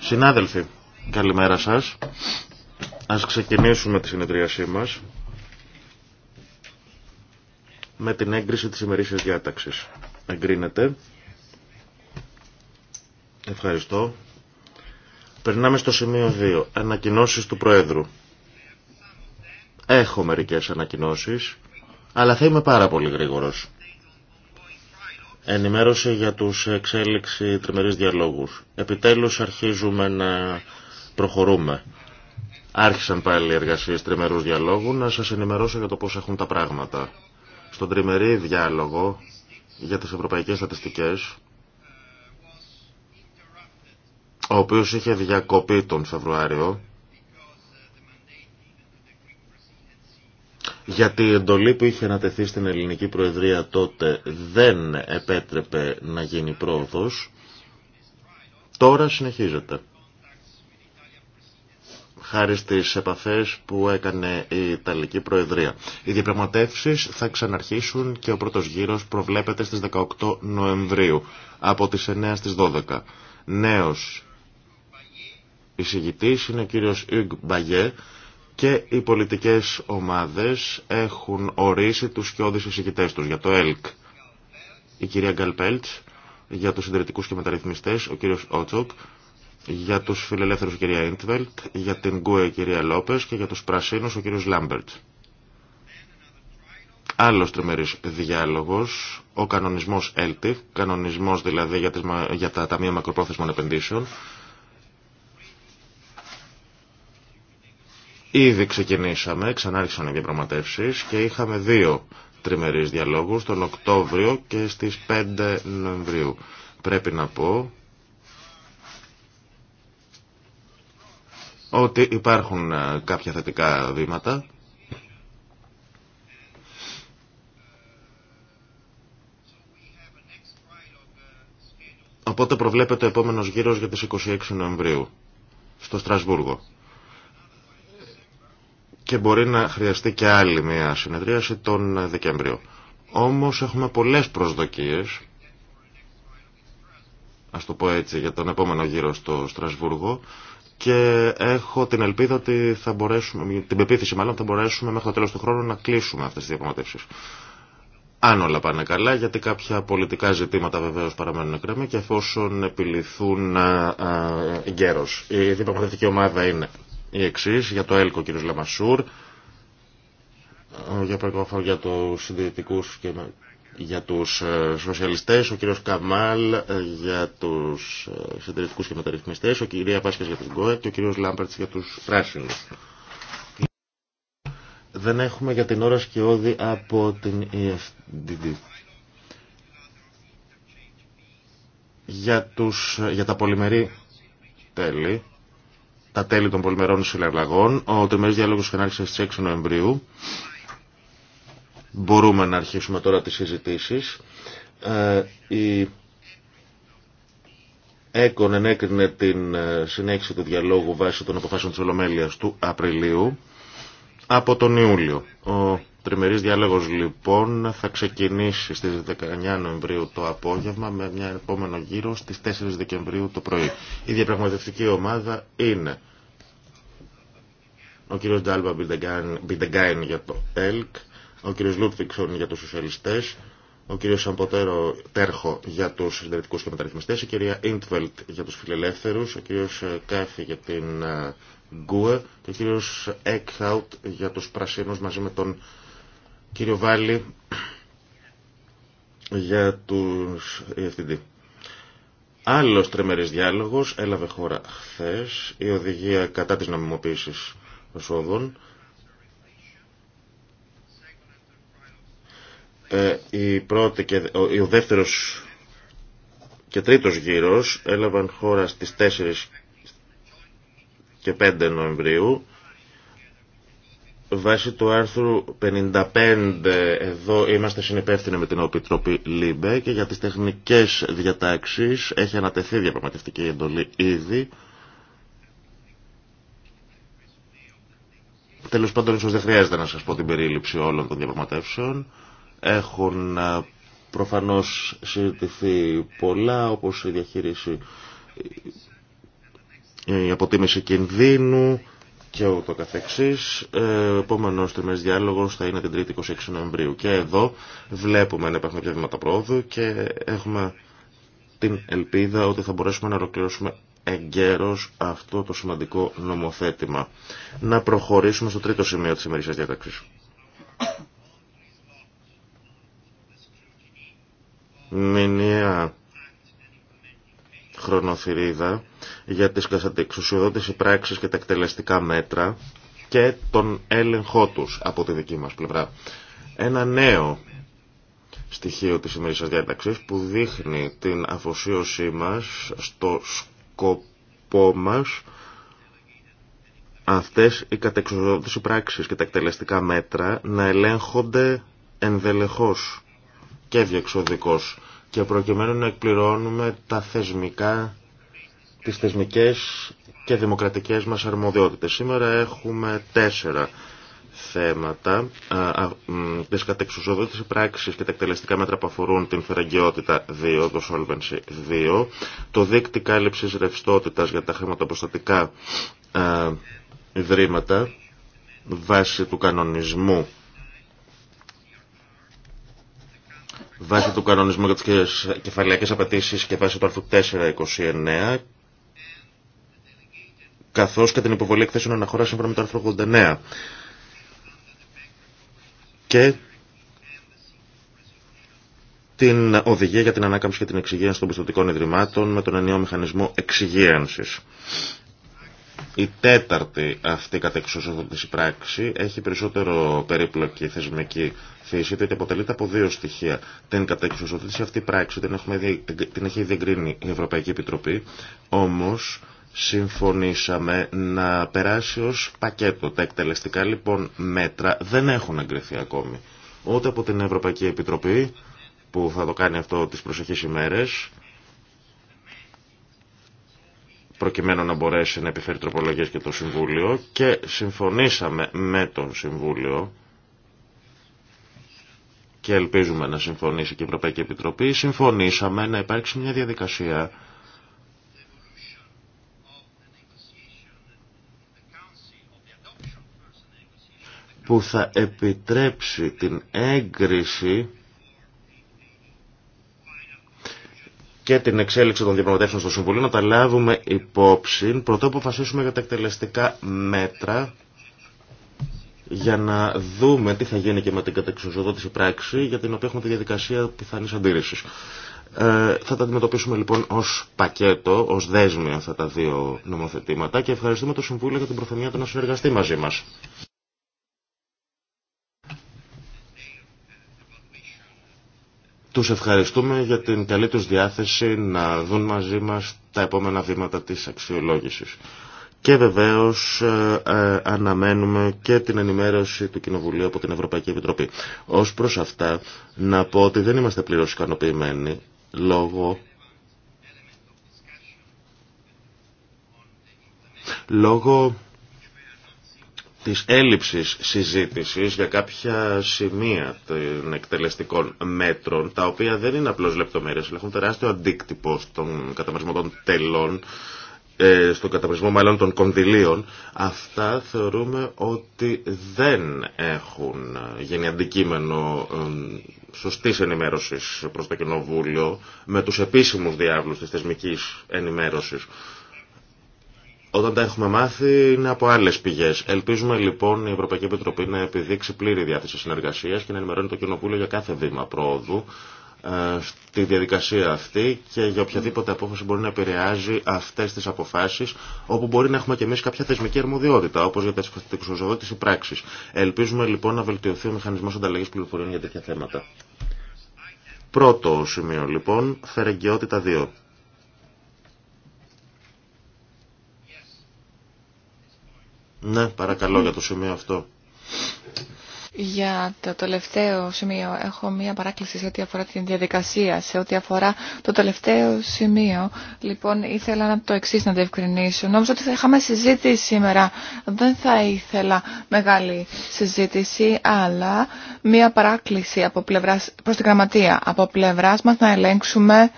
Συνάδελφοι, καλημέρα σας. Ας ξεκινήσουμε τη συνεδρίασή μας με την έγκριση της ημερήσιας διάταξης. Εγκρίνεται. Ευχαριστώ. Περνάμε στο σημείο 2. Ανακοινώσεις του Προέδρου. Έχω μερικές ανακοινώσεις, αλλά θα είμαι πάρα πολύ γρήγορος. Ενημέρωση για τους εξέλιξη τριμερείς διαλόγους. Επιτέλους αρχίζουμε να προχωρούμε. Άρχισαν πάλι οι εργασίες τριμερούς διαλόγου να σας ενημερώσω για το πώς έχουν τα πράγματα. Στον τριμερή διάλογο για τις ευρωπαϊκές στατιστικές, ο οποίος είχε διακοπεί τον Φεβρουάριο, γιατί η εντολή που είχε ανατεθεί στην ελληνική προεδρία τότε δεν επέτρεπε να γίνει πρόοδος, τώρα συνεχίζεται. Χάρη στις επαφές που έκανε η Ιταλική Προεδρία. Οι διαπραγματεύσεις θα ξαναρχίσουν και ο πρώτος γύρος προβλέπεται στις 18 Νοεμβρίου, από τις 9 στις 12. Νέος εισηγητής είναι ο κύριος Ιγκ Μπαγιέ, και οι πολιτικές ομάδες έχουν ορίσει τους σκιώδεις εισηγητές τους για το ΕΛΚ. Η κυρία Γκαλπέλτ, για τους συντηρητικούς και μεταρρυθμιστές, ο κύριος Ότσοκ, για τους φιλελεύθερους η κυρία Ιντβελτ, για την Γκουε η κυρία Λόπες και για τους πρασίνους ο κύριος Λάμπερτ. Άλλος τριμερής διάλογος, ο κανονισμός ΕΛΤΙ, κανονισμός δηλαδή για, τις, για τα Ταμεία Μακροπρόθεσμων Επενδύσεων, Ήδη ξεκινήσαμε, ξανάρχισαν οι διαπραγματεύσει και είχαμε δύο τριμερείς διαλόγους τον Οκτώβριο και στις 5 Νοεμβρίου. Πρέπει να πω ότι υπάρχουν ε, κάποια θετικά βήματα. Οπότε προβλέπεται ο επόμενος γύρος για τις 26 Νοεμβρίου στο Στρασβούργο και μπορεί να χρειαστεί και άλλη μια συνεδρίαση τον Δεκέμβριο. Όμως έχουμε πολλές προσδοκίες, ας το πω έτσι, για τον επόμενο γύρο στο Στρασβούργο και έχω την ελπίδα ότι θα μπορέσουμε, την πεποίθηση μάλλον, θα μπορέσουμε μέχρι το τέλος του χρόνου να κλείσουμε αυτές τις διαπραγματεύσεις. Αν όλα πάνε καλά, γιατί κάποια πολιτικά ζητήματα βεβαίω παραμένουν κρέμα και εφόσον επιληθούν ε, ε, γέρο. Η διπραγματευτική ομάδα είναι η εξή για το ΕΛΚΟ, κύριο Λαμασούρ, για, για τους συντηρητικούς και για τους ε, σοσιαλιστές, ο κύριος Καμάλ ε, για τους ε, συντηρητικούς και μεταρρυθμιστές, ο κυρία Βάσκες για τους ΓΚΟΕ και ο κύριος Λάμπερτς για τους πράσινους. Δεν έχουμε για την ώρα σκιώδη από την EFDD. Για, τους, για τα πολυμερή τέλη, τα τέλη των πολυμερών συλλαγών, Ο τριμερής διάλογος συνάρχισε στις 6 Νοεμβρίου. Μπορούμε να αρχίσουμε τώρα τις συζητήσεις. Ε, η ΕΚΟΝ ενέκρινε την ε, συνέχιση του διαλόγου βάσει των αποφάσεων της Ολομέλειας του Απριλίου από τον Ιούλιο. Ο Τριμερής διάλογος λοιπόν θα ξεκινήσει στις 19 Νοεμβρίου το απόγευμα με μια επόμενο γύρο στις 4 Δεκεμβρίου το πρωί. Η διαπραγματευτική ομάδα είναι ο κύριος Ντάλβα Μπιντεγκάιν για το ΕΛΚ, ο κύριος Λούπτιξον για τους σοσιαλιστές, ο κύριος Σαμποτέρο Τέρχο για τους συντηρητικούς και μεταρρυθμιστές, η κυρία Ίντβελτ για τους φιλελεύθερους, ο κύριος ε, Κάφη για την ε, Γκουε και ο κύριος Έκχαουτ για τους πρασίνους μαζί με τον κύριο Βάλλη για τους EFTD. Άλλος τρεμερής διάλογος έλαβε χώρα χθες η οδηγία κατά της νομιμοποίησης εσόδων. Ε, η και, ο, ο δεύτερος και τρίτος γύρος έλαβαν χώρα στις 4 και 5 Νοεμβρίου Βάσει του άρθρου 55 εδώ είμαστε συνεπεύθυνοι με την Οπιτροπή ΛΥΜΠΕ και για τις τεχνικές διατάξεις έχει ανατεθεί διαπραγματευτική εντολή ήδη. Τέλος πάντων ίσως δεν χρειάζεται να σας πω την περίληψη όλων των διαπραγματεύσεων. Έχουν προφανώς συζητηθεί πολλά όπως η διαχείριση, η αποτίμηση κινδύνου, και ούτω καθεξής. Ε, επόμενος τριμές διάλογος θα είναι την 3η 26 Νοεμβρίου. Και εδώ βλέπουμε να υπάρχουν πια βήματα πρόοδου και έχουμε την ελπίδα ότι θα μπορέσουμε να ολοκληρώσουμε εγκαίρως αυτό το σημαντικό νομοθέτημα. Να προχωρήσουμε στο τρίτο σημείο της ημερήσιας διάταξης. Μηνιαία χρονοθυρίδα για τις εξουσιοδότηση πράξεις και τα εκτελεστικά μέτρα και τον έλεγχό τους από τη δική μας πλευρά. Ένα νέο στοιχείο της σημερινής διάταξης που δείχνει την αφοσίωσή μας στο σκοπό μας αυτές οι κατεξοδότηση πράξεις και τα εκτελεστικά μέτρα να ελέγχονται ενδελεχώς και διεξοδικώς και προκειμένου να εκπληρώνουμε τα θεσμικά τις θεσμικές και δημοκρατικές μας αρμοδιότητες. Σήμερα έχουμε τέσσερα θέματα, τις κατεξουσιοδότητες πράξεις και τα εκτελεστικά μέτρα που αφορούν την φεραγγιότητα 2, το Solvency 2, το δίκτυ κάλυψης ρευστότητα για τα χρηματοποστατικά ιδρύματα βάσει του κανονισμού βάσει του κανονισμού για τι κεφαλαίκες απαιτήσει και βάσει του άρθρου 429 καθώς και την υποβολή εκθέσεων αναχώρα σύμφωνα με το άρθρο 89. Και την οδηγία για την ανάκαμψη και την εξυγίανση των πιστοτικών ιδρυμάτων με τον ενιαίο μηχανισμό εξυγίανσης. Η τέταρτη αυτή κατεξοσοδότηση πράξη έχει περισσότερο περίπλοκη θεσμική φύση, διότι αποτελείται από δύο στοιχεία. Την κατεξοσοδότηση αυτή πράξη την, έχουμε, την έχει διεγκρίνει η Ευρωπαϊκή Επιτροπή, όμως συμφωνήσαμε να περάσει ως πακέτο. Τα εκτελεστικά λοιπόν μέτρα δεν έχουν εγκριθεί ακόμη. Ούτε από την Ευρωπαϊκή Επιτροπή που θα το κάνει αυτό τις προσεχείς ημέρες προκειμένου να μπορέσει να επιφέρει τροπολογίες και το Συμβούλιο και συμφωνήσαμε με τον Συμβούλιο και ελπίζουμε να συμφωνήσει και η Ευρωπαϊκή Επιτροπή συμφωνήσαμε να υπάρξει μια διαδικασία που θα επιτρέψει την έγκριση και την εξέλιξη των διαπραγματεύσεων στο Συμβουλίο να τα λάβουμε υπόψη πρωτού αποφασίσουμε για τα εκτελεστικά μέτρα για να δούμε τι θα γίνει και με την κατεξοδότηση πράξη για την οποία έχουμε τη διαδικασία πιθανής αντίρρησης. Ε, θα τα αντιμετωπίσουμε λοιπόν ως πακέτο, ως δέσμια αυτά τα δύο νομοθετήματα και ευχαριστούμε το Συμβούλιο για την προθεμία του να συνεργαστεί μαζί μας. Τους ευχαριστούμε για την καλή τους διάθεση να δουν μαζί μας τα επόμενα βήματα της αξιολόγησης. Και βεβαίως ε, ε, αναμένουμε και την ενημέρωση του Κοινοβουλίου από την Ευρωπαϊκή Επιτροπή. Ως προς αυτά, να πω ότι δεν είμαστε πλήρως ικανοποιημένοι λόγω λόγω της έλλειψης συζήτησης για κάποια σημεία των εκτελεστικών μέτρων, τα οποία δεν είναι απλώς λεπτομέρειες, αλλά έχουν τεράστιο αντίκτυπο στον καταμερισμό των τελών, ε, στον καταμερισμό μάλλον των κονδυλίων, αυτά θεωρούμε ότι δεν έχουν γίνει αντικείμενο ε, σωστής ενημέρωσης προς το Κοινοβούλιο με τους επίσημους διάβλους της θεσμικής ενημέρωσης. Όταν τα έχουμε μάθει είναι από άλλε πηγέ. Ελπίζουμε λοιπόν η Ευρωπαϊκή Επιτροπή να επιδείξει πλήρη διάθεση συνεργασία και να ενημερώνει το Κοινοβούλιο για κάθε βήμα πρόοδου ε, στη διαδικασία αυτή και για οποιαδήποτε απόφαση μπορεί να επηρεάζει αυτέ τι αποφάσει, όπου μπορεί να έχουμε και εμεί κάποια θεσμική αρμοδιότητα όπω για τις εξουσιοδότηση πράξη. Ελπίζουμε λοιπόν να βελτιωθεί ο μηχανισμό ανταλλαγή πληροφοριών για τέτοια θέματα. Πρώτο σημείο λοιπόν, φερεγγιότητα 2. Ναι, παρακαλώ για το σημείο αυτό. Για το τελευταίο σημείο έχω μία παράκληση σε ό,τι αφορά την διαδικασία, σε ό,τι αφορά το τελευταίο σημείο. Λοιπόν, ήθελα να το εξή να διευκρινίσω. Νόμιζα ότι θα είχαμε συζήτηση σήμερα. Δεν θα ήθελα μεγάλη συζήτηση, αλλά μία παράκληση από πλευράς, προς την γραμματεία από πλευράς μας να ελέγξουμε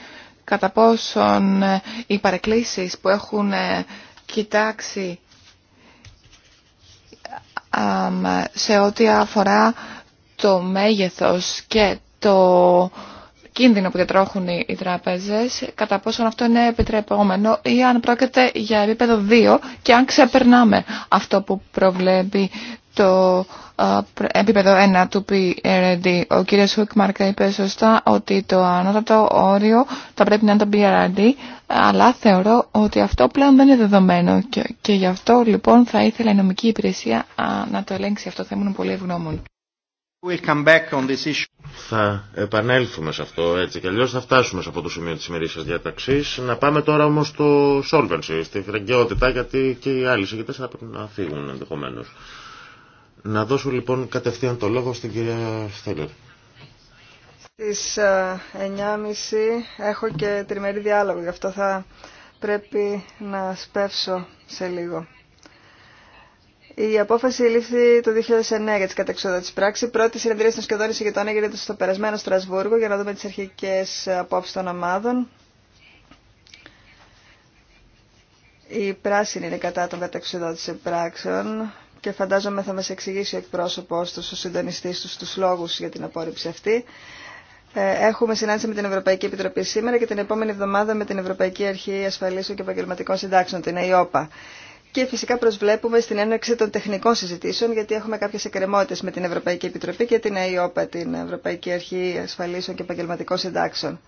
κατά πόσον ε, οι παρεκκλήσεις που έχουν ε, κοιτάξει σε ό,τι αφορά το μέγεθος και το κίνδυνο που διατρώχουν οι τράπεζες, κατά πόσον αυτό είναι επιτρεπόμενο ή αν πρόκειται για επίπεδο 2 και αν ξεπερνάμε αυτό που προβλέπει το επίπεδο 1 του PRD. Ο κύριος Χουκμαρκ είπε σωστά ότι το ανώτατο όριο θα πρέπει να είναι το PRD, αλλά θεωρώ ότι αυτό πλέον δεν είναι δεδομένο και, γι' αυτό λοιπόν θα ήθελα η νομική υπηρεσία να το ελέγξει αυτό. Θα ήμουν πολύ ευγνώμων. Θα επανέλθουμε σε αυτό έτσι και αλλιώς θα φτάσουμε σε αυτό το σημείο της σας διαταξής. Να πάμε τώρα όμως στο solvency, στη φραγκαιότητα γιατί και οι άλλοι συγκεκριτές θα πρέπει να φύγουν ενδεχομένως. Να δώσω λοιπόν κατευθείαν το λόγο στην κυρία Στέλλερ. Στις 9.30 ε, έχω και τριμερή διάλογο, γι' αυτό θα πρέπει να σπεύσω σε λίγο. Η απόφαση λήφθη το 2009 για τι κατεξόδα τη πράξη. Πρώτη συνεδρία των σχεδόν τον έγινε στο περασμένο Στρασβούργο για να δούμε τι αρχικέ απόψει των ομάδων. Η πράσινη είναι κατά των κατεξοδότηση πράξεων και φαντάζομαι θα μας εξηγήσει ο εκπρόσωπος τους, ο συντονιστής τους, τους λόγους για την απόρριψη αυτή. Ε, έχουμε συνάντηση με την Ευρωπαϊκή Επιτροπή σήμερα και την επόμενη εβδομάδα με την Ευρωπαϊκή Αρχή Ασφαλίσεων και Επαγγελματικών Συντάξεων, την ΕΙΟΠΑ. Και φυσικά προσβλέπουμε στην έναρξη των τεχνικών συζητήσεων, γιατί έχουμε κάποιε εκκρεμότητε με την Ευρωπαϊκή Επιτροπή και την ΕΙΟΠΑ, την Ευρωπαϊκή Αρχή Ασφαλίσεων και Επαγγελματικών Συντάξεων.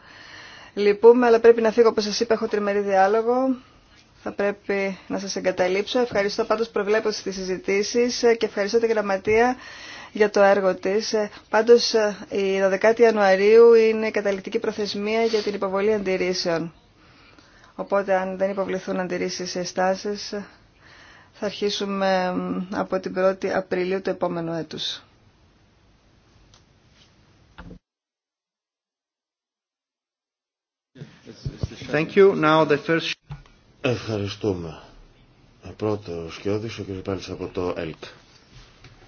Λυπούμε, αλλά πρέπει να φύγω, όπω σα είπα, έχω τριμερή διάλογο θα πρέπει να σας εγκαταλείψω. Ευχαριστώ πάντως προβλέπω στις συζητήσεις και ευχαριστώ τη Γραμματεία για το έργο της. Πάντως η 12η Ιανουαρίου είναι η ιανουαριου ειναι προθεσμία για την υποβολή αντιρρήσεων. Οπότε αν δεν υποβληθούν αντιρρήσεις ή στάσεις, θα αρχίσουμε από την 1η Απριλίου του επόμενου έτους. Thank you. Now the first... Ευχαριστούμε. Πρώτο σκιώδης, ο κ. Πάλις από το ΕΛΚ.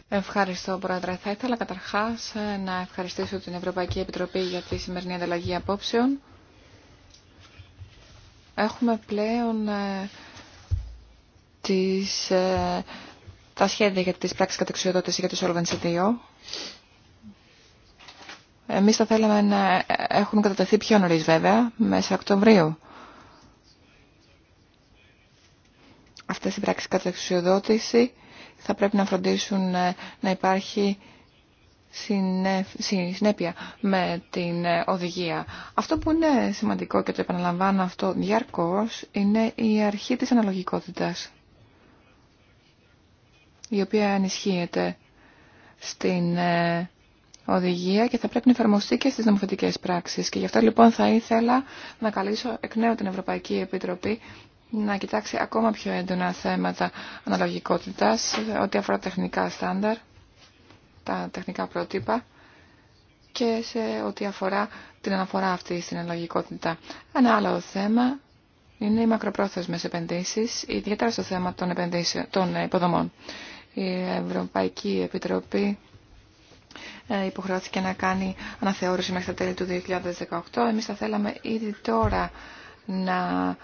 Ευχαριστώ, Πρόεδρε. Θα ήθελα καταρχάς ε, να ευχαριστήσω την Ευρωπαϊκή Επιτροπή για τη σημερινή ανταλλαγή απόψεων. Έχουμε πλέον ε, τις, ε, τα σχέδια για τις πράξεις κατεξιοδότηση για το Solvency 2. Εμείς θα θέλαμε να έχουν κατατεθεί πιο νωρίς βέβαια, μέσα Οκτωβρίου. αυτές οι πράξεις κατά εξουσιοδότηση θα πρέπει να φροντίσουν ε, να υπάρχει συνέπεια με την ε, οδηγία. Αυτό που είναι σημαντικό και το επαναλαμβάνω αυτό διαρκώς είναι η αρχή της αναλογικότητας η οποία ενισχύεται στην ε, οδηγία και θα πρέπει να εφαρμοστεί και στις νομοθετικές πράξεις. Και γι' αυτό λοιπόν θα ήθελα να καλήσω εκ νέου την Ευρωπαϊκή Επιτροπή να κοιτάξει ακόμα πιο έντονα θέματα αναλογικότητας ό,τι αφορά τεχνικά στάνταρ, τα τεχνικά πρότυπα και σε ό,τι αφορά την αναφορά αυτή στην αναλογικότητα. Ένα άλλο θέμα είναι οι μακροπρόθεσμες επενδύσεις, ιδιαίτερα στο θέμα των, των υποδομών. Η Ευρωπαϊκή Επιτροπή ε, υποχρεώθηκε να κάνει αναθεώρηση μέχρι τα τέλη του 2018. Εμείς θα θέλαμε ήδη τώρα να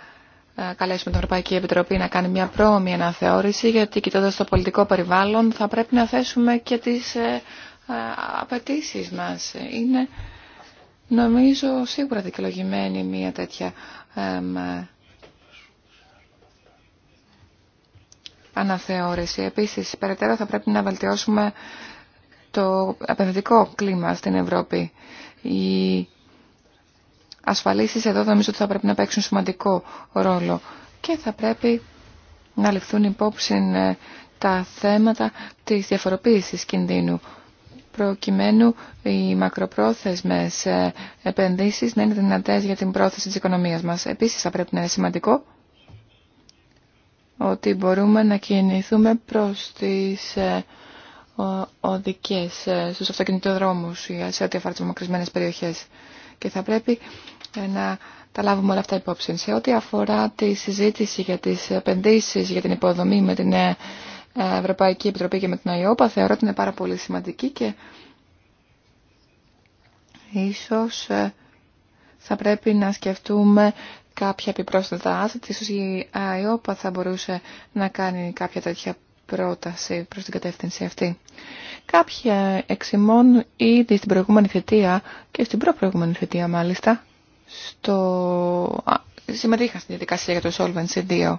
ε, καλέσουμε την Ευρωπαϊκή Επιτροπή να κάνει μια πρόομη αναθεώρηση, γιατί κοιτώντα το πολιτικό περιβάλλον θα πρέπει να θέσουμε και τις ε, ε, απαιτήσει μας. Είναι, νομίζω, σίγουρα δικαιολογημένη μια τέτοια αναθεώρηση. Επίσης, περαιτέρω θα πρέπει να βελτιώσουμε το επενδυτικό κλίμα στην Ευρώπη. Η ασφαλίσεις εδώ νομίζω ότι θα πρέπει να παίξουν σημαντικό ρόλο και θα πρέπει να ληφθούν υπόψη ε, τα θέματα της διαφοροποίησης κινδύνου προκειμένου οι μακροπρόθεσμες ε, επενδύσεις να είναι δυνατές για την πρόθεση της οικονομίας μας. Επίσης θα πρέπει να είναι σημαντικό ότι μπορούμε να κινηθούμε προς τις ε, οδικές, στους αυτοκινητοδρόμους σε ό,τι αφορά τις μακρισμένες περιοχές. Και θα πρέπει να τα λάβουμε όλα αυτά υπόψη. Σε ό,τι αφορά τη συζήτηση για τις επενδύσεις, για την υποδομή με την ε, Ευρωπαϊκή Επιτροπή και με την ΑΙΟΠΑ, θεωρώ ότι είναι πάρα πολύ σημαντική και ίσως ε, θα πρέπει να σκεφτούμε κάποια επιπρόσθετα άσθετη. Ίσως η ΑΕΟΠΑ θα μπορούσε να κάνει κάποια τέτοια πρόταση προς την κατεύθυνση αυτή. Κάποια εξημών ήδη στην προηγούμενη θετία και στην προηγούμενη θετία μάλιστα στο... συμμετείχα στην διαδικασία για το Solvency 2.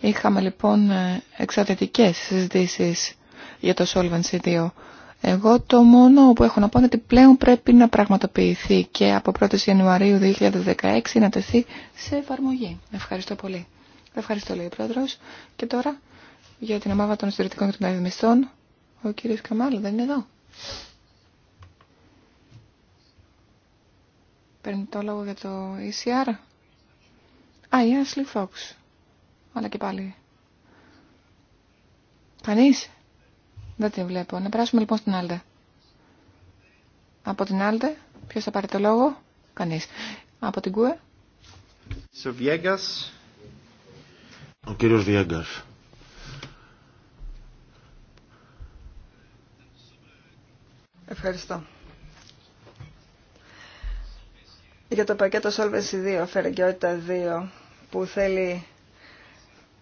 Είχαμε λοιπόν ε, εξαρτητικές συζητήσεις για το Solvency 2. Εγώ το μόνο που έχω να πω είναι ότι πλέον πρέπει να πραγματοποιηθεί και από 1η Ιανουαρίου 2016 να τεθεί σε εφαρμογή. Ευχαριστώ πολύ. Ευχαριστώ λέει ο Πρόεδρος. Και τώρα για την ομάδα των συντηρητικών και των αριθμιστών, ο κύριος Καμάλ δεν είναι εδώ. Παίρνει το λόγο για το ECR. Α, η Ashley Fox. Αλλά και πάλι. Κανείς. Δεν την βλέπω. Να περάσουμε λοιπόν στην Άλντε. Από την Άλτε. ποιος θα πάρει το λόγο. Κανείς. Από την ΚΟΕ. Ο κύριος Βιέγκας. Ευχαριστώ. για το πακέτο Solvency 2, τα 2, που θέλει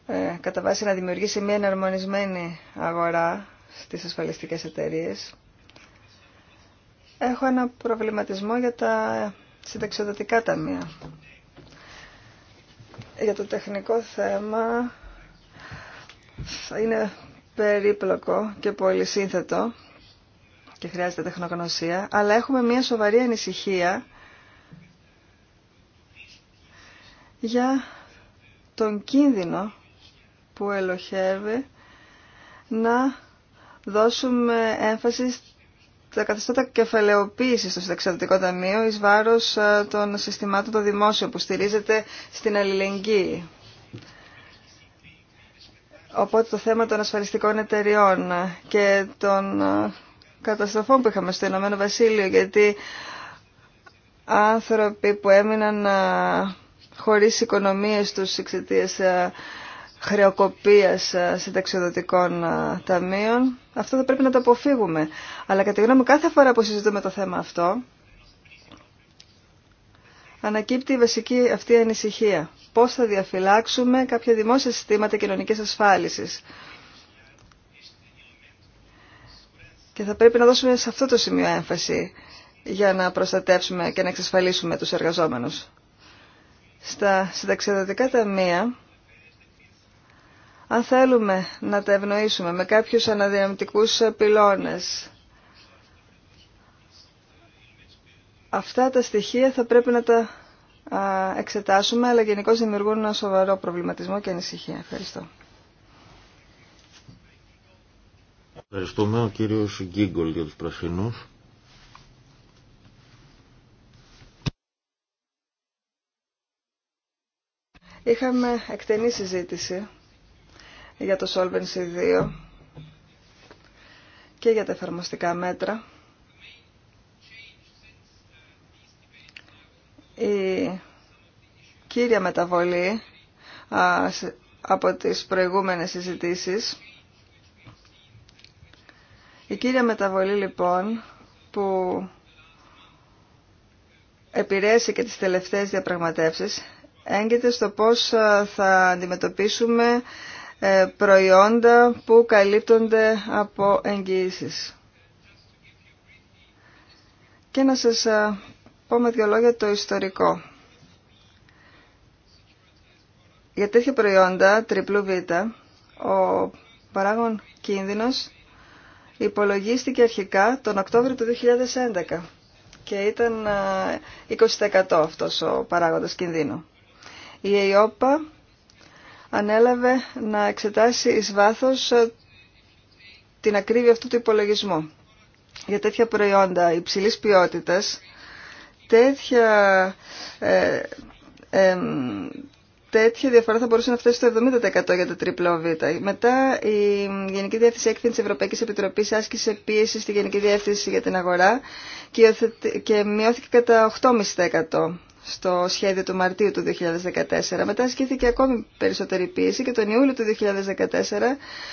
ε, κατά βάση να δημιουργήσει μια εναρμονισμένη αγορά στις ασφαλιστικές εταιρείες. Έχω ένα προβληματισμό για τα συνταξιοδοτικά ταμεία. Για το τεχνικό θέμα είναι περίπλοκο και πολύ σύνθετο και χρειάζεται τεχνογνωσία, αλλά έχουμε μια σοβαρή ανησυχία για τον κίνδυνο που ελοχεύει να δώσουμε έμφαση στα καθεστώτα κεφαλαιοποίησης στο συνταξιδοτικό ταμείο εις βάρος ε, των συστημάτων των δημόσιων που στηρίζεται στην αλληλεγγύη. Οπότε το θέμα των ασφαλιστικών εταιριών ε, και των ε, καταστροφών που είχαμε στο Ηνωμένο Βασίλειο γιατί άνθρωποι που έμειναν χωρίς οικονομίες τους εξαιτία ε, χρεοκοπίας ε, συνταξιοδοτικών ε, ταμείων. Αυτό θα πρέπει να το αποφύγουμε. Αλλά κατά τη γνώμη κάθε φορά που συζητούμε το θέμα αυτό, ανακύπτει η βασική αυτή ανησυχία. Πώς θα διαφυλάξουμε κάποια δημόσια συστήματα κοινωνικής ασφάλισης. Και θα πρέπει να δώσουμε σε αυτό το σημείο έμφαση για να προστατεύσουμε και να εξασφαλίσουμε τους εργαζόμενους στα συνταξιδοτικά ταμεία, αν θέλουμε να τα ευνοήσουμε με κάποιους αναδυναμητικούς πυλώνες, αυτά τα στοιχεία θα πρέπει να τα εξετάσουμε, αλλά γενικώ δημιουργούν ένα σοβαρό προβληματισμό και ανησυχία. Ευχαριστώ. Ευχαριστούμε ο κύριος Γκίγκολ για τους πρασινούς. Είχαμε εκτενή συζήτηση για το Solvency 2 και για τα εφαρμοστικά μέτρα. Η κύρια μεταβολή από τις προηγούμενες συζητήσεις. Η κύρια μεταβολή λοιπόν που επηρέασε και τις τελευταίες διαπραγματεύσεις έγκυται στο πώς ε, θα αντιμετωπίσουμε ε, προϊόντα που καλύπτονται από εγγυήσεις. Και να σας ε, πω με δυο λόγια το ιστορικό. Για τέτοια προϊόντα, τριπλού β, ο παράγων κίνδυνος υπολογίστηκε αρχικά τον Οκτώβριο του 2011 και ήταν 20% αυτός ο παράγοντας κινδύνου η ΕΙΟΠΑ ανέλαβε να εξετάσει εις βάθος ε, την ακρίβεια αυτού του υπολογισμού. Για τέτοια προϊόντα υψηλής ποιότητας, τέτοια, ε, διαφορά θα μπορούσε να φτάσει στο 70% για το τρίπλο Β. Μετά η Γενική Διεύθυνση Έκθεση της Ευρωπαϊκής Επιτροπής άσκησε πίεση στη Γενική Διεύθυνση για την αγορά και, και μειώθηκε κατά 8,5% στο σχέδιο του Μαρτίου του 2014. Μετά ασκήθηκε ακόμη περισσότερη πίεση και τον Ιούλιο του 2014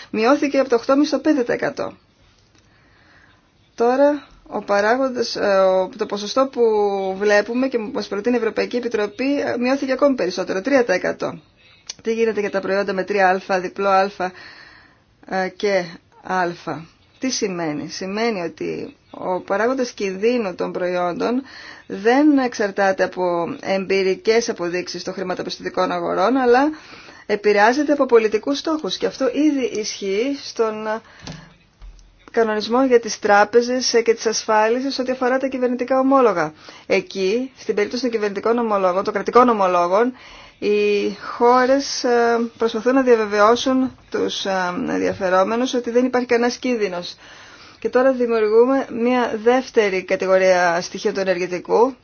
μειώθηκε από το 8,5% στο 5%. Τώρα ο παράγοντας, ε, το ποσοστό που βλέπουμε και μας προτείνει η Ευρωπαϊκή Επιτροπή ε, μειώθηκε ακόμη περισσότερο, 3%. Τι γίνεται για τα προϊόντα με 3α, διπλό α ε, και α. Τι σημαίνει. Σημαίνει ότι ο παράγοντας κινδύνου των προϊόντων δεν εξαρτάται από εμπειρικές αποδείξεις των χρηματοπιστωτικών αγορών, αλλά επηρεάζεται από πολιτικούς στόχους. Και αυτό ήδη ισχύει στον κανονισμό για τις τράπεζες και τις ασφάλισεις ό,τι αφορά τα κυβερνητικά ομόλογα. Εκεί, στην περίπτωση των κυβερνητικών ομολόγων, των κρατικών ομολόγων, οι χώρες ε, προσπαθούν να διαβεβαιώσουν τους ε, ενδιαφερόμενους ότι δεν υπάρχει κανένας κίνδυνος και τώρα δημιουργούμε μια δεύτερη κατηγορία στοιχείων του ενεργητικού,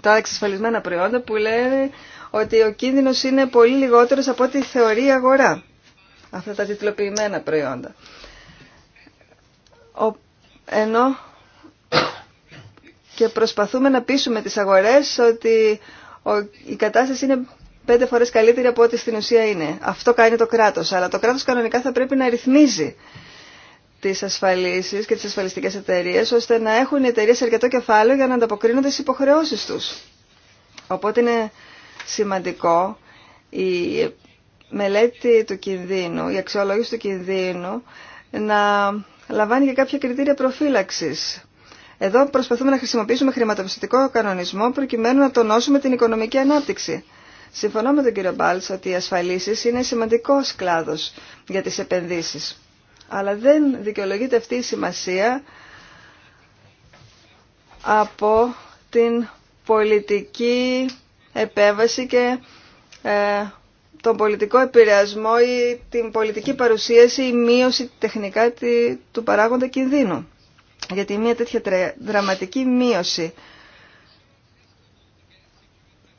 τα εξασφαλισμένα προϊόντα που λένε ότι ο κίνδυνος είναι πολύ λιγότερος από ό,τι θεωρεί η αγορά. Αυτά τα τιτλοποιημένα προϊόντα. Ενώ και προσπαθούμε να πείσουμε τις αγορές ότι η κατάσταση είναι πέντε φορές καλύτερη από ό,τι στην ουσία είναι. Αυτό κάνει το κράτος, αλλά το κράτος κανονικά θα πρέπει να ρυθμίζει τις ασφαλίσει και τι ασφαλιστικέ εταιρείε, ώστε να έχουν οι εταιρείε αρκετό κεφάλαιο για να ανταποκρίνονται στις υποχρεώσει του. Οπότε είναι σημαντικό η μελέτη του κινδύνου, η αξιολόγηση του κινδύνου, να λαμβάνει και κάποια κριτήρια προφύλαξη. Εδώ προσπαθούμε να χρησιμοποιήσουμε χρηματοπιστωτικό κανονισμό προκειμένου να τονώσουμε την οικονομική ανάπτυξη. Συμφωνώ με τον κύριο Μπάλτς ότι οι ασφαλίσεις είναι σημαντικός κλάδος για τις επενδύσεις. Αλλά δεν δικαιολογείται αυτή η σημασία από την πολιτική επέβαση και ε, τον πολιτικό επηρεασμό ή την πολιτική παρουσίαση ή μείωση τεχνικά του παράγοντα κινδύνου. Γιατί μια τέτοια δραματική μείωση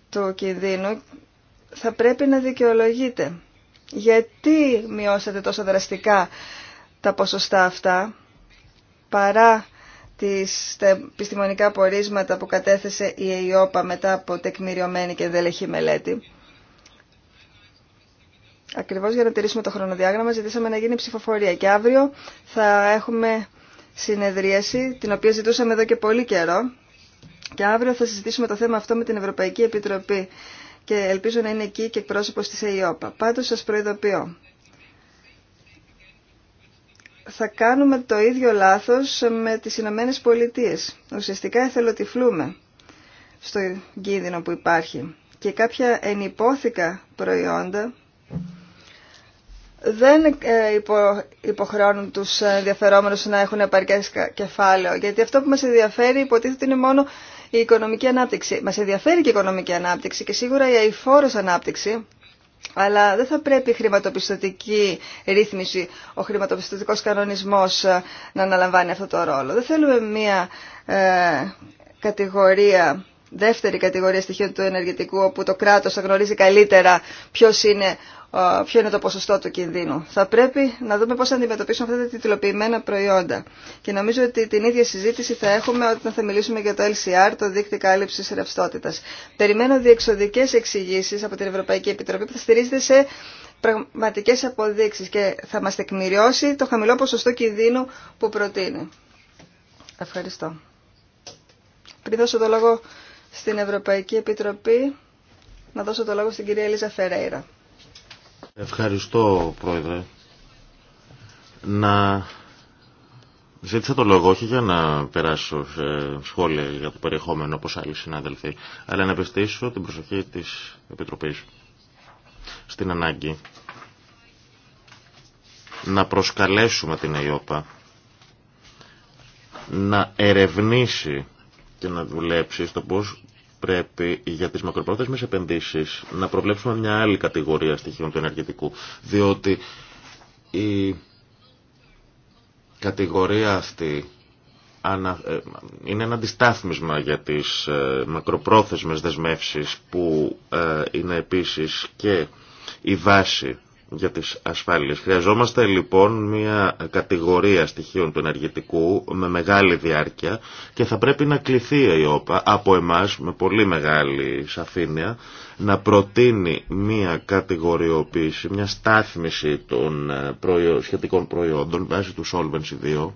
του κινδύνου θα πρέπει να δικαιολογείται. Γιατί μειώσατε τόσο δραστικά τα ποσοστά αυτά παρά τις, τα επιστημονικά πορίσματα που κατέθεσε η ΕΙΟΠΑ μετά από τεκμηριωμένη και δελεχή μελέτη. Ακριβώς για να τηρήσουμε το χρονοδιάγραμμα ζητήσαμε να γίνει ψηφοφορία και αύριο θα έχουμε συνεδρίαση την οποία ζητούσαμε εδώ και πολύ καιρό και αύριο θα συζητήσουμε το θέμα αυτό με την Ευρωπαϊκή Επιτροπή και ελπίζω να είναι εκεί και εκπρόσωπος της ΕΙΟΠΑ. Πάντως σας προειδοποιώ θα κάνουμε το ίδιο λάθος με τις Ηνωμένε Πολιτείε. Ουσιαστικά εθελοτυφλούμε στο κίνδυνο που υπάρχει και κάποια ενυπόθηκα προϊόντα δεν ε, υποχρεώνουν τους ενδιαφερόμενους να έχουν επαρκές κεφάλαιο γιατί αυτό που μας ενδιαφέρει υποτίθεται είναι μόνο η οικονομική ανάπτυξη. Μας ενδιαφέρει και η οικονομική ανάπτυξη και σίγουρα η αηφόρος ανάπτυξη αλλά δεν θα πρέπει η χρηματοπιστωτική ρύθμιση, ο χρηματοπιστωτικός κανονισμός ε, να αναλαμβάνει αυτό το ρόλο. Δεν θέλουμε μία ε, κατηγορία, δεύτερη κατηγορία στοιχείων του ενεργητικού, όπου το κράτος θα γνωρίζει καλύτερα ποιος είναι ποιο είναι το ποσοστό του κινδύνου. Θα πρέπει να δούμε πώς θα αντιμετωπίσουμε αυτά τα τιτλοποιημένα προϊόντα. Και νομίζω ότι την ίδια συζήτηση θα έχουμε όταν θα μιλήσουμε για το LCR, το δίκτυο κάλυψη ρευστότητα. Περιμένω διεξοδικέ εξηγήσει από την Ευρωπαϊκή Επιτροπή που θα στηρίζεται σε πραγματικέ αποδείξει και θα μα τεκμηριώσει το χαμηλό ποσοστό κινδύνου που προτείνει. Ευχαριστώ. Πριν δώσω το λόγο στην Ευρωπαϊκή Επιτροπή, να δώσω το λόγο στην κυρία Ελίζα Φερέιρα. Ευχαριστώ, Πρόεδρε. Να Ζήτησα το λόγο όχι για να περάσω σε σχόλια για το περιεχόμενο όπως άλλοι συνάδελφοι, αλλά να επιστήσω την προσοχή της Επιτροπής στην ανάγκη να προσκαλέσουμε την ΕΙΟΠΑ να ερευνήσει και να δουλέψει στο πώς πρέπει για τις μακροπρόθεσμες επενδύσεις να προβλέψουμε μια άλλη κατηγορία στοιχείων του ενεργητικού, διότι η κατηγορία αυτή ε, είναι ένα αντιστάθμισμα για τις ε, μακροπρόθεσμες δεσμεύσεις που ε, είναι επίσης και η βάση για τις ασφάλειες. Χρειαζόμαστε λοιπόν μια κατηγορία στοιχείων του ενεργητικού με μεγάλη διάρκεια και θα πρέπει να κληθεί η ΟΠΑ από εμάς με πολύ μεγάλη σαφήνεια να προτείνει μια κατηγοριοποίηση, μια στάθμιση των ε, σχετικών προϊόντων βάσει του Solvency 2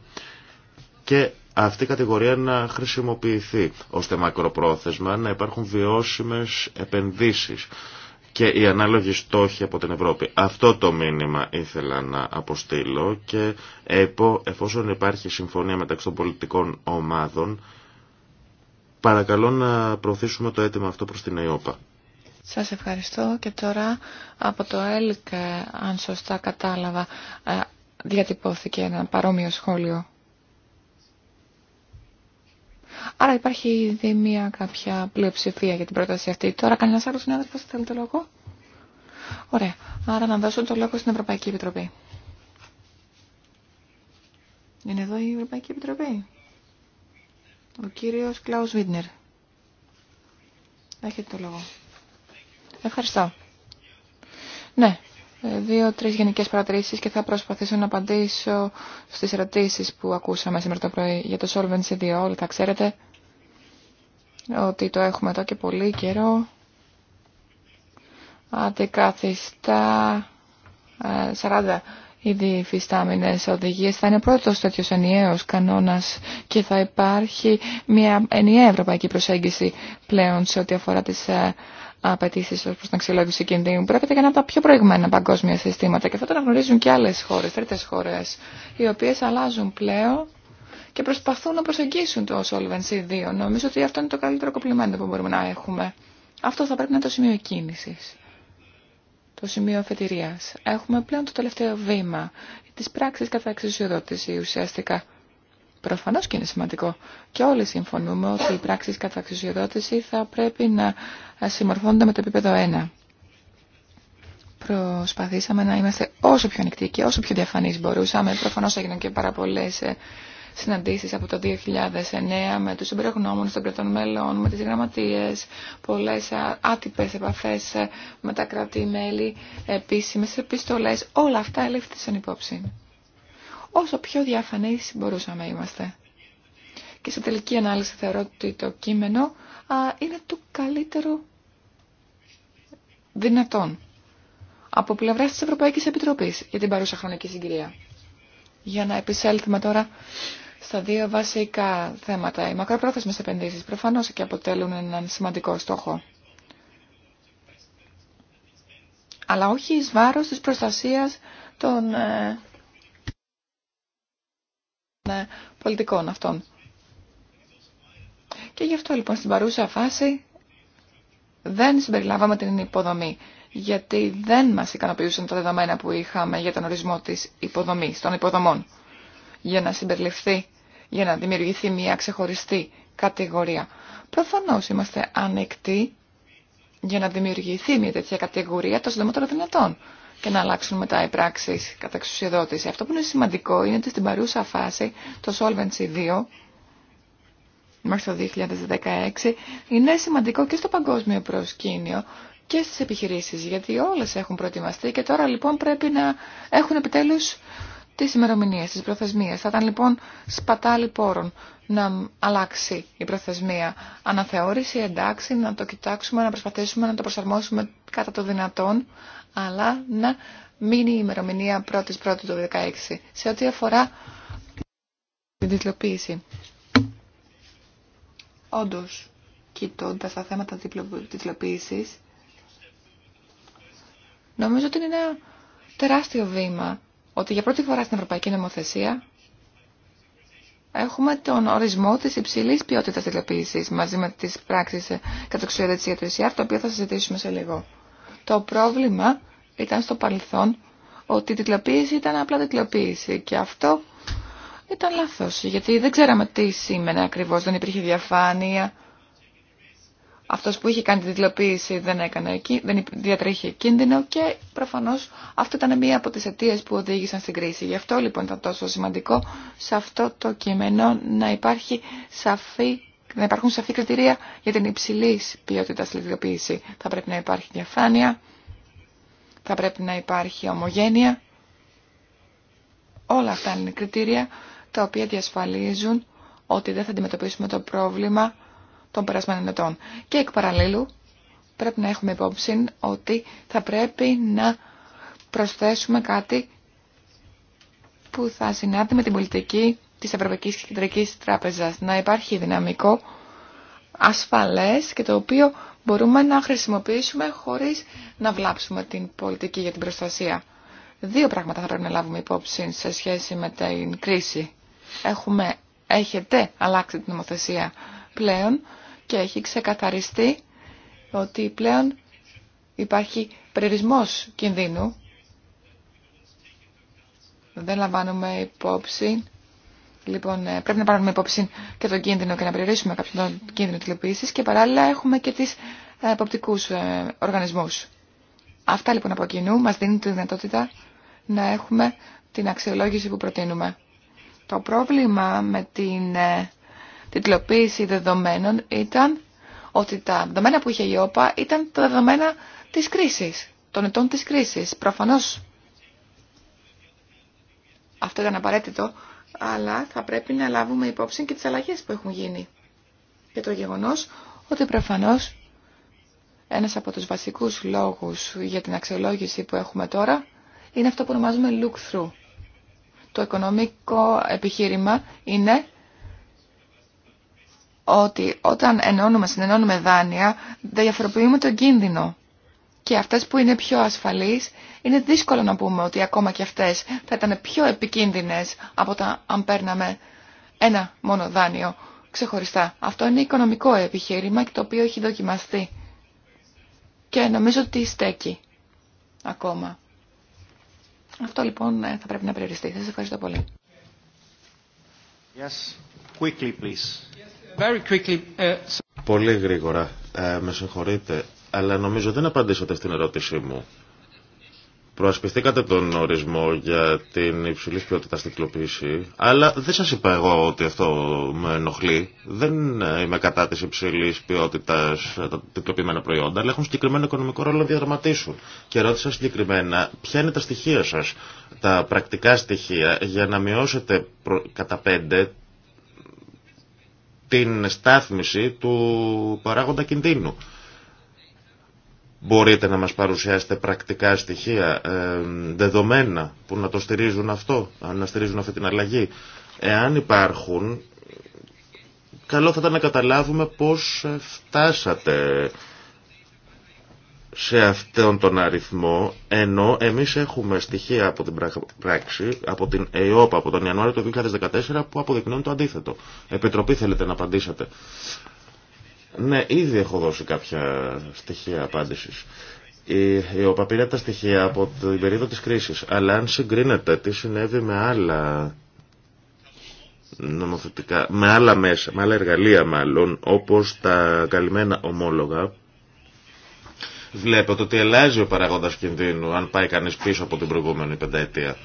και αυτή η κατηγορία να χρησιμοποιηθεί ώστε μακροπρόθεσμα να υπάρχουν βιώσιμες επενδύσεις και οι ανάλογοι στόχοι από την Ευρώπη. Αυτό το μήνυμα ήθελα να αποστείλω και εφόσον υπάρχει συμφωνία μεταξύ των πολιτικών ομάδων, παρακαλώ να προωθήσουμε το αίτημα αυτό προς την ΕΟΠΑ. Σας ευχαριστώ και τώρα από το ΕΛΚ, αν σωστά κατάλαβα, ε, διατυπώθηκε ένα παρόμοιο σχόλιο. Άρα υπάρχει ήδη μια κάποια πλειοψηφία για την πρόταση αυτή. Τώρα κανένα άλλο συνάδελφο θέλει το λόγο. Ωραία. Άρα να δώσω το λόγο στην Ευρωπαϊκή Επιτροπή. Είναι εδώ η Ευρωπαϊκή Επιτροπή. Ο κύριος Κλάους Βίτνερ. Έχετε το λόγο. Ευχαριστώ. Ναι, δύο-τρεις γενικές παρατηρήσεις και θα προσπαθήσω να απαντήσω στις ερωτήσεις που ακούσαμε σήμερα το πρωί για το Solvency 2. Όλοι θα ξέρετε ότι το έχουμε εδώ και πολύ καιρό. Αντικαθιστά 40 ε, ήδη φυστάμινε οδηγίες. Θα είναι πρώτος τέτοιος ενιαίος κανόνας και θα υπάρχει μια ενιαία ευρωπαϊκή προσέγγιση πλέον σε ό,τι αφορά τις ε, απαιτήσει ω προ την αξιολόγηση κινδύνου. Πρόκειται για ένα από τα πιο προηγμένα παγκόσμια συστήματα και αυτό το αναγνωρίζουν και άλλε χώρε, τρίτε χώρε, οι οποίε αλλάζουν πλέον και προσπαθούν να προσεγγίσουν το Solvency 2. Νομίζω ότι αυτό είναι το καλύτερο κοπλιμέντο που μπορούμε να έχουμε. Αυτό θα πρέπει να είναι το σημείο κίνηση. Το σημείο αφετηρία. Έχουμε πλέον το τελευταίο βήμα τη πράξη κατά εξουσιοδότηση ουσιαστικά. Προφανώ και είναι σημαντικό. Και όλοι συμφωνούμε ότι οι πράξει κατά αξιοδότηση θα πρέπει να συμμορφώνονται με το επίπεδο 1. Προσπαθήσαμε να είμαστε όσο πιο ανοιχτοί και όσο πιο διαφανεί μπορούσαμε. Προφανώ έγιναν και πάρα πολλέ ε, συναντήσει από το 2009 με του εμπειρογνώμονες των κρατών μελών, με τι γραμματείε, πολλέ ε, άτυπε επαφέ, ε, με τα κράτη-μέλη, επίσημε επιστολέ. Όλα αυτά ελήφθησαν υπόψη όσο πιο διαφανείς μπορούσαμε είμαστε. Και σε τελική ανάλυση θεωρώ ότι το κείμενο α, είναι του καλύτερου δυνατόν από πλευράς της Ευρωπαϊκής Επιτροπής για την παρούσα χρονική συγκυρία. Για να επισέλθουμε τώρα στα δύο βασικά θέματα. Οι μακροπρόθεσμες επενδύσεις προφανώς και αποτελούν έναν σημαντικό στόχο. Αλλά όχι εις βάρος της προστασίας των ε, ναι, πολιτικών αυτών. Και γι' αυτό λοιπόν στην παρούσα φάση δεν συμπεριλάβαμε την υποδομή, γιατί δεν μας ικανοποιούσαν τα δεδομένα που είχαμε για τον ορισμό της υποδομής, των υποδομών, για να συμπεριληφθεί, για να δημιουργηθεί μια ξεχωριστή κατηγορία. Προφανώς είμαστε ανεκτοί για να δημιουργηθεί μια τέτοια κατηγορία το συντομότερο δυνατόν και να αλλάξουν μετά οι πράξει κατά εξουσιοδότηση. Αυτό που είναι σημαντικό είναι ότι στην παρούσα φάση το Solvency 2 μέχρι το 2016 είναι σημαντικό και στο παγκόσμιο προσκήνιο και στις επιχειρήσεις γιατί όλες έχουν προετοιμαστεί και τώρα λοιπόν πρέπει να έχουν επιτέλους τις ημερομηνίες, τις προθεσμίες. Θα ήταν λοιπόν σπατάλη πόρων να αλλάξει η προθεσμία. Αναθεώρηση, εντάξει, να το κοιτάξουμε, να προσπαθήσουμε να το προσαρμόσουμε κατά το δυνατόν, αλλά να μείνει η ημερομηνία 1η Πρώτη του 2016 σε ό,τι αφορά την τιτλοποίηση. Όντω, κοιτώντα τα θέματα τιτλοποίηση, νομίζω ότι είναι ένα τεράστιο βήμα ότι για πρώτη φορά στην Ευρωπαϊκή Νομοθεσία έχουμε τον ορισμό τη υψηλή ποιότητα τηλεοποίηση μαζί με τι πράξει κατοξιοδότηση για το ΕΣΥΑΡ, το οποίο θα συζητήσουμε σε λίγο. Το πρόβλημα ήταν στο παρελθόν ότι η τυκλοποίηση ήταν απλά τυκλοποίηση και αυτό ήταν λάθος, γιατί δεν ξέραμε τι σήμαινε ακριβώς, δεν υπήρχε διαφάνεια. Αυτός που είχε κάνει τη τιτλοποίηση δεν, έκανε, δεν διατρέχει κίνδυνο και προφανώς αυτό ήταν μία από τις αιτίες που οδήγησαν στην κρίση. Γι' αυτό λοιπόν ήταν τόσο σημαντικό σε αυτό το κείμενο να υπάρχει σαφή να υπάρχουν σαφή κριτηρία για την υψηλή ποιότητα λειτουργοποίηση. Θα πρέπει να υπάρχει διαφάνεια, θα πρέπει να υπάρχει ομογένεια. Όλα αυτά είναι κριτήρια τα οποία διασφαλίζουν ότι δεν θα αντιμετωπίσουμε το πρόβλημα των περασμένων ετών. Και εκ παραλλήλου πρέπει να έχουμε υπόψη ότι θα πρέπει να προσθέσουμε κάτι που θα συνάδει με την πολιτική της Ευρωπαϊκής Κεντρικής Τράπεζας. Να υπάρχει δυναμικό ασφαλές και το οποίο μπορούμε να χρησιμοποιήσουμε χωρίς να βλάψουμε την πολιτική για την προστασία. Δύο πράγματα θα πρέπει να λάβουμε υπόψη σε σχέση με την κρίση. Έχουμε, έχετε αλλάξει την νομοθεσία πλέον και έχει ξεκαθαριστεί ότι πλέον υπάρχει περιορισμός κινδύνου. Δεν λαμβάνουμε υπόψη Λοιπόν, ε, πρέπει να πάρουμε υπόψη και τον κίνδυνο και να περιορίσουμε κάποιον τον κίνδυνο τη και παράλληλα έχουμε και τις ε, εποπτικούς ε, οργανισμούς. Αυτά λοιπόν από κοινού μας δίνουν τη δυνατότητα να έχουμε την αξιολόγηση που προτείνουμε. Το πρόβλημα με την τηλεοποίηση δεδομένων ήταν ότι τα δεδομένα που είχε η ΟΠΑ ήταν τα δεδομένα της κρίσης, των ετών της κρίσης. Προφανώς αυτό ήταν απαραίτητο αλλά θα πρέπει να λάβουμε υπόψη και τις αλλαγές που έχουν γίνει. Και το γεγονός ότι προφανώς ένας από τους βασικούς λόγους για την αξιολόγηση που έχουμε τώρα είναι αυτό που ονομάζουμε look-through. Το οικονομικό επιχείρημα είναι ότι όταν ενώνουμε, συνενώνουμε δάνεια, διαφοροποιούμε τον κίνδυνο. Και αυτές που είναι πιο ασφαλείς, είναι δύσκολο να πούμε ότι ακόμα και αυτές θα ήταν πιο επικίνδυνες από τα αν παίρναμε ένα μόνο δάνειο ξεχωριστά. Αυτό είναι οικονομικό επιχείρημα και το οποίο έχει δοκιμαστεί. Και νομίζω ότι στέκει ακόμα. Αυτό λοιπόν ε, θα πρέπει να περιοριστεί. Σας ευχαριστώ πολύ. Yes, ε, Πολύ γρήγορα. Ε, με συγχωρείτε αλλά νομίζω δεν απαντήσατε στην ερώτησή μου. Προασπιστήκατε τον ορισμό για την υψηλή ποιότητα στην κλοποίηση, αλλά δεν σας είπα εγώ ότι αυτό με ενοχλεί. Δεν ε, είμαι κατά της υψηλής ποιότητας ε, τα τυπλοποιημένα προϊόντα, αλλά έχουν συγκεκριμένο οικονομικό ρόλο να διαδραματίσουν. Και ρώτησα συγκεκριμένα ποια είναι τα στοιχεία σας, τα πρακτικά στοιχεία, για να μειώσετε κατά πέντε την στάθμιση του παράγοντα κινδύνου. Μπορείτε να μας παρουσιάσετε πρακτικά στοιχεία, ε, δεδομένα που να το στηρίζουν αυτό, να στηρίζουν αυτή την αλλαγή. Εάν υπάρχουν, καλό θα ήταν να καταλάβουμε πώς ε, φτάσατε σε αυτόν τον αριθμό, ενώ εμείς έχουμε στοιχεία από την πράξη, από την ΕΟΠΑ από τον Ιανουάριο του 2014, που αποδεικνύουν το αντίθετο. Επιτροπή θέλετε να απαντήσετε. Ναι, ήδη έχω δώσει κάποια στοιχεία απάντηση. Η ΟΠΑ πήρε τα στοιχεία από την περίοδο της κρίσης, αλλά αν συγκρίνεται τι συνέβη με άλλα νομοθετικά, με άλλα μέσα, με άλλα εργαλεία μάλλον, όπως τα καλυμμένα ομόλογα, βλέπετε ότι ελάζει ο παράγοντας κινδύνου αν πάει κανείς πίσω από την προηγούμενη πενταετία.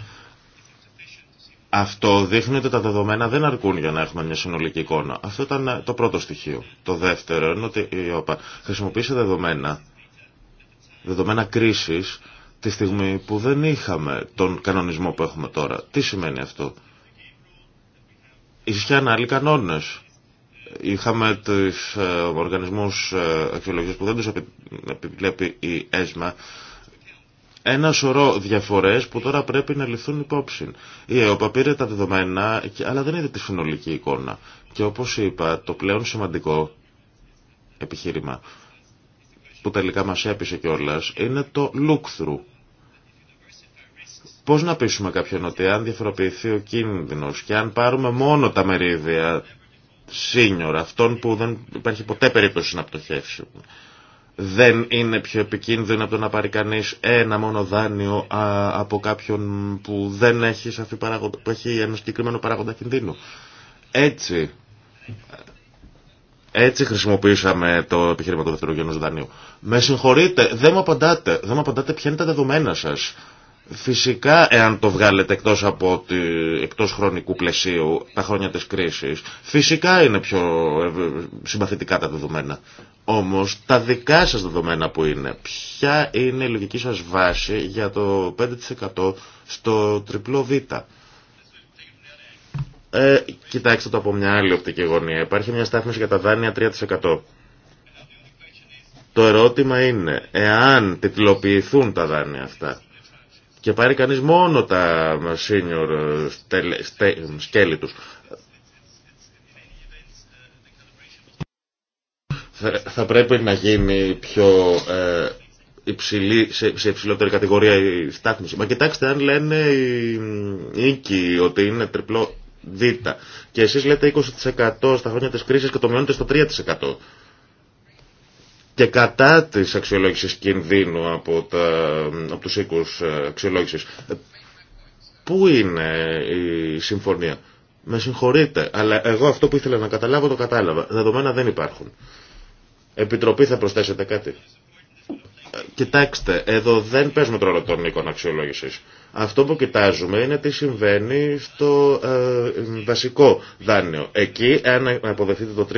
Αυτό δείχνει ότι τα δεδομένα δεν αρκούν για να έχουμε μια συνολική εικόνα. Αυτό ήταν ε, το πρώτο στοιχείο. Το δεύτερο είναι ότι η ΟΠΑ χρησιμοποίησε δεδομένα, δεδομένα κρίσης τη στιγμή που δεν είχαμε τον κανονισμό που έχουμε τώρα. Τι σημαίνει αυτό. Ισχυάν άλλοι κανόνες. Είχαμε τους ε, οργανισμούς ε, αξιολογίας που δεν τους επιβλέπει η ΕΣΜΑ ένα σωρό διαφορές που τώρα πρέπει να λυθούν υπόψη. Η ΕΟΠΑ πήρε τα δεδομένα, αλλά δεν είδε τη συνολική εικόνα. Και όπως είπα, το πλέον σημαντικό επιχείρημα που τελικά μας έπεισε κιόλα είναι το look-through. Πώς να πείσουμε κάποιον ότι αν διαφοροποιηθεί ο κίνδυνο και αν πάρουμε μόνο τα μερίδια σύνορα αυτών που δεν υπάρχει ποτέ περίπτωση να πτωχεύσουν, δεν είναι πιο επικίνδυνο από το να πάρει κανεί ένα μόνο δάνειο από κάποιον που δεν έχει, σαφή που έχει ένα συγκεκριμένο παράγοντα κινδύνου. Έτσι, έτσι χρησιμοποιήσαμε το επιχείρημα του δάνειο. δανείου. Με συγχωρείτε, δεν μου απαντάτε, δεν μου απαντάτε ποια είναι τα δεδομένα σας. Φυσικά, εάν το βγάλετε εκτός, από τη, εκτός χρονικού πλαισίου τα χρόνια της κρίσης, φυσικά είναι πιο συμπαθητικά τα δεδομένα. Όμως, τα δικά σας δεδομένα που είναι, ποια είναι η λογική σας βάση για το 5% στο τριπλό β. Ε, κοιτάξτε το από μια άλλη οπτική γωνία. Υπάρχει μια στάθμιση για τα δάνεια 3%. Το ερώτημα είναι, εάν τιτλοποιηθούν τα δάνεια αυτά, και πάρει κανείς μόνο τα senior ε, σκέλη τους. Θα πρέπει να γίνει πιο ε, υψηλή, σε, υψηλότερη κατηγορία η στάθμιση. Μα κοιτάξτε αν λένε οι οίκοι ότι είναι τριπλό δίτα. και εσείς λέτε 20% στα χρόνια της κρίσης και το μειώνετε στο 3% και κατά της αξιολόγησης κινδύνου από, τα, από τους οίκους ε, αξιολόγησης. Ε, πού είναι η συμφωνία. Με συγχωρείτε, αλλά εγώ αυτό που ήθελα να καταλάβω το κατάλαβα. Δεδομένα δεν υπάρχουν. Επιτροπή θα προσθέσετε κάτι. Ε, κοιτάξτε, εδώ δεν παίζουμε το ρόλο των οίκων αυτό που κοιτάζουμε είναι τι συμβαίνει στο ε, βασικό δάνειο. Εκεί, αν αποδεχτείτε το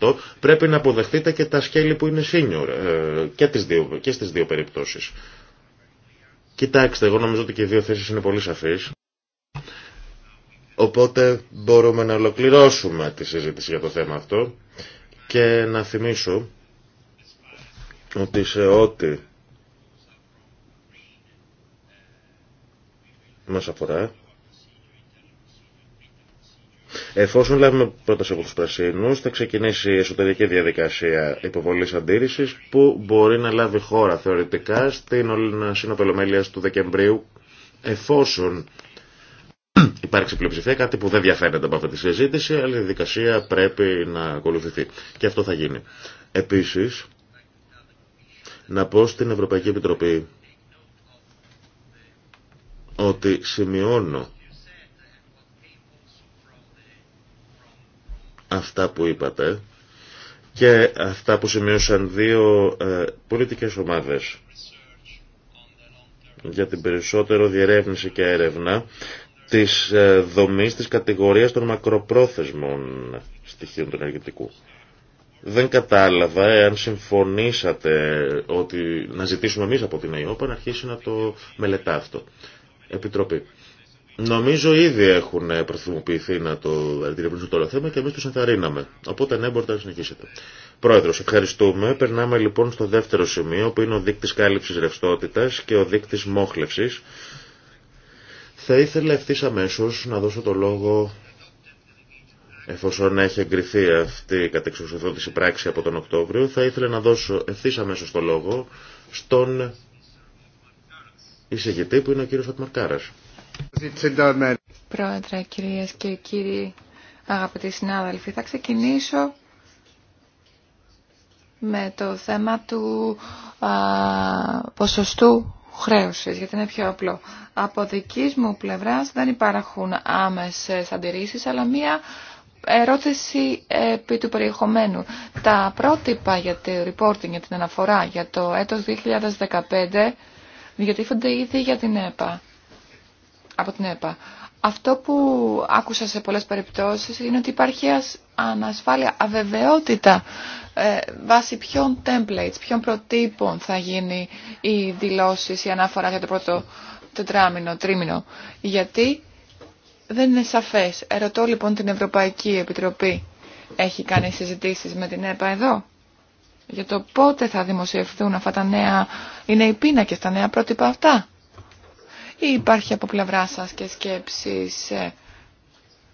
3% πρέπει να αποδεχτείτε και τα σκέλη που είναι senior ε, και, τις δύο, και στις δύο περιπτώσεις. Κοιτάξτε, εγώ νομίζω ότι και οι δύο θέσεις είναι πολύ σαφείς. Οπότε μπορούμε να ολοκληρώσουμε τη συζήτηση για το θέμα αυτό και να θυμίσω ότι σε ό,τι μας εφόσον λάβουμε πρόταση από τους πρασίνους, θα ξεκινήσει η εσωτερική διαδικασία υποβολής αντίρρησης που μπορεί να λάβει χώρα θεωρητικά στην Σύνοπελομέλειας του Δεκεμβρίου, εφόσον υπάρξει πλειοψηφία, κάτι που δεν διαφαίνεται από αυτή τη συζήτηση, αλλά η διαδικασία πρέπει να ακολουθηθεί. Και αυτό θα γίνει. Επίσης, να πω στην Ευρωπαϊκή Επιτροπή ότι σημειώνω αυτά που είπατε και αυτά που σημείωσαν δύο ε, πολιτικές ομάδες για την περισσότερο διερεύνηση και έρευνα της ε, δομής της κατηγορίας των μακροπρόθεσμων στοιχείων του ενεργητικού. Δεν κατάλαβα εάν συμφωνήσατε ότι να ζητήσουμε εμείς από την ΕΟΠΑ να αρχίσει να το μελετά αυτό. Επιτροπή. Νομίζω ήδη έχουν προθυμοποιηθεί να το αντιμετωπίσουν το όλο θέμα και εμεί του ενθαρρύναμε. Οπότε ναι, μπορείτε να συνεχίσετε. Πρόεδρο, ευχαριστούμε. Περνάμε λοιπόν στο δεύτερο σημείο που είναι ο δείκτη κάλυψη ρευστότητα και ο δείκτη μόχλευση. Θα ήθελα ευθύ αμέσω να δώσω το λόγο, εφόσον έχει εγκριθεί αυτή η κατεξοσοδότηση πράξη από τον Οκτώβριο, θα ήθελα να δώσω ευθύ αμέσω το λόγο στον εισηγητή που είναι ο κύριος Ατμαρκάρας. Πρόεδρε, κυρίες και κύριοι αγαπητοί συνάδελφοι, θα ξεκινήσω με το θέμα του α, ποσοστού χρέωσης, γιατί είναι πιο απλό. Από δική μου πλευράς δεν υπάρχουν άμεσες αντιρρήσεις, αλλά μία ερώτηση επί του περιεχομένου. Τα πρότυπα για το reporting, για την αναφορά για το έτος 2015 γιατί ήδη για την ΕΠΑ. Από την ΕΠΑ. Αυτό που άκουσα σε πολλές περιπτώσεις είναι ότι υπάρχει ανασφάλεια, αβεβαιότητα ε, βάσει ποιων templates, ποιων προτύπων θα γίνει η δηλώσει, η αναφορά για το πρώτο τετράμινο, τρίμηνο. Γιατί δεν είναι σαφές. Ερωτώ λοιπόν την Ευρωπαϊκή Επιτροπή. Έχει κάνει συζητήσεις με την ΕΠΑ εδώ για το πότε θα δημοσιευθούν αυτά τα νέα, είναι οι πίνακες, τα νέα πρότυπα αυτά. Ή υπάρχει από πλευρά σας και σκέψεις ε,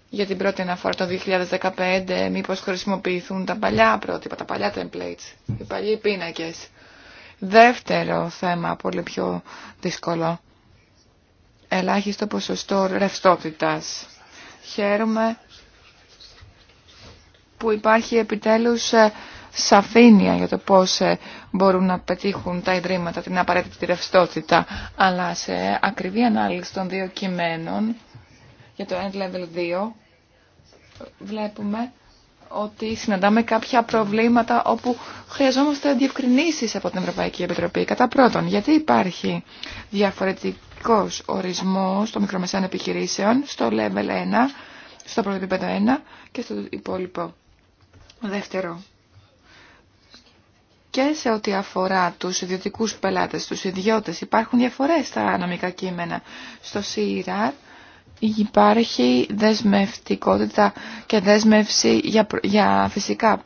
για την πρώτη αναφορά το 2015, μήπως χρησιμοποιηθούν τα παλιά πρότυπα, τα παλιά templates, οι παλιοί πίνακες. Δεύτερο θέμα, πολύ πιο δύσκολο. Ελάχιστο ποσοστό ρευστότητας. Χαίρομαι που υπάρχει επιτέλους ε, σαφήνεια για το πώς ε, μπορούν να πετύχουν τα ιδρύματα την απαραίτητη ρευστότητα, αλλά σε ακριβή ανάλυση των δύο κειμένων για το End Level 2 βλέπουμε ότι συναντάμε κάποια προβλήματα όπου χρειαζόμαστε διευκρινήσεις από την Ευρωπαϊκή Επιτροπή. Κατά πρώτον, γιατί υπάρχει διαφορετικός ορισμός των μικρομεσαίων επιχειρήσεων στο level 1, στο πρώτο επίπεδο 1 και στο υπόλοιπο. Δεύτερο, και σε ό,τι αφορά τους ιδιωτικούς πελάτες, τους ιδιώτες. Υπάρχουν διαφορές στα νομικά κείμενα. Στο σύρα. υπάρχει δεσμευτικότητα και δέσμευση για, για φυσικά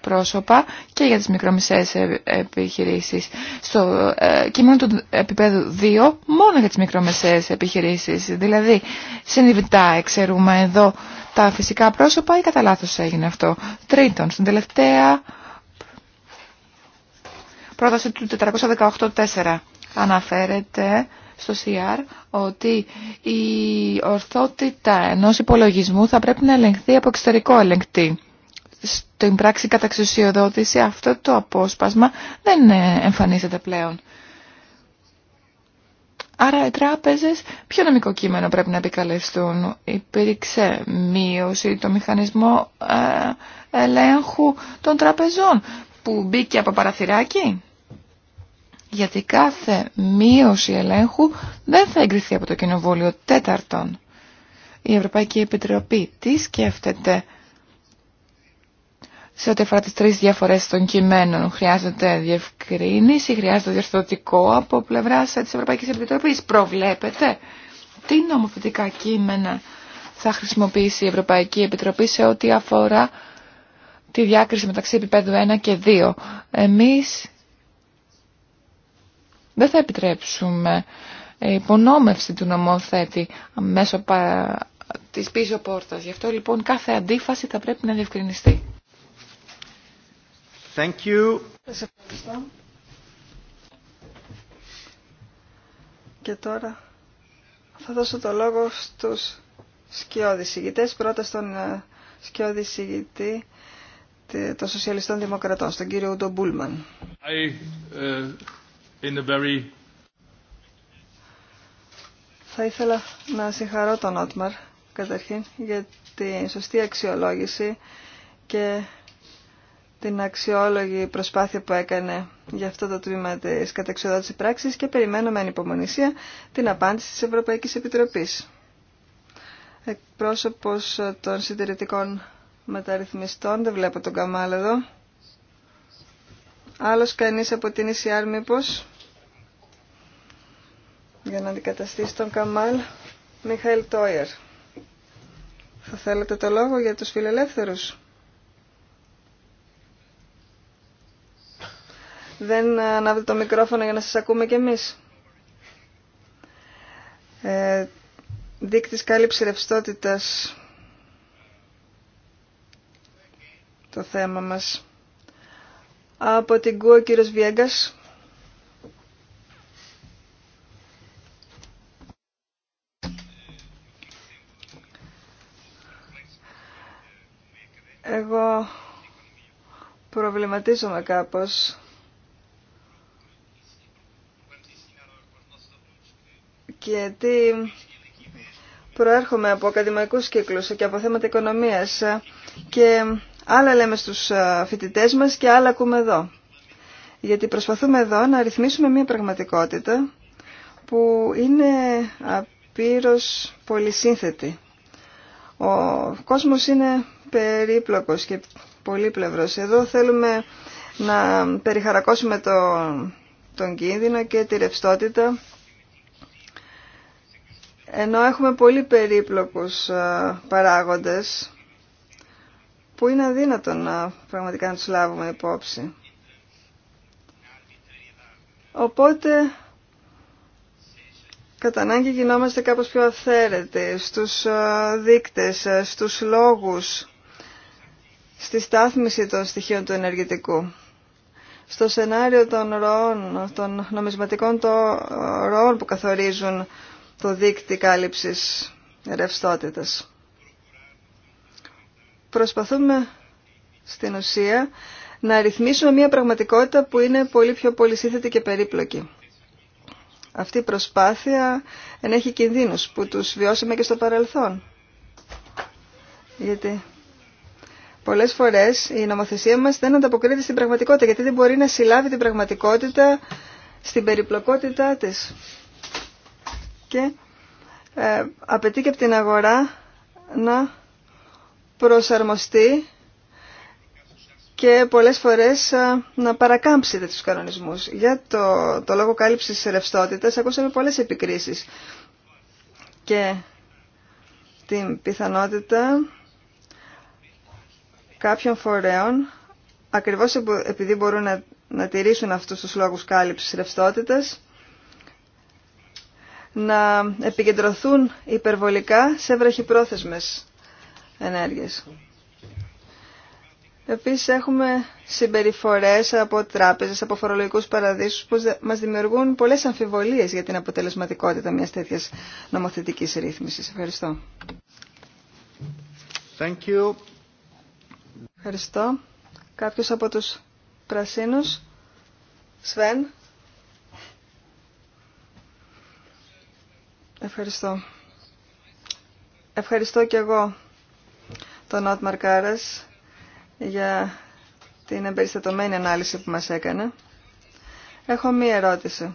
πρόσωπα και για τις μικρομεσαίες επιχειρήσεις. Στο ε, κείμενο του επίπεδου 2 μόνο για τις μικρομεσαίες επιχειρήσεις. Δηλαδή, συνειδητά εξαιρούμε εδώ τα φυσικά πρόσωπα ή κατά λάθο έγινε αυτό. Τρίτον, στην τελευταία πρόταση του 418.4 αναφέρεται στο CR ότι η ορθότητα ενός υπολογισμού θα πρέπει να ελεγχθεί από εξωτερικό ελεγκτή. Στην πράξη καταξουσιοδότηση αυτό το απόσπασμα δεν εμφανίζεται πλέον. Άρα οι τράπεζες ποιο νομικό κείμενο πρέπει να επικαλεστούν. Υπήρξε μείωση το μηχανισμό ε, ελέγχου των τραπεζών που μπήκε από παραθυράκι γιατί κάθε μείωση ελέγχου δεν θα εγκριθεί από το Κοινοβούλιο. Τέταρτον, η Ευρωπαϊκή Επιτροπή τι σκέφτεται σε ό,τι αφορά τις τρεις διαφορές των κειμένων. Χρειάζεται διευκρίνηση, χρειάζεται διορθωτικό από πλευρά της Ευρωπαϊκής Επιτροπής. Προβλέπετε τι νομοθετικά κείμενα θα χρησιμοποιήσει η Ευρωπαϊκή Επιτροπή σε ό,τι αφορά τη διάκριση μεταξύ επίπεδου 1 και 2. Εμείς δεν θα επιτρέψουμε υπονόμευση του νομοθέτη μέσω της πίσω πόρτας. Γι' αυτό λοιπόν κάθε αντίφαση θα πρέπει να διευκρινιστεί. Thank you. Σας ευχαριστώ. Και τώρα θα δώσω το λόγο στους σκιώδη ηγητές. Πρώτα στον ε, σκιώδη ηγητή των Σοσιαλιστών Δημοκρατών, στον κύριο Ούντο Μπούλμαν. Ε, θα ήθελα να συγχαρώ τον Ότμαρ καταρχήν για τη σωστή αξιολόγηση και την αξιόλογη προσπάθεια που έκανε για αυτό το τμήμα της καταξιοδότησης πράξης και περιμένω με ανυπομονησία την απάντηση της Ευρωπαϊκής Επιτροπής. Εκπρόσωπος των συντηρητικών μεταρρυθμιστών, δεν βλέπω τον Καμάλ εδώ. Άλλος κανείς από την ΙΣΙΑΡ για να αντικαταστήσει τον Καμάλ Μιχαήλ Τόιερ. Θα θέλετε το λόγο για τους φιλελεύθερους. Δεν ανάβετε το μικρόφωνο για να σας ακούμε κι εμείς. Ε, δείκτης κάλυψη ρευστότητας το θέμα μας. Από την ΚΟΥ ο κύριος Βιέγκας. Εγώ προβληματίζομαι κάπως γιατί προέρχομαι από ακαδημαϊκούς κύκλους και από θέματα οικονομίας και άλλα λέμε στους ε, φοιτητές μας και άλλα ακούμε εδώ. Γιατί προσπαθούμε εδώ να ρυθμίσουμε μια πραγματικότητα που είναι απείρως πολυσύνθετη. Ο κόσμος είναι περίπλοκος και πολύπλευρος. Εδώ θέλουμε να περιχαρακώσουμε τον, τον κίνδυνο και τη ρευστότητα ενώ έχουμε πολύ περίπλοκους παράγοντες που είναι αδύνατο να πραγματικά να τους λάβουμε υπόψη. Οπότε Κατά ανάγκη γινόμαστε κάπως πιο αυθαίρετοι στους ε, δείκτες, ε, στους λόγους, στη στάθμιση των στοιχείων του ενεργητικού. Στο σενάριο των ροών, των νομισματικών των ε, ροών που καθορίζουν το δίκτυ κάλυψης ρευστότητας. Προσπαθούμε στην ουσία να ρυθμίσουμε μια πραγματικότητα που είναι πολύ πιο πολυσύθετη και περίπλοκη. Αυτή η προσπάθεια ενέχει κινδύνους που τους βιώσαμε και στο παρελθόν. Γιατί πολλές φορές η νομοθεσία μας δεν ανταποκρίνεται στην πραγματικότητα, γιατί δεν μπορεί να συλλάβει την πραγματικότητα στην περιπλοκότητά της. Και ε, απαιτεί και από την αγορά να προσαρμοστεί και πολλές φορές να παρακάμψετε τους κανονισμούς. Για το, το λόγο κάλυψης ρευστότητας ακούσαμε πολλές επικρίσεις και την πιθανότητα κάποιων φορέων, ακριβώς επειδή μπορούν να, να τηρήσουν αυτούς τους λόγους κάλυψης ρευστότητας, να επικεντρωθούν υπερβολικά σε βραχυπρόθεσμες ενέργειες. Επίσης έχουμε συμπεριφορές από τράπεζες, από φορολογικούς παραδείσους που μας δημιουργούν πολλές αμφιβολίες για την αποτελεσματικότητα μιας τέτοιας νομοθετικής ρύθμισης. Ευχαριστώ. Ευχαριστώ. Κάποιος από τους πρασίνους. Σβέν. Ευχαριστώ. Ευχαριστώ και εγώ τον Ότμαρ Κάρας για την εμπεριστατωμένη ανάλυση που μας έκανε. Έχω μία ερώτηση.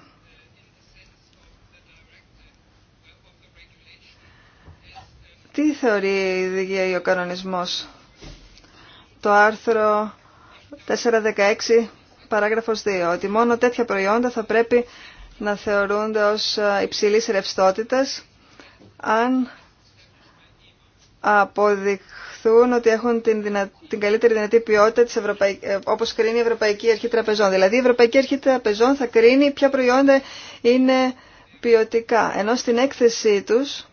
Τι θεωρεί η ή ο κανονισμός. Το άρθρο 416 παράγραφος 2. Ότι μόνο τέτοια προϊόντα θα πρέπει να θεωρούνται ως υψηλής ρευστότητας αν αποδειχθεί ότι έχουν την, δυνα... την καλύτερη δυνατή ποιότητα της Ευρωπαϊ... Ε, όπως κρίνει η Ευρωπαϊκή Αρχή Τραπεζών. Δηλαδή η Ευρωπαϊκή Αρχή Τραπεζών θα κρίνει ποια προϊόντα είναι ποιοτικά. Ενώ στην έκθεσή τους,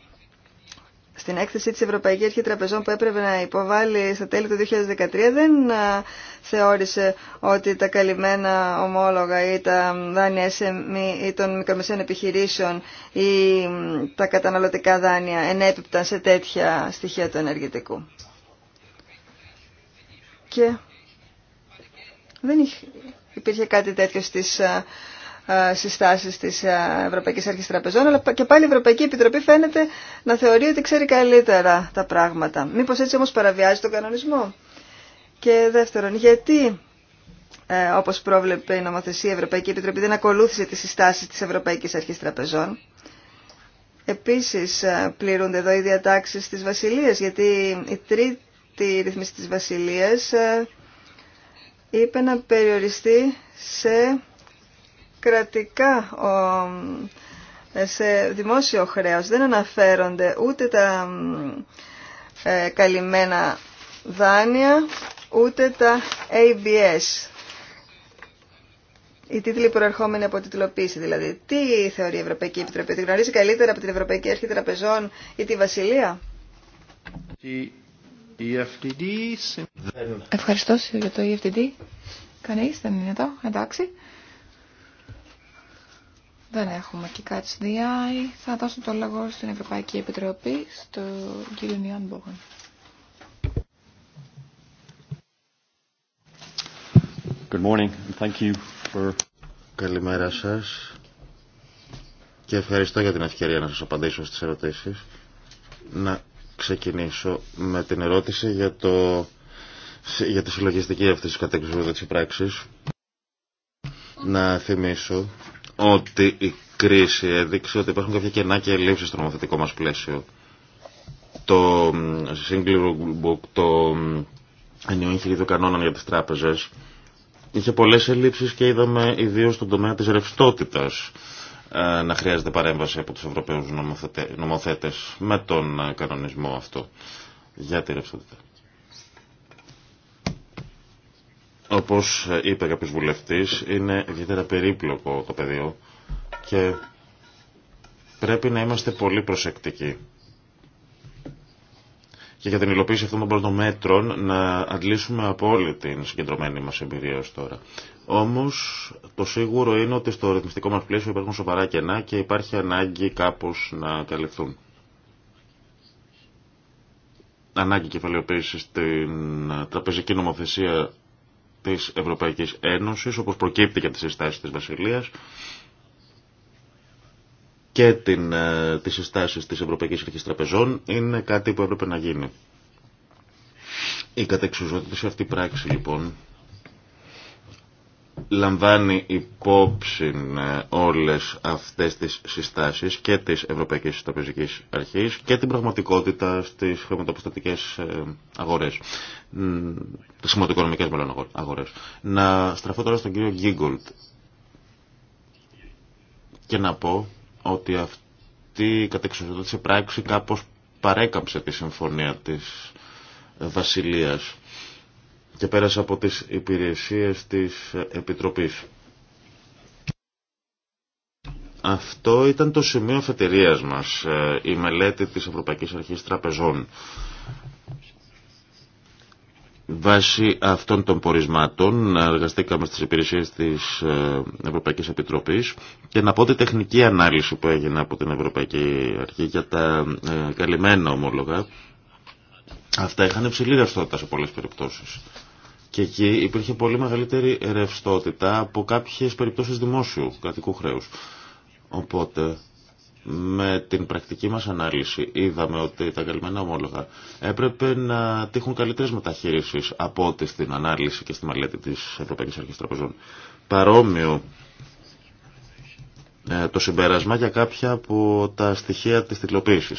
στην έκθεση της Ευρωπαϊκή Αρχή Τραπεζών που έπρεπε να υποβάλει στα τέλη του 2013 δεν θεώρησε ότι τα καλυμμένα ομόλογα ή τα δάνεια SME ή των μικρομεσαίων επιχειρήσεων ή τα καταναλωτικά δάνεια ενέπιπταν σε τέτοια στοιχεία του ενεργητικού και δεν υπήρχε κάτι τέτοιο στις ε, ε, συστάσεις της ε, Ευρωπαϊκής Αρχής Τραπεζών, αλλά και πάλι η Ευρωπαϊκή Επιτροπή φαίνεται να θεωρεί ότι ξέρει καλύτερα τα πράγματα. Μήπως έτσι όμως παραβιάζει τον κανονισμό. Και δεύτερον, γιατί ε, όπως πρόβλεπε η νομοθεσία η Ευρωπαϊκή Επιτροπή δεν ακολούθησε τις συστάσεις της Ευρωπαϊκής Αρχής Τραπεζών. Επίσης πληρούνται εδώ οι διατάξεις της Βασιλείας γιατί η τρίτη τη ρυθμίση της Βασιλείας ε, είπε να περιοριστεί σε κρατικά ε, σε δημόσιο χρέος. Δεν αναφέρονται ούτε τα ε, καλυμμένα δάνεια, ούτε τα ABS. Οι τίτλοι προερχόμενοι από τιτλοποίηση δηλαδή. Τι θεωρεί η Ευρωπαϊκή Επιτροπή, τη γνωρίζει καλύτερα από την Ευρωπαϊκή Αρχή Τραπεζών ή τη Βασιλεία. η τη βασιλεια Ευχαριστώ για το EFTD. Κανείς δεν είναι εδώ, εντάξει. Δεν έχουμε και κάτι στη DI. Θα δώσω το λόγο στην Ευρωπαϊκή Επιτροπή, στο κύριο Νιάν Μπόγαν. Good morning thank you for... Καλημέρα σας και ευχαριστώ για την ευκαιρία να σας απαντήσω στις ερωτήσεις. Να ξεκινήσω με την ερώτηση για, το, για τη συλλογιστική αυτή τη κατεξοδότηση πράξη. Να θυμίσω ότι η κρίση έδειξε ότι υπάρχουν κάποια κενά και ελλείψεις στο νομοθετικό μας πλαίσιο. Το single book, το ενιαίο εγχειρίδιο κανόνων για τις τράπεζες, είχε πολλές ελλείψεις και είδαμε ιδίως στον τομέα της ρευστότητας ε, να χρειάζεται παρέμβαση από τους Ευρωπαίους νομοθέτες με τον ε, κανονισμό αυτό για τη ρευστότητα. Όπως είπε κάποιος βουλευτής, είναι ιδιαίτερα περίπλοκο το πεδίο και πρέπει να είμαστε πολύ προσεκτικοί και για την υλοποίηση αυτών των πρώτων μέτρων να αντλήσουμε από όλη την συγκεντρωμένη μας εμπειρία ως τώρα. Όμως το σίγουρο είναι ότι στο ρυθμιστικό μας πλαίσιο υπάρχουν σοβαρά κενά και υπάρχει ανάγκη κάπως να καλυφθούν. Ανάγκη κεφαλαιοποίηση στην τραπεζική νομοθεσία της Ευρωπαϊκής Ένωσης, όπως προκύπτει και από τις συστάσεις της Βασιλείας, και την, ε, τις συστάσεις της Ευρωπαϊκής Αρχής Τραπεζών είναι κάτι που έπρεπε να γίνει. Η κατεξουζότητα σε αυτή πράξη λοιπόν λαμβάνει υπόψη ε, όλες αυτές τις συστάσεις και της Ευρωπαϊκής Τραπεζικής Αρχής και την πραγματικότητα στις χρηματοπιστωτικές ε, αγορές, τις χρηματοοικονομικές μάλλον αγορές. Να στραφώ τώρα στον κύριο Γίγκολτ και να πω ότι αυτή η κατεξοδότηση πράξη κάπως παρέκαμψε τη συμφωνία της Βασιλείας και πέρασε από τις υπηρεσίες της Επιτροπής. Αυτό ήταν το σημείο αφετηρίας μας, ε, η μελέτη της Ευρωπαϊκής Αρχής Τραπεζών. Βάσει αυτών των πορισμάτων εργαστήκαμε στις υπηρεσίες της ε, Ευρωπαϊκής Επιτροπής και να πω ότι τεχνική ανάλυση που έγινε από την Ευρωπαϊκή Αρχή για τα ε, καλυμμένα ομόλογα. Αυτά είχαν υψηλή ρευστότητα σε πολλές περιπτώσεις. Και εκεί υπήρχε πολύ μεγαλύτερη ρευστότητα από κάποιες περιπτώσεις δημόσιου κρατικού χρέους. Οπότε με την πρακτική μας ανάλυση είδαμε ότι τα καλυμμένα ομόλογα έπρεπε να τύχουν καλύτερες μεταχείρισεις από ό,τι στην ανάλυση και στη μελέτη της Ευρωπαϊκής Αρχής Τραπεζών. Παρόμοιο ε, το συμπέρασμα για κάποια από τα στοιχεία της τυπλοποίηση.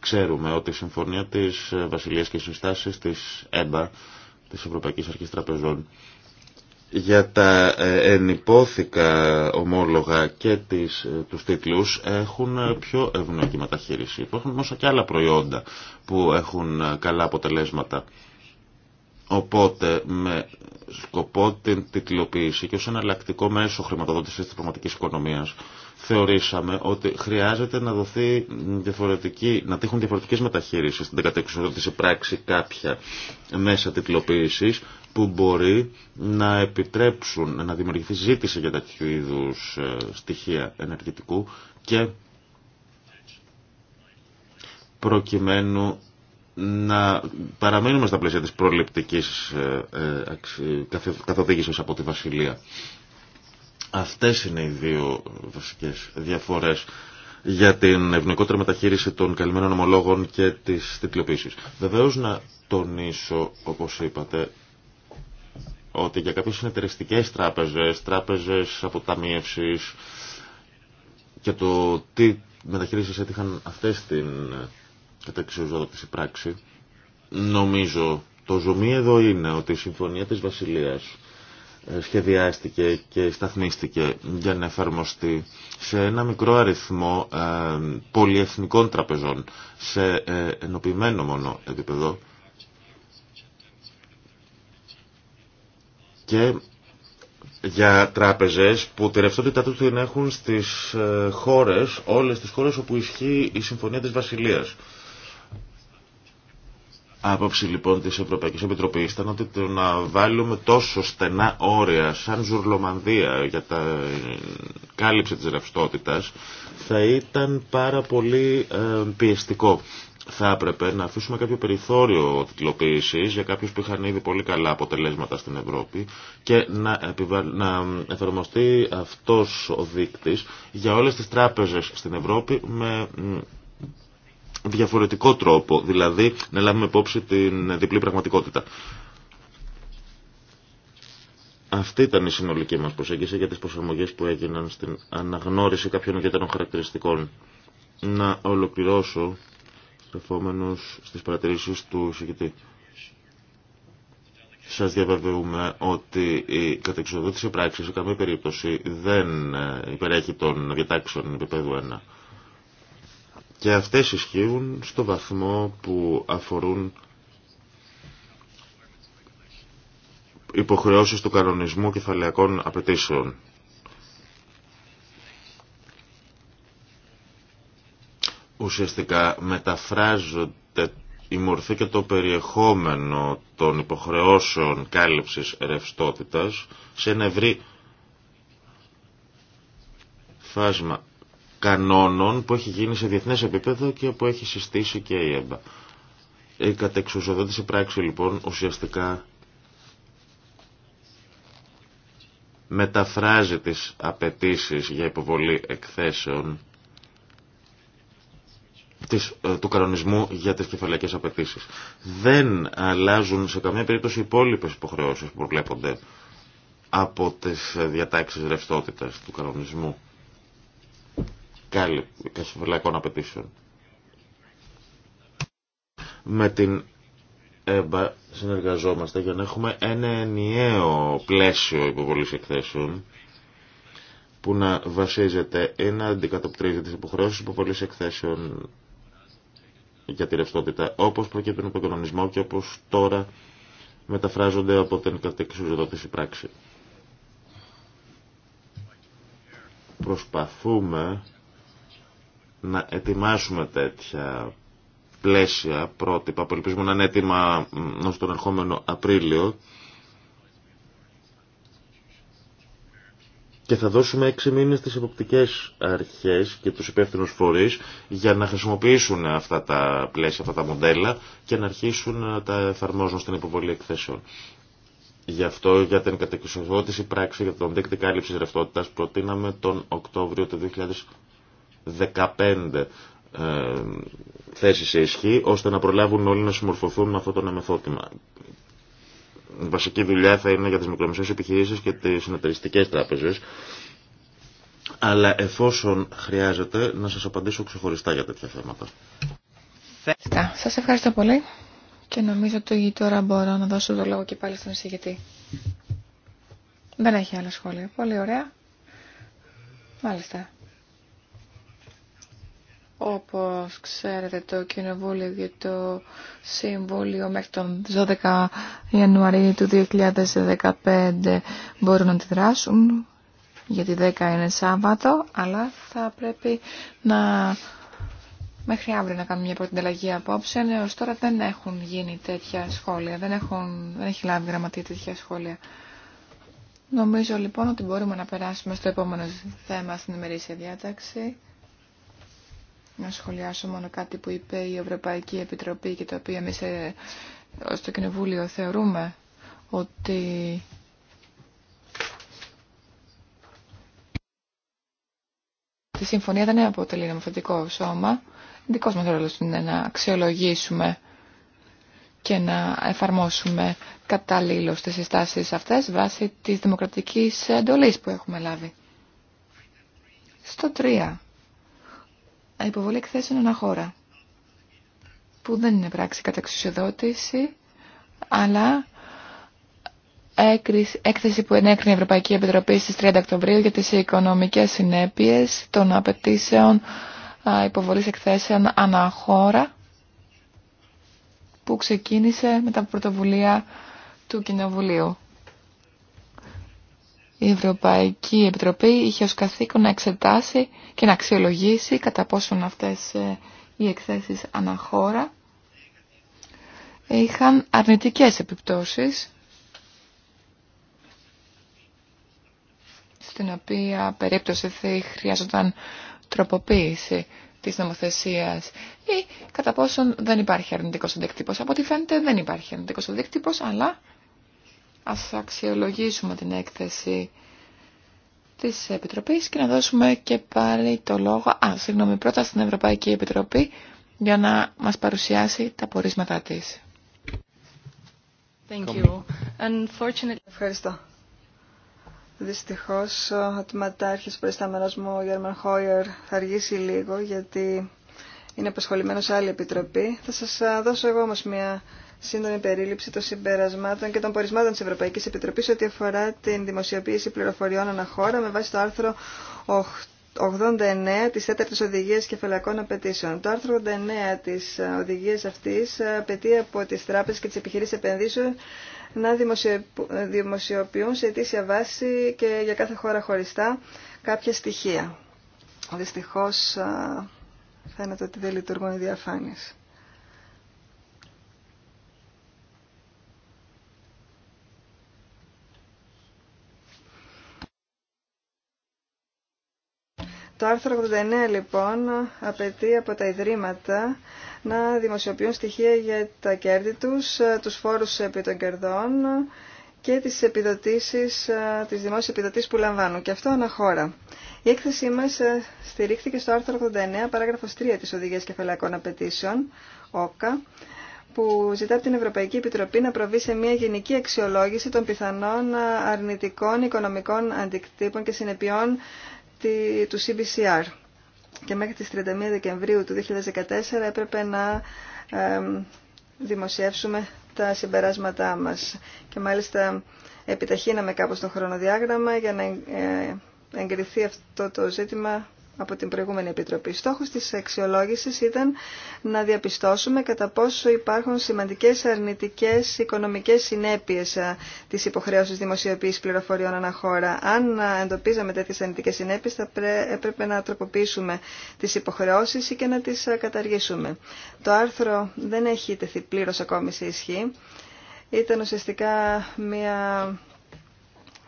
Ξέρουμε ότι η συμφωνία της Βασιλείας και συστάσεις της ΕΜΠΑ, της Ευρωπαϊκής Αρχής Τραπεζών, για τα ε, ενυπόθηκα ομόλογα και τις, ε, τους τίτλους έχουν ε, πιο ευνοϊκή μεταχείριση. Υπάρχουν όμως και άλλα προϊόντα που έχουν καλά αποτελέσματα. Οπότε με σκοπό την τιτλοποίηση και ως εναλλακτικό μέσο χρηματοδότησης της πραγματικής οικονομίας θεωρήσαμε ότι χρειάζεται να, δοθεί διαφορετική, να τύχουν διαφορετικές μεταχείρισεις στην κατεξοδότηση πράξη κάποια μέσα τιτλοποίησης που μπορεί να επιτρέψουν να δημιουργηθεί ζήτηση για τέτοιου είδου ε, στοιχεία ενεργητικού και προκειμένου να παραμείνουμε στα πλαίσια της προληπτικής ε, ε, καθοδήγησης από τη Βασιλεία. Αυτές είναι οι δύο βασικές διαφορές για την ευνοϊκότερη μεταχείριση των καλυμμένων ομολόγων και της τυπλοποίησης. Βεβαίως να τονίσω, όπως είπατε, ότι για κάποιες συνεταιριστικές τράπεζες, τράπεζες αποταμίευσης και το τι μεταχείρισεις έτυχαν αυτές την καταξιοζότηση πράξη, νομίζω το ζωμί εδώ είναι ότι η Συμφωνία της Βασιλείας ε, σχεδιάστηκε και σταθμίστηκε για να εφαρμοστεί σε ένα μικρό αριθμό ε, πολυεθνικών τραπεζών, σε ε, ενοποιημένο μόνο επίπεδο, και για τράπεζες που τη ρευστότητά του την έχουν στις ε, χώρες, όλες τις χώρες όπου ισχύει η Συμφωνία της Βασιλείας. Άποψη λοιπόν της Ευρωπαϊκής Επιτροπής ήταν ότι το να βάλουμε τόσο στενά όρια σαν ζουρλομανδία για τα ε, κάλυψη της ρευστότητας θα ήταν πάρα πολύ ε, πιεστικό θα έπρεπε να αφήσουμε κάποιο περιθώριο τυπλοποίησης για κάποιους που είχαν ήδη πολύ καλά αποτελέσματα στην Ευρώπη και να, να εφαρμοστεί αυτός ο δείκτης για όλες τις τράπεζες στην Ευρώπη με διαφορετικό τρόπο, δηλαδή να λάβουμε υπόψη την διπλή πραγματικότητα. Αυτή ήταν η συνολική μας προσέγγιση για τις προσαρμογές που έγιναν στην αναγνώριση κάποιων ιδιαίτερων χαρακτηριστικών. Να ολοκληρώσω Σα στις παρατηρήσεις του Σας διαβεβαιούμε ότι η κατεξοδότηση πράξη σε καμία περίπτωση δεν ε, υπερέχει των διατάξεων επίπεδου 1. Και αυτές ισχύουν στο βαθμό που αφορούν υποχρεώσεις του κανονισμού κεφαλαιακών απαιτήσεων ουσιαστικά μεταφράζονται η μορφή και το περιεχόμενο των υποχρεώσεων κάλυψης ρευστότητας σε ένα ευρύ φάσμα κανόνων που έχει γίνει σε διεθνές επίπεδο και που έχει συστήσει και η ΕΜΠΑ. Η κατεξουσιοδότηση πράξη λοιπόν ουσιαστικά μεταφράζει τις απαιτήσει για υποβολή εκθέσεων της, ε, του κανονισμού για τις κεφαλαϊκές απαιτήσει. Δεν αλλάζουν σε καμία περίπτωση οι υπόλοιπες υποχρεώσεις που προβλέπονται από τις ε, διατάξεις ρευστότητα του κανονισμού κεφαλαϊκών απαιτήσεων. Με την ΕΜΠΑ συνεργαζόμαστε για να έχουμε ένα ενιαίο πλαίσιο υποβολής εκθέσεων που να βασίζεται ή να αντικατοπτρίζεται τις υποχρεώσεις υποβολής εκθέσεων για τη ρευστότητα, όπως προκύπτουν από τον κανονισμό και όπως τώρα μεταφράζονται από την κατεξουσιοδότηση πράξη. Προσπαθούμε να ετοιμάσουμε τέτοια πλαίσια, πρότυπα, που ελπίζουμε να είναι έτοιμα ως τον ερχόμενο Απρίλιο, και θα δώσουμε έξι μήνες στις εποπτικές αρχές και τους υπεύθυνους φορείς για να χρησιμοποιήσουν αυτά τα πλαίσια, αυτά τα μοντέλα και να αρχίσουν να τα εφαρμόζουν στην υποβολή εκθέσεων. Γι' αυτό για την κατεξοδότηση πράξη για τον δίκτυο κάλυψη ρευστότητα προτείναμε τον Οκτώβριο του 2015 ε, θέση σε ισχύ ώστε να προλάβουν όλοι να συμμορφωθούν με αυτό το νεμεθότημα βασική δουλειά θα είναι για τις μικρομεσαίες επιχειρήσεις και τις συνεταιριστικές τράπεζες. Αλλά εφόσον χρειάζεται να σας απαντήσω ξεχωριστά για τέτοια θέματα. Σας ευχαριστώ πολύ και νομίζω ότι τώρα μπορώ να δώσω το λόγο και πάλι στον εισηγητή. Δεν έχει άλλο σχόλια. Πολύ ωραία. Μάλιστα. Όπως ξέρετε το Κοινοβούλιο και το Συμβούλιο μέχρι τον 12 Ιανουαρίου του 2015 μπορούν να αντιδράσουν γιατί 10 είναι Σάββατο αλλά θα πρέπει να μέχρι αύριο να κάνουμε μια πρώτη ανταλλαγή απόψε έως τώρα δεν έχουν γίνει τέτοια σχόλια δεν, έχουν, δεν έχει λάβει γραμματεία τέτοια σχόλια Νομίζω λοιπόν ότι μπορούμε να περάσουμε στο επόμενο θέμα στην ημερήσια διάταξη να σχολιάσω μόνο κάτι που είπε η Ευρωπαϊκή Επιτροπή και το οποίο εμείς στο ε, Κοινοβούλιο θεωρούμε ότι τη συμφωνία δεν αποτελεί νομοθετικό σώμα. Δικός μας ρόλος είναι να αξιολογήσουμε και να εφαρμόσουμε κατάλληλο τις συστάσεις αυτές βάσει της δημοκρατικής εντολής που έχουμε λάβει. Στο 3 υποβολή εκθέσεων αναχώρα που δεν είναι πράξη κατά εξουσιοδότηση, αλλά έκθεση που ενέκρινε η Ευρωπαϊκή Επιτροπή στις 30 Οκτωβρίου για τις οικονομικές συνέπειες των απαιτήσεων υποβολής εκθέσεων αναχώρα που ξεκίνησε με τα πρωτοβουλία του Κοινοβουλίου η Ευρωπαϊκή Επιτροπή είχε ως καθήκον να εξετάσει και να αξιολογήσει κατά πόσον αυτές ε, οι εκθέσεις αναχώρα είχαν αρνητικές επιπτώσεις στην οποία περίπτωση θα χρειάζονταν τροποποίηση της νομοθεσίας ή κατά πόσον δεν υπάρχει αρνητικός αντίκτυπος. Από ό,τι φαίνεται δεν υπάρχει αρνητικός αντίκτυπος, αλλά Ας αξιολογήσουμε την έκθεση της Επιτροπής και να δώσουμε και πάλι το λόγο, α, συγγνώμη, πρώτα στην Ευρωπαϊκή Επιτροπή για να μας παρουσιάσει τα πορίσματά της. Thank you. Unfortunately... Ευχαριστώ. Δυστυχώς ο τμήματάρχης προϊστάμενος μου, ο Γερμαν Χόιερ, θα αργήσει λίγο γιατί είναι απασχολημένο σε άλλη επιτροπή. Θα σας δώσω εγώ όμως μια σύντομη περίληψη των συμπερασμάτων και των πορισμάτων της Ευρωπαϊκής Επιτροπής ό,τι αφορά την δημοσιοποίηση πληροφοριών αναχώρα με βάση το άρθρο 89 της 4ης Οδηγίας Κεφαλακών Απαιτήσεων. Το άρθρο 89 της ε, οδηγίας αυτής ε, απαιτεί από τις τράπεζες και τις επιχειρήσεις επενδύσεων να ε, δημοσιοποιούν σε αιτήσια βάση και για κάθε χώρα χωριστά κάποια στοιχεία. Δυστυχώς φαίνεται ότι δεν λειτουργούν οι διαφάνειες. Το άρθρο 89 λοιπόν απαιτεί από τα ιδρύματα να δημοσιοποιούν στοιχεία για τα κέρδη τους, τους φόρους επί των κερδών και τις επιδοτήσεις, τις δημόσιες επιδοτήσεις που λαμβάνουν. Και αυτό αναχώρα. Η έκθεσή μας ε, στηρίχθηκε στο άρθρο 89, παράγραφος 3 της Οδηγίας Κεφαλαϊκών Απαιτήσεων, ΟΚΑ, που ζητά από την Ευρωπαϊκή Επιτροπή να προβεί σε μια γενική αξιολόγηση των πιθανών αρνητικών οικονομικών αντικτύπων και συνεπειών του CBCR. Και μέχρι τις 31 Δεκεμβρίου του 2014 έπρεπε να δημοσιεύσουμε τα συμπεράσματά μας. Και μάλιστα επιταχύναμε κάπως το χρονοδιάγραμμα για να ε, εγκριθεί αυτό το ζήτημα από την προηγούμενη Επιτροπή. Στόχος της αξιολόγησης ήταν να διαπιστώσουμε κατά πόσο υπάρχουν σημαντικές αρνητικές οικονομικές συνέπειες ε, της υποχρέωσης δημοσιοποίησης πληροφοριών αναχώρα. Αν ε, εντοπίζαμε τέτοιες αρνητικές συνέπειες θα έπρεπε να τροποποιήσουμε τις υποχρεώσεις ή και να τις ε, καταργήσουμε. Το άρθρο δεν έχει τεθεί πλήρως ακόμη σε ισχύ. Ήταν ουσιαστικά μια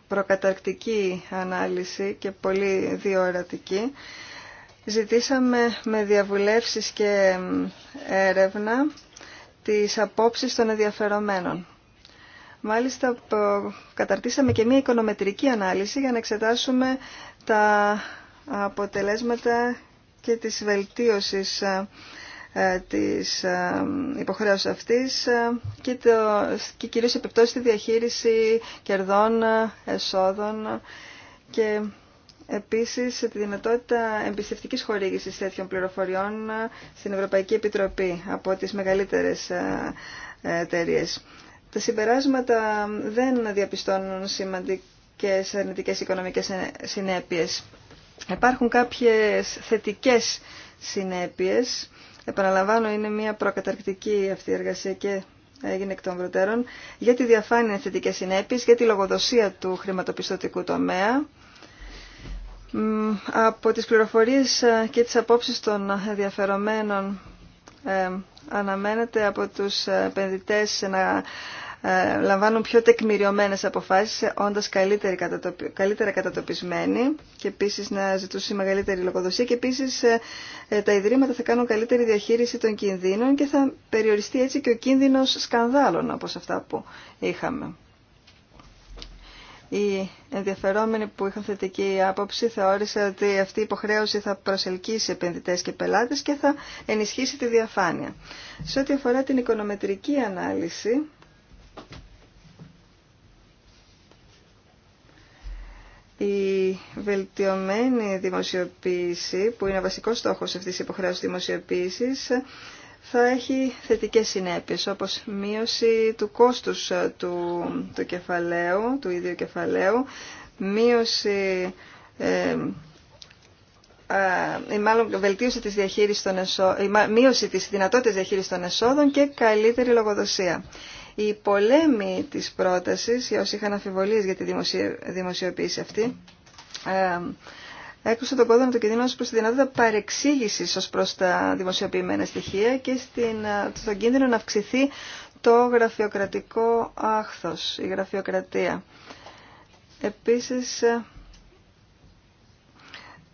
προκαταρκτική ανάλυση και πολύ διορατική, ζητήσαμε με διαβουλεύσεις και έρευνα τις απόψεις των ενδιαφερομένων. Μάλιστα, καταρτήσαμε και μία οικονομετρική ανάλυση για να εξετάσουμε τα αποτελέσματα και της βελτίωσης ε, ε, της ε, υποχρέωσης αυτής ε, και, το, και κυρίως επιπτώσει στη διαχείριση κερδών, εσόδων και επίσης τη δυνατότητα εμπιστευτικής χορήγησης τέτοιων πληροφοριών στην Ευρωπαϊκή Επιτροπή από τις μεγαλύτερες εταιρείε. Τα συμπεράσματα δεν διαπιστώνουν σημαντικές αρνητικές οικονομικές συνέπειες. Υπάρχουν κάποιες θετικές συνέπειες Επαναλαμβάνω, είναι μια προκαταρκτική αυτή η εργασία και έγινε εκ των προτέρων για τη διαφάνεια θετικές συνέπειες, για τη λογοδοσία του χρηματοπιστωτικού τομέα. Από τις πληροφορίες ε, και τις απόψεις των ενδιαφερομένων ε, αναμένεται από τους ε, επενδυτές να ε, λαμβάνουν πιο τεκμηριωμένες αποφάσεις, όντας καλύτερα κατατοπισμένοι και επίσης να ζητούσε μεγαλύτερη λογοδοσία και επίσης ε, ε, τα Ιδρύματα θα κάνουν καλύτερη διαχείριση των κινδύνων και θα περιοριστεί έτσι και ο κίνδυνος σκανδάλων όπως αυτά που είχαμε. Οι ενδιαφερόμενοι που είχαν θετική άποψη θεώρησαν ότι αυτή η υποχρέωση θα προσελκύσει επενδυτές και πελάτες και θα ενισχύσει τη διαφάνεια. Σε ό,τι αφορά την οικονομετρική ανάλυση, η βελτιωμένη δημοσιοποίηση, που είναι ο βασικός στόχος αυτής της υποχρέωσης δημοσιοποίησης, θα έχει θετικές συνέπειες, όπως μείωση του κόστους ε, του, του κεφαλαίου, του ίδιου κεφαλαίου, μείωση, ε, ε, μάλλον βελτίωση της διαχείρισης των εσόδων, μείωση της δυνατότητας διαχείρισης των εσόδων και καλύτερη λογοδοσία η πολέμη της πρότασης, για όσοι είχαν αμφιβολίες για τη δημοσιοποίηση αυτή, έκρουσε τον κόδωνα του κινδύνου προς τη δυνατότητα παρεξήγησης ως προς τα δημοσιοποιημένα στοιχεία και στην, ε, στον κίνδυνο να αυξηθεί το γραφειοκρατικό άχθος, η γραφειοκρατία. Επίσης, ε,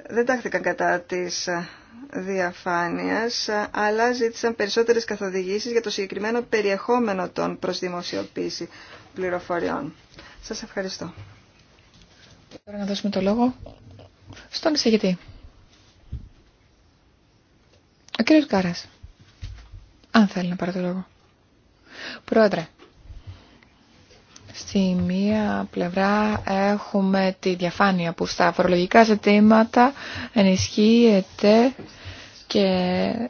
δεν τάχθηκαν κατά της ε, διαφάνειας, αλλά ζήτησαν περισσότερες καθοδηγήσεις για το συγκεκριμένο περιεχόμενο των προς δημοσιοποίηση πληροφοριών. Σας ευχαριστώ. Τώρα να δώσουμε το λόγο στον εισηγητή. Ο κύριος Κάρας. Αν θέλει να πάρει το λόγο. Πρόεδρε, Στη μία πλευρά έχουμε τη διαφάνεια που στα φορολογικά ζητήματα ενισχύεται και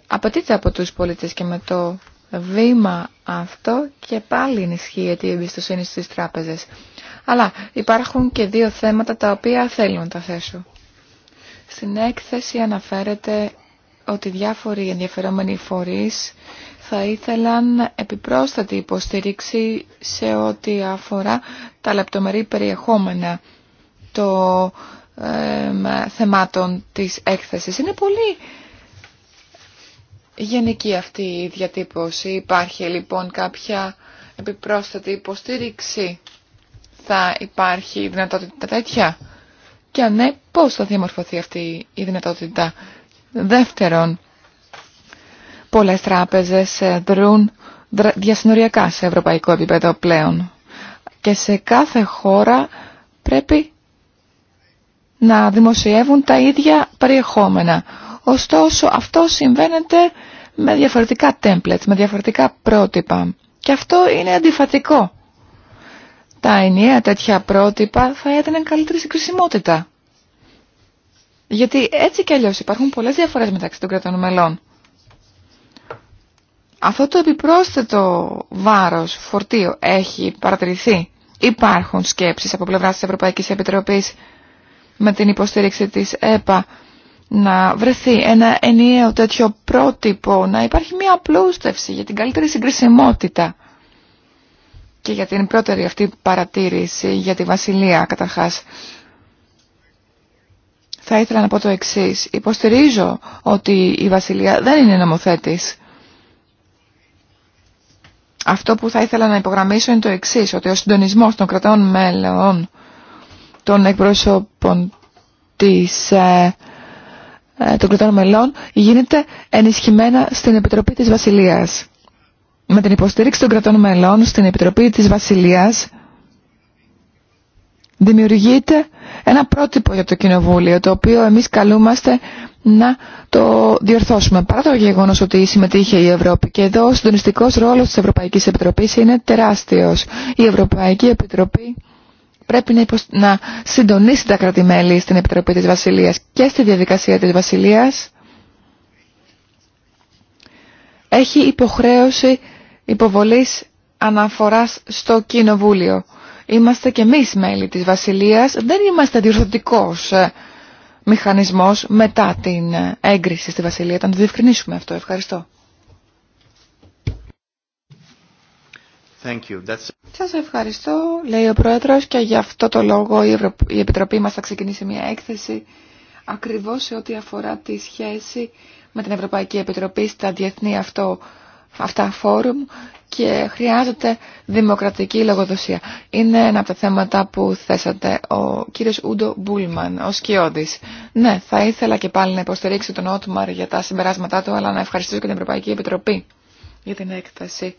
απαιτείται από τους πολίτες και με το βήμα αυτό και πάλι ενισχύεται η εμπιστοσύνη στις τράπεζες. Αλλά υπάρχουν και δύο θέματα τα οποία θέλω να τα θέσω. Στην έκθεση αναφέρεται ότι διάφοροι ενδιαφερόμενοι φορείς θα ήθελαν επιπρόσθετη υποστήριξη σε ό,τι αφορά τα λεπτομερή περιεχόμενα το θεμάτων της έκθεσης. Είναι πολύ γενική αυτή η διατύπωση. Υπάρχει λοιπόν κάποια επιπρόσθετη υποστήριξη. Θα υπάρχει δυνατότητα τέτοια. Και αν ναι, πώς θα διαμορφωθεί αυτή η δυνατότητα. Δεύτερον, Πολλές τράπεζες ε, δρούν διασυνοριακά σε ευρωπαϊκό επίπεδο πλέον. Και σε κάθε χώρα πρέπει να δημοσιεύουν τα ίδια περιεχόμενα. Ωστόσο αυτό συμβαίνεται με διαφορετικά templates, με διαφορετικά πρότυπα. Και αυτό είναι αντιφατικό. Τα ενιαία τέτοια πρότυπα θα έδιναν καλύτερη συγκρισιμότητα. Γιατί έτσι κι αλλιώς υπάρχουν πολλές διαφορές μεταξύ των κρατών μελών. Αυτό το επιπρόσθετο βάρος, φορτίο, έχει παρατηρηθεί. Υπάρχουν σκέψεις από πλευρά της Ευρωπαϊκής Επιτροπής με την υποστήριξη της ΕΠΑ να βρεθεί ένα ενιαίο τέτοιο πρότυπο, να υπάρχει μια απλούστευση για την καλύτερη συγκρισιμότητα και για την πρώτερη αυτή παρατήρηση για τη Βασιλεία καταρχάς. Θα ήθελα να πω το εξής. Υποστηρίζω ότι η Βασιλεία δεν είναι νομοθέτης. Αυτό που θα ήθελα να υπογραμμίσω είναι το εξή, ότι ο συντονισμό των κρατών μέλων των εκπρόσωπων της, ε, ε, των κρατών μελών γίνεται ενισχυμένα στην Επιτροπή της Βασιλείας. Με την υποστήριξη των κρατών μελών στην Επιτροπή της Βασιλείας δημιουργείται ένα πρότυπο για το Κοινοβούλιο, το οποίο εμείς καλούμαστε να το διορθώσουμε. Παρά το γεγονός ότι συμμετείχε η Ευρώπη και εδώ ο συντονιστικός ρόλος της Ευρωπαϊκής Επιτροπής είναι τεράστιος. Η Ευρωπαϊκή Επιτροπή πρέπει να συντονίσει τα κρατημέλη στην Επιτροπή της Βασιλείας και στη διαδικασία της Βασιλείας. Έχει υποχρέωση υποβολής αναφοράς στο Κοινοβούλιο είμαστε και εμείς μέλη της Βασιλείας, δεν είμαστε διορθωτικός ε, μηχανισμός μετά την ε, έγκριση στη Βασιλεία, Θα το διευκρινίσουμε αυτό. Ευχαριστώ. Thank Σας ευχαριστώ, λέει ο Πρόεδρος, και γι' αυτό το λόγο η, Επιτροπή μας θα ξεκινήσει μια έκθεση ακριβώς σε ό,τι αφορά τη σχέση με την Ευρωπαϊκή Επιτροπή στα διεθνή αυτό αυτά φόρουμ και χρειάζεται δημοκρατική λογοδοσία. Είναι ένα από τα θέματα που θέσατε ο κύριος Ούντο Μπούλμαν, ο Σκιώδης. Ναι, θα ήθελα και πάλι να υποστηρίξω τον Ότμαρ για τα συμπεράσματά του, αλλά να ευχαριστήσω και την Ευρωπαϊκή Επιτροπή για την έκταση.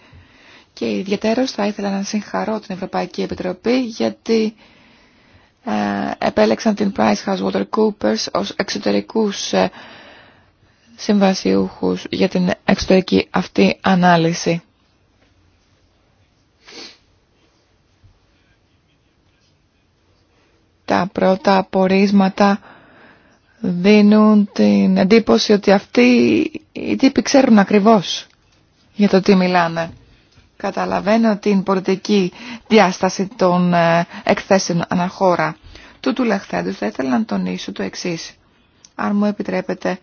Και ιδιαίτερα θα ήθελα να συγχαρώ την Ευρωπαϊκή Επιτροπή γιατί ε, επέλεξαν την Coopers ως εξωτερικούς ε, συμβασιούχους για την εξωτερική αυτή ανάλυση. Τα πρώτα απορίσματα δίνουν την εντύπωση ότι αυτοί οι τύποι ξέρουν ακριβώς για το τι μιλάνε. Καταλαβαίνω την πολιτική διάσταση των ε, εκθέσεων αναχώρα. Τούτου λεχθέντους θα ήθελα να τονίσω το εξής. Αν μου επιτρέπετε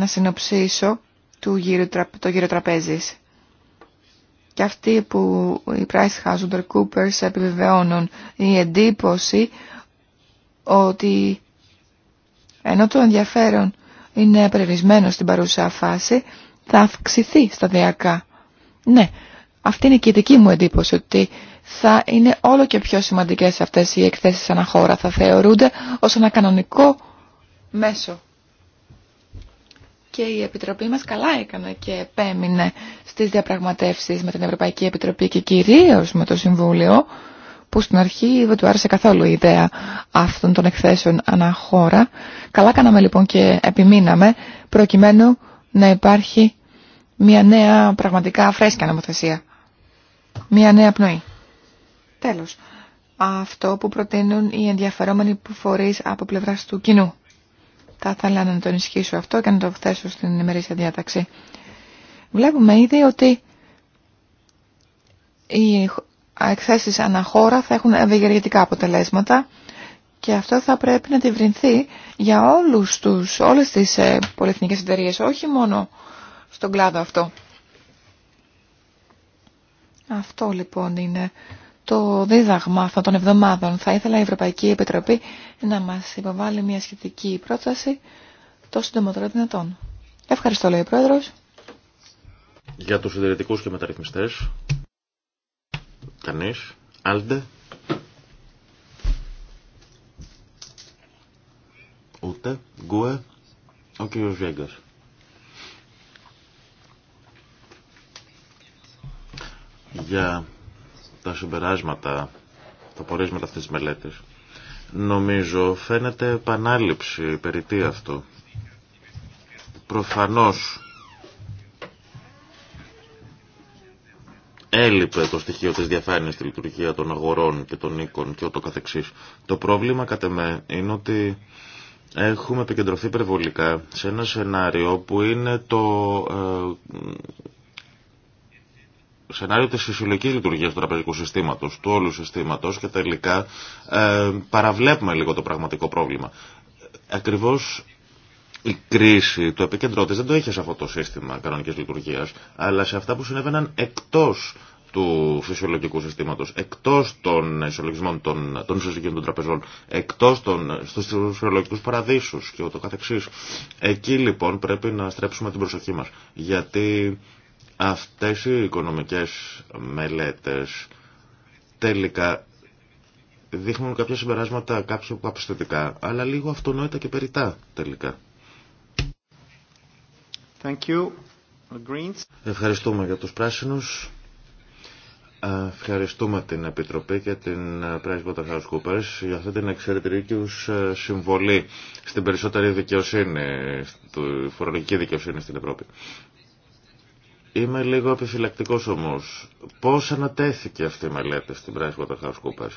να συνοψίσω του το γύρο τραπέζης. Και αυτοί που οι Pricewaterhouse Coopers επιβεβαιώνουν η εντύπωση ότι ενώ το ενδιαφέρον είναι περιορισμένο στην παρούσα φάση, θα αυξηθεί σταδιακά. Ναι, αυτή είναι και η δική μου εντύπωση, ότι θα είναι όλο και πιο σημαντικές αυτές οι εκθέσεις αναχώρα. Θα θεωρούνται ως ένα κανονικό μέσο και η Επιτροπή μας καλά έκανε και επέμεινε στις διαπραγματεύσεις με την Ευρωπαϊκή Επιτροπή και κυρίως με το Συμβούλιο που στην αρχή δεν του άρεσε καθόλου η ιδέα αυτών των εκθέσεων αναχώρα. Καλά κάναμε λοιπόν και επιμείναμε προκειμένου να υπάρχει μια νέα πραγματικά φρέσκια νομοθεσία. Μια νέα πνοή. Τέλος. Αυτό που προτείνουν οι ενδιαφερόμενοι φορείς από πλευράς του κοινού. Θα ήθελα να το ενισχύσω αυτό και να το θέσω στην ημερήσια διάταξη. Βλέπουμε ήδη ότι οι εκθέσεις αναχώρα θα έχουν ευεργετικά αποτελέσματα και αυτό θα πρέπει να διευρυνθεί για όλους τους, όλες τις ε, πολυεθνικές εταιρείες, όχι μόνο στον κλάδο αυτό. Αυτό λοιπόν είναι το δίδαγμα αυτών των εβδομάδων. Θα ήθελα η Ευρωπαϊκή Επιτροπή να μας υποβάλει μια σχετική πρόταση το συντομότερο δυνατόν. Ευχαριστώ, λέει ο Πρόεδρος. Για τους συντηρητικούς και μεταρρυθμιστές, κανείς, Άλντε, ούτε, Γκουε, ο κύριος Για τα συμπεράσματα, τα πορίσματα αυτής της μελέτης. Νομίζω φαίνεται επανάληψη περί τι αυτό. Προφανώς έλειπε το στοιχείο της διαφάνειας στη λειτουργία των αγορών και των οίκων και ούτω καθεξής. Το πρόβλημα κατά με είναι ότι έχουμε επικεντρωθεί περιβολικά σε ένα σενάριο που είναι το ε, σενάριο της φυσιολογικής λειτουργίας του τραπεζικού συστήματος, του όλου συστήματος και τελικά ε, παραβλέπουμε λίγο το πραγματικό πρόβλημα. Ακριβώς η κρίση, του επίκεντρό της δεν το είχε σε αυτό το σύστημα κανονικής λειτουργίας, αλλά σε αυτά που συνέβαιναν εκτός του φυσιολογικού συστήματος, εκτός των ισολογισμών των, των ισολογικών των τραπεζών, εκτός των στου φυσιολογικού παραδείσου και ούτω καθεξής. Εκεί λοιπόν πρέπει να στρέψουμε την προσοχή μα. Γιατί Αυτές οι οικονομικές μελέτες τελικά δείχνουν κάποια συμπεράσματα κάποια αποστατικά, αλλά λίγο αυτονόητα και περιτά τελικά. Ευχαριστούμε για τους πράσινους. Ευχαριστούμε την Επιτροπή και την PricewaterhouseCoopers για αυτή την εξαιρετική ε, συμβολή στην περισσότερη δικαιοσύνη, στη φορολογική δικαιοσύνη στην Ευρώπη. Είμαι λίγο επιφυλακτικό όμω. Πώς ανατέθηκε αυτή η μελέτη στην Βαταχάουσκούπα,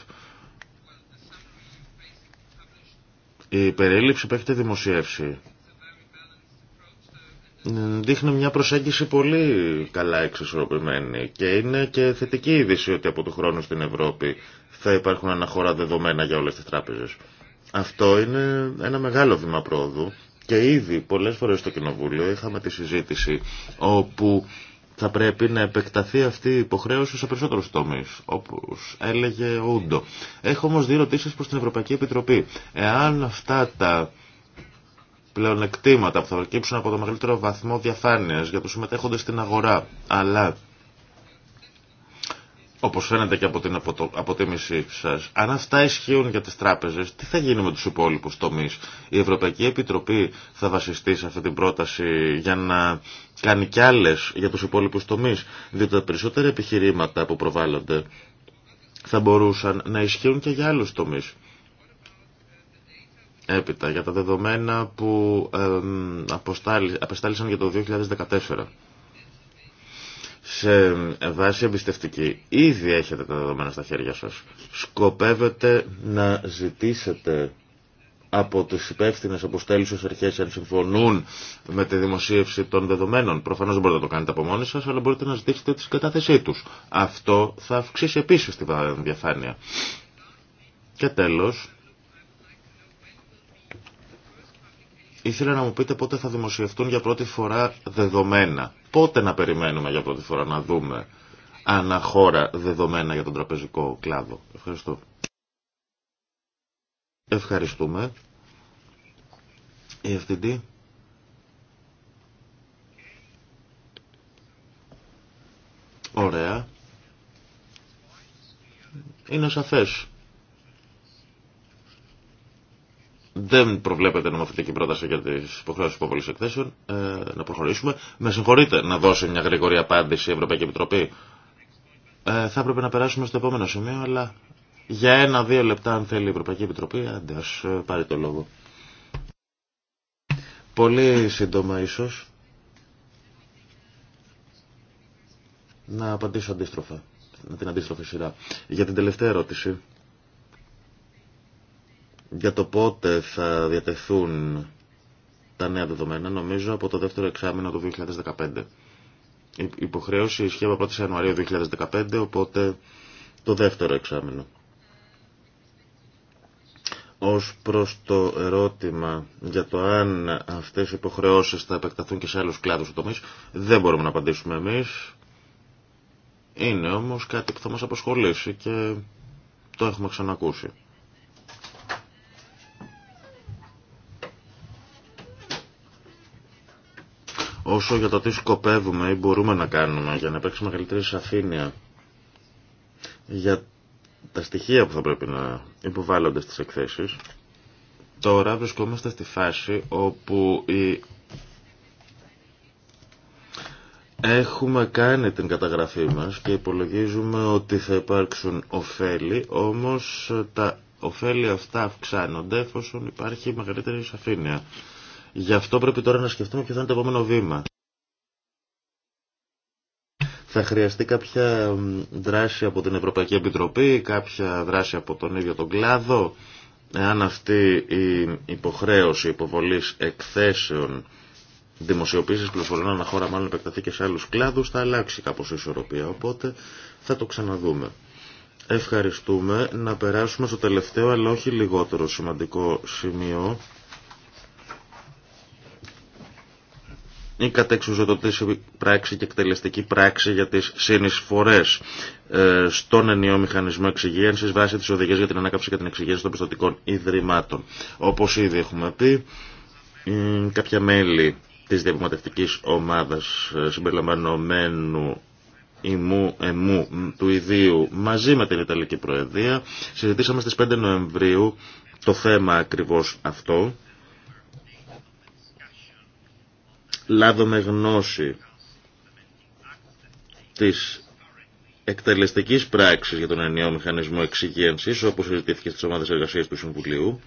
Η περίληψη που έχετε δημοσιεύσει δείχνει μια προσέγγιση πολύ καλά εξισορροπημένη και είναι και θετική είδηση ότι από το χρόνο στην Ευρώπη θα υπάρχουν αναχώρα δεδομένα για όλες τις τράπεζες. Αυτό είναι ένα μεγάλο βήμα πρόοδου και ήδη πολλές φορές στο Κοινοβούλιο είχαμε τη συζήτηση όπου θα πρέπει να επεκταθεί αυτή η υποχρέωση σε περισσότερους τομείς, όπως έλεγε ο Ούντο. Έχω όμω δύο ερωτήσει προ την Ευρωπαϊκή Επιτροπή. Εάν αυτά τα πλεονεκτήματα που θα προκύψουν από το μεγαλύτερο βαθμό διαφάνειας για τους συμμετέχοντες στην αγορά, αλλά Όπω φαίνεται και από την αποτίμησή σα, αν αυτά ισχύουν για τι τράπεζε, τι θα γίνει με του υπόλοιπου τομεί. Η Ευρωπαϊκή Επιτροπή θα βασιστεί σε αυτή την πρόταση για να κάνει κι άλλε για του υπόλοιπου τομεί, διότι τα περισσότερα επιχειρήματα που προβάλλονται θα μπορούσαν να ισχύουν και για άλλου τομεί. Έπειτα, για τα δεδομένα που ε, για το 2014 σε βάση εμπιστευτική. Ήδη έχετε τα δεδομένα στα χέρια σας. Σκοπεύετε να ζητήσετε από τις υπεύθυνε αποστέλουσες αρχές αν συμφωνούν με τη δημοσίευση των δεδομένων. Προφανώς δεν μπορείτε να το κάνετε από μόνοι σας, αλλά μπορείτε να ζητήσετε τη κατάθεσή τους. Αυτό θα αυξήσει επίσης τη διαφάνεια. Και τέλος, Ήθελα να μου πείτε πότε θα δημοσιευτούν για πρώτη φορά δεδομένα. Πότε να περιμένουμε για πρώτη φορά να δούμε αναχώρα δεδομένα για τον τραπεζικό κλάδο. Ευχαριστώ. Ευχαριστούμε. Η FTD. Ωραία. Είναι σαφές δεν προβλέπεται νομοθετική πρόταση για τι υποχρεώσει υποβολή εκθέσεων. Ε, να προχωρήσουμε. Με συγχωρείτε να δώσει μια γρήγορη απάντηση η Ευρωπαϊκή Επιτροπή. Ε, θα έπρεπε να περάσουμε στο επόμενο σημείο, αλλά για ένα-δύο λεπτά, αν θέλει η Ευρωπαϊκή Επιτροπή, άντε ας πάρει το λόγο. Πολύ σύντομα ίσως να απαντήσω αντίστροφα, με την αντίστροφη σειρά. Για την τελευταία ερώτηση για το πότε θα διατεθούν τα νέα δεδομένα, νομίζω από το δεύτερο εξάμεινο του 2015. Η υποχρέωση ισχύει από 1η Ιανουαρίου 2015, οπότε το δεύτερο εξάμεινο. Ως προς το ερώτημα για το αν αυτές οι υποχρεώσεις θα επεκταθούν και σε άλλους κλάδους του δεν μπορούμε να απαντήσουμε εμείς. Είναι όμως κάτι που θα μας αποσχολήσει και το έχουμε ξανακούσει. όσο για το τι σκοπεύουμε ή μπορούμε να κάνουμε για να υπάρξει μεγαλύτερη σαφήνεια για τα στοιχεία που θα πρέπει να υποβάλλονται στις εκθέσεις, τώρα βρισκόμαστε στη φάση όπου έχουμε κάνει την καταγραφή μας και υπολογίζουμε ότι θα υπάρξουν ωφέλη, όμως τα ωφέλη αυτά αυξάνονται εφόσον υπάρχει μεγαλύτερη σαφήνεια. Γι' αυτό πρέπει τώρα να σκεφτούμε ποιο θα είναι το επόμενο βήμα. Θα χρειαστεί κάποια δράση από την Ευρωπαϊκή Επιτροπή, κάποια δράση από τον ίδιο τον κλάδο, εάν αυτή η υποχρέωση υποβολής εκθέσεων δημοσιοποίησης πληροφοριών χώρα μάλλον επεκταθεί και σε άλλους κλάδους, θα αλλάξει κάπως η ισορροπία, οπότε θα το ξαναδούμε. Ευχαριστούμε να περάσουμε στο τελευταίο αλλά όχι λιγότερο σημαντικό σημείο η εξουσιοδοτή πράξη και εκτελεστική πράξη για τι συνεισφορέ ε, στον ενίο μηχανισμό εξυγίανση βάσει τη οδηγία για την ανάκαμψη και την εξυγίανση των πιστοτικών ιδρυμάτων. Όπω ήδη έχουμε πει, ε, κάποια μέλη τη διαπραγματευτικής ομάδα ε, συμπεριλαμβανομένου ημού, εμού, του ιδίου μαζί με την Ιταλική Προεδρία συζητήσαμε στις 5 Νοεμβρίου το θέμα ακριβώς αυτό λάδουμε γνώση της εκτελεστικής πράξης για τον ενιαίο μηχανισμό εξυγένσης, όπως συζητήθηκε στις ομάδες εργασίας του Συμβουλίου,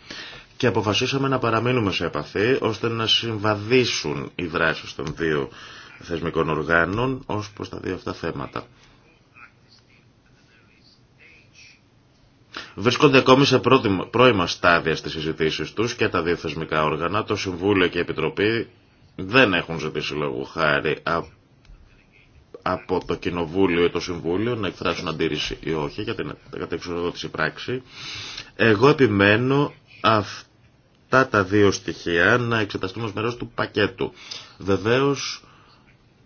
και αποφασίσαμε να παραμείνουμε σε επαφή, ώστε να συμβαδίσουν οι δράσεις των δύο θεσμικών οργάνων ως προς τα δύο αυτά θέματα. Βρίσκονται ακόμη σε πρώιμα στάδια στις συζητήσεις τους και τα δύο θεσμικά όργανα, το Συμβούλιο και η Επιτροπή δεν έχουν ζητήσει λόγου χάρη από το Κοινοβούλιο ή το Συμβούλιο να εκφράσουν αντίρρηση ή όχι για την κατεξοδότηση πράξη. Εγώ επιμένω αυτά τα δύο στοιχεία να εξεταστούν ως μέρος του πακέτου. Βεβαίως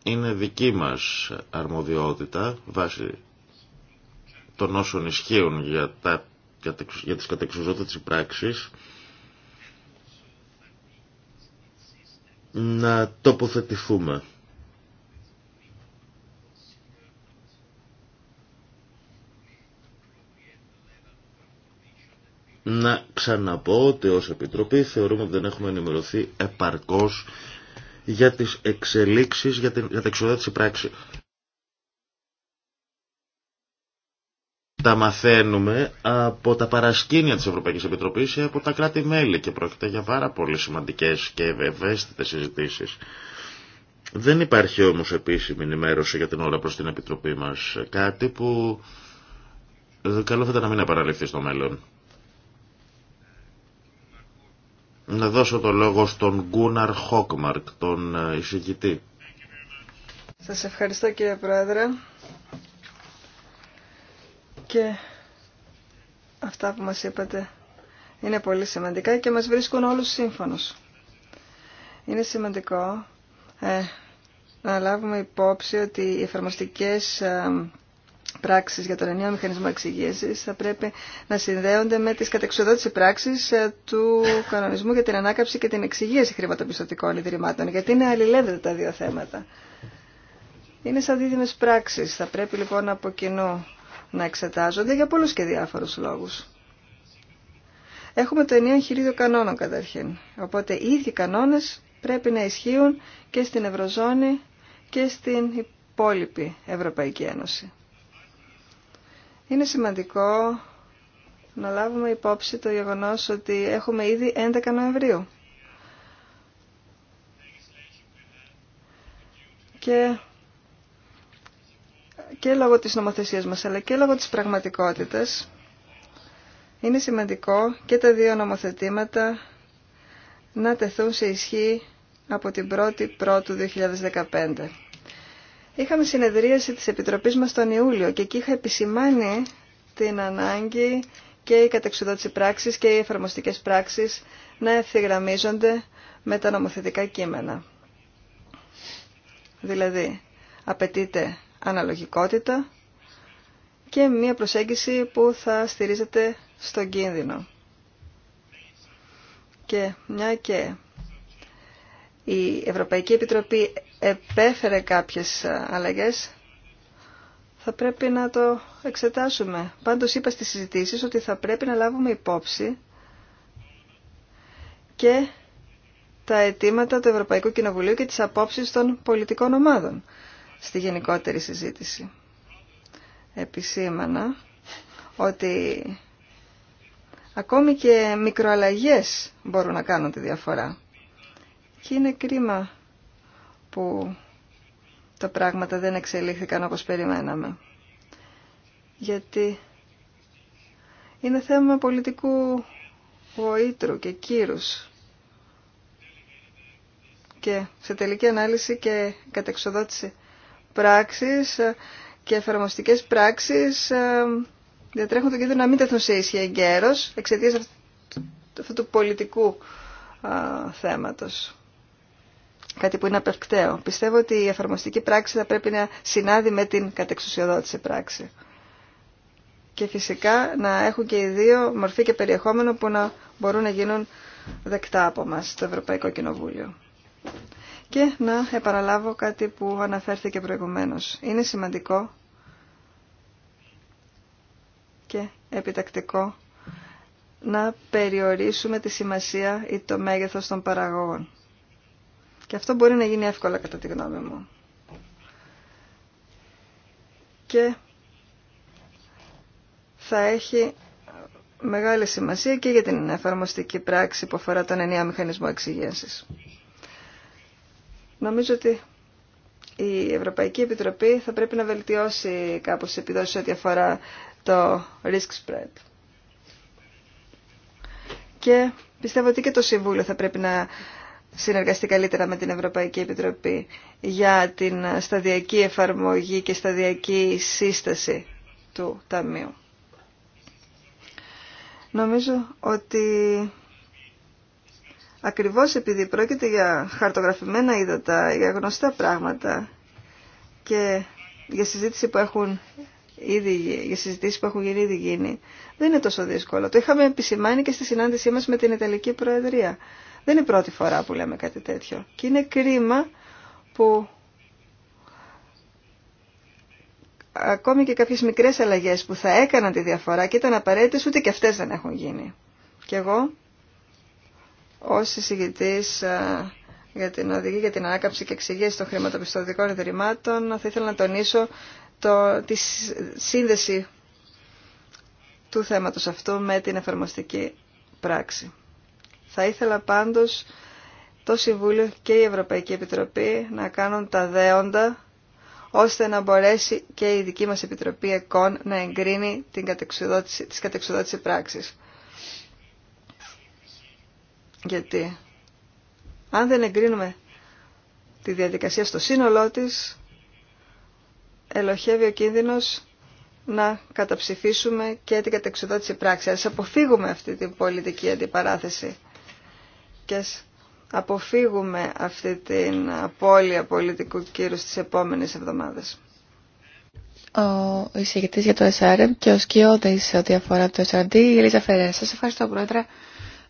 είναι δική μας αρμοδιότητα βάσει των όσων ισχύουν για, τα, για τις κατεξοδότηση πράξης να τοποθετηθούμε. Να ξαναπώ ότι ως Επιτροπή θεωρούμε ότι δεν έχουμε ενημερωθεί επαρκώς για τις εξελίξεις, για την εξοδέτηση πράξη τα μαθαίνουμε από τα παρασκήνια της Ευρωπαϊκής Επιτροπής ή από τα κράτη-μέλη και πρόκειται για πάρα πολύ σημαντικές και ευαίσθητες συζητήσεις. Δεν υπάρχει όμως επίσημη ενημέρωση για την ώρα προς την Επιτροπή μας. Κάτι που ε, καλό θα ήταν να μην επαναληφθεί στο μέλλον. Να δώσω το λόγο στον Γκούναρ Χόκμαρκ, τον ε, εισηγητή. Σας ευχαριστώ κύριε Πρόεδρε και αυτά που μας είπατε είναι πολύ σημαντικά και μας βρίσκουν όλους σύμφωνος. Είναι σημαντικό ε, να λάβουμε υπόψη ότι οι εφαρμοστικές ε, πράξεις για τον ενιαίο μηχανισμό εξυγίασης θα πρέπει να συνδέονται με τις κατεξοδότησες πράξεις ε, του κανονισμού για την ανάκαψη και την εξυγίαση χρηματοπιστωτικών ιδρυμάτων, γιατί είναι αλληλένδετα τα δύο θέματα. Είναι σαν δίδυμες πράξεις. Θα πρέπει λοιπόν από κοινού να εξετάζονται για πολλούς και διάφορους λόγους. Έχουμε το ενίο εγχειρίδιο κανόνων καταρχήν, οπότε οι ίδιοι κανόνες πρέπει να ισχύουν και στην Ευρωζώνη και στην υπόλοιπη Ευρωπαϊκή Ένωση. Είναι σημαντικό να λάβουμε υπόψη το γεγονός ότι έχουμε ήδη 11 Νοεμβρίου. Και και λόγω της νομοθεσίας μας αλλά και λόγω της πραγματικότητας είναι σημαντικό και τα δύο νομοθετήματα να τεθούν σε ισχύ από την 1η Πρώτου 2015. Είχαμε συνεδρίαση της Επιτροπής μας τον Ιούλιο και εκεί είχα επισημάνει την ανάγκη και η κατεξουδότηση πράξης και οι εφαρμοστικές πράξεις να ευθυγραμμίζονται με τα νομοθετικά κείμενα. Δηλαδή, απαιτείται αναλογικότητα και μια προσέγγιση που θα στηρίζεται στον κίνδυνο. Και μια και η Ευρωπαϊκή Επιτροπή επέφερε κάποιες αλλαγές, θα πρέπει να το εξετάσουμε. Πάντως είπα στις συζητήσεις ότι θα πρέπει να λάβουμε υπόψη και τα αιτήματα του Ευρωπαϊκού Κοινοβουλίου και τις απόψεις των πολιτικών ομάδων στη γενικότερη συζήτηση. Επισήμανα ότι ακόμη και μικροαλλαγές μπορούν να κάνουν τη διαφορά. Και είναι κρίμα που τα πράγματα δεν εξελίχθηκαν όπως περιμέναμε. Γιατί είναι θέμα πολιτικού γοήτρου και κύρους. Και σε τελική ανάλυση και κατεξοδότηση πράξεις και εφαρμοστικές πράξεις ε, διατρέχουν τον κίνδυνο να μην τεθούν σε ίσια εγκαίρος εξαιτίας αυτού του πολιτικού θέματος. Κάτι που είναι απευκταίο. Πιστεύω ότι η εφαρμοστική πράξη θα πρέπει να συνάδει με την κατεξουσιοδότηση πράξη. Και φυσικά να έχουν και οι δύο μορφή και περιεχόμενο που να μπορούν να γίνουν δεκτά από μας στο Ευρωπαϊκό Κοινοβούλιο. Και να επαναλάβω κάτι που αναφέρθηκε προηγουμένως. Είναι σημαντικό και επιτακτικό να περιορίσουμε τη σημασία ή το μέγεθος των παραγόγων. Και αυτό μπορεί να γίνει εύκολα κατά τη γνώμη μου. Και θα έχει μεγάλη σημασία και για την εφαρμοστική πράξη που αφορά τον ενιαίο μηχανισμό εξυγίασης. Νομίζω ότι η Ευρωπαϊκή Επιτροπή θα πρέπει να βελτιώσει κάπως επιδόσεις ό,τι αφορά το risk spread. Και πιστεύω ότι και το Συμβούλιο θα πρέπει να συνεργαστεί καλύτερα με την Ευρωπαϊκή Επιτροπή για την σταδιακή εφαρμογή και σταδιακή σύσταση του Ταμείου. Νομίζω ότι Ακριβώς επειδή πρόκειται για χαρτογραφημένα είδατα, για γνωστά πράγματα και για συζήτηση που έχουν ήδη, για συζητήσεις που έχουν γίνει ήδη γίνει, δεν είναι τόσο δύσκολο. Το είχαμε επισημάνει και στη συνάντησή μας με την Ιταλική Προεδρία. Δεν είναι η πρώτη φορά που λέμε κάτι τέτοιο. Και είναι κρίμα που ακόμη και κάποιες μικρές αλλαγές που θα έκαναν τη διαφορά και ήταν απαραίτητες, ούτε και αυτές δεν έχουν γίνει. Και εγώ ως εισηγητής ε, για την οδηγή για την ανάκαμψη και εξηγήση των χρηματοπιστωτικών ιδρυμάτων θα ήθελα να τονίσω το, τη σύνδεση του θέματος αυτού με την εφαρμοστική πράξη. Θα ήθελα πάντως το Συμβούλιο και η Ευρωπαϊκή Επιτροπή να κάνουν τα δέοντα ώστε να μπορέσει και η δική μας Επιτροπή ΕΚΟΝ να εγκρίνει την κατεξοδότηση, τις πράξης. Γιατί αν δεν εγκρίνουμε τη διαδικασία στο σύνολό της, ελοχεύει ο κίνδυνος να καταψηφίσουμε και την κατεξοδότηση πράξη. Ας αποφύγουμε αυτή την πολιτική αντιπαράθεση και ας αποφύγουμε αυτή την απώλεια πολιτικού κύρου τις επόμενες εβδομάδες. Ο εισηγητής για το SRM και ο σκιώδης ό,τι αφορά το SRD, η Ελίζα Φερέ. Σας ευχαριστώ, Πρόεδρε.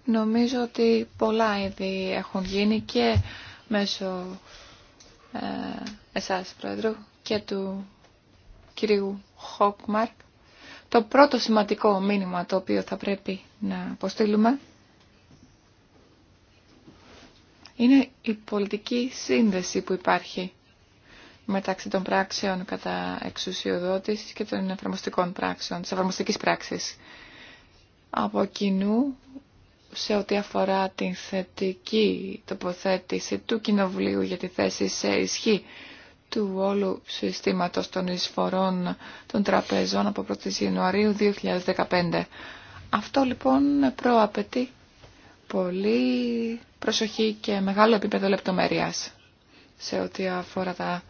Νομίζω ότι πολλά ήδη έχουν γίνει και μέσω ε, εσάς, Πρόεδρο, και του κυρίου Χόκμαρκ. Το πρώτο σημαντικό μήνυμα το οποίο θα πρέπει να αποστείλουμε είναι η πολιτική σύνδεση που υπάρχει μεταξύ των πράξεων κατά εξουσιοδότηση και των εφαρμοστικών πράξεων, της εφαρμοστικής πράξης. Από κοινού σε ό,τι αφορά την θετική τοποθέτηση του Κοινοβουλίου για τη θέση σε ισχύ του όλου συστήματος των εισφορών των τραπεζών από 1η Ιανουαρίου 2015. Αυτό λοιπόν προαπαιτεί πολύ προσοχή και μεγάλο επίπεδο λεπτομέρειας σε ό,τι αφορά τα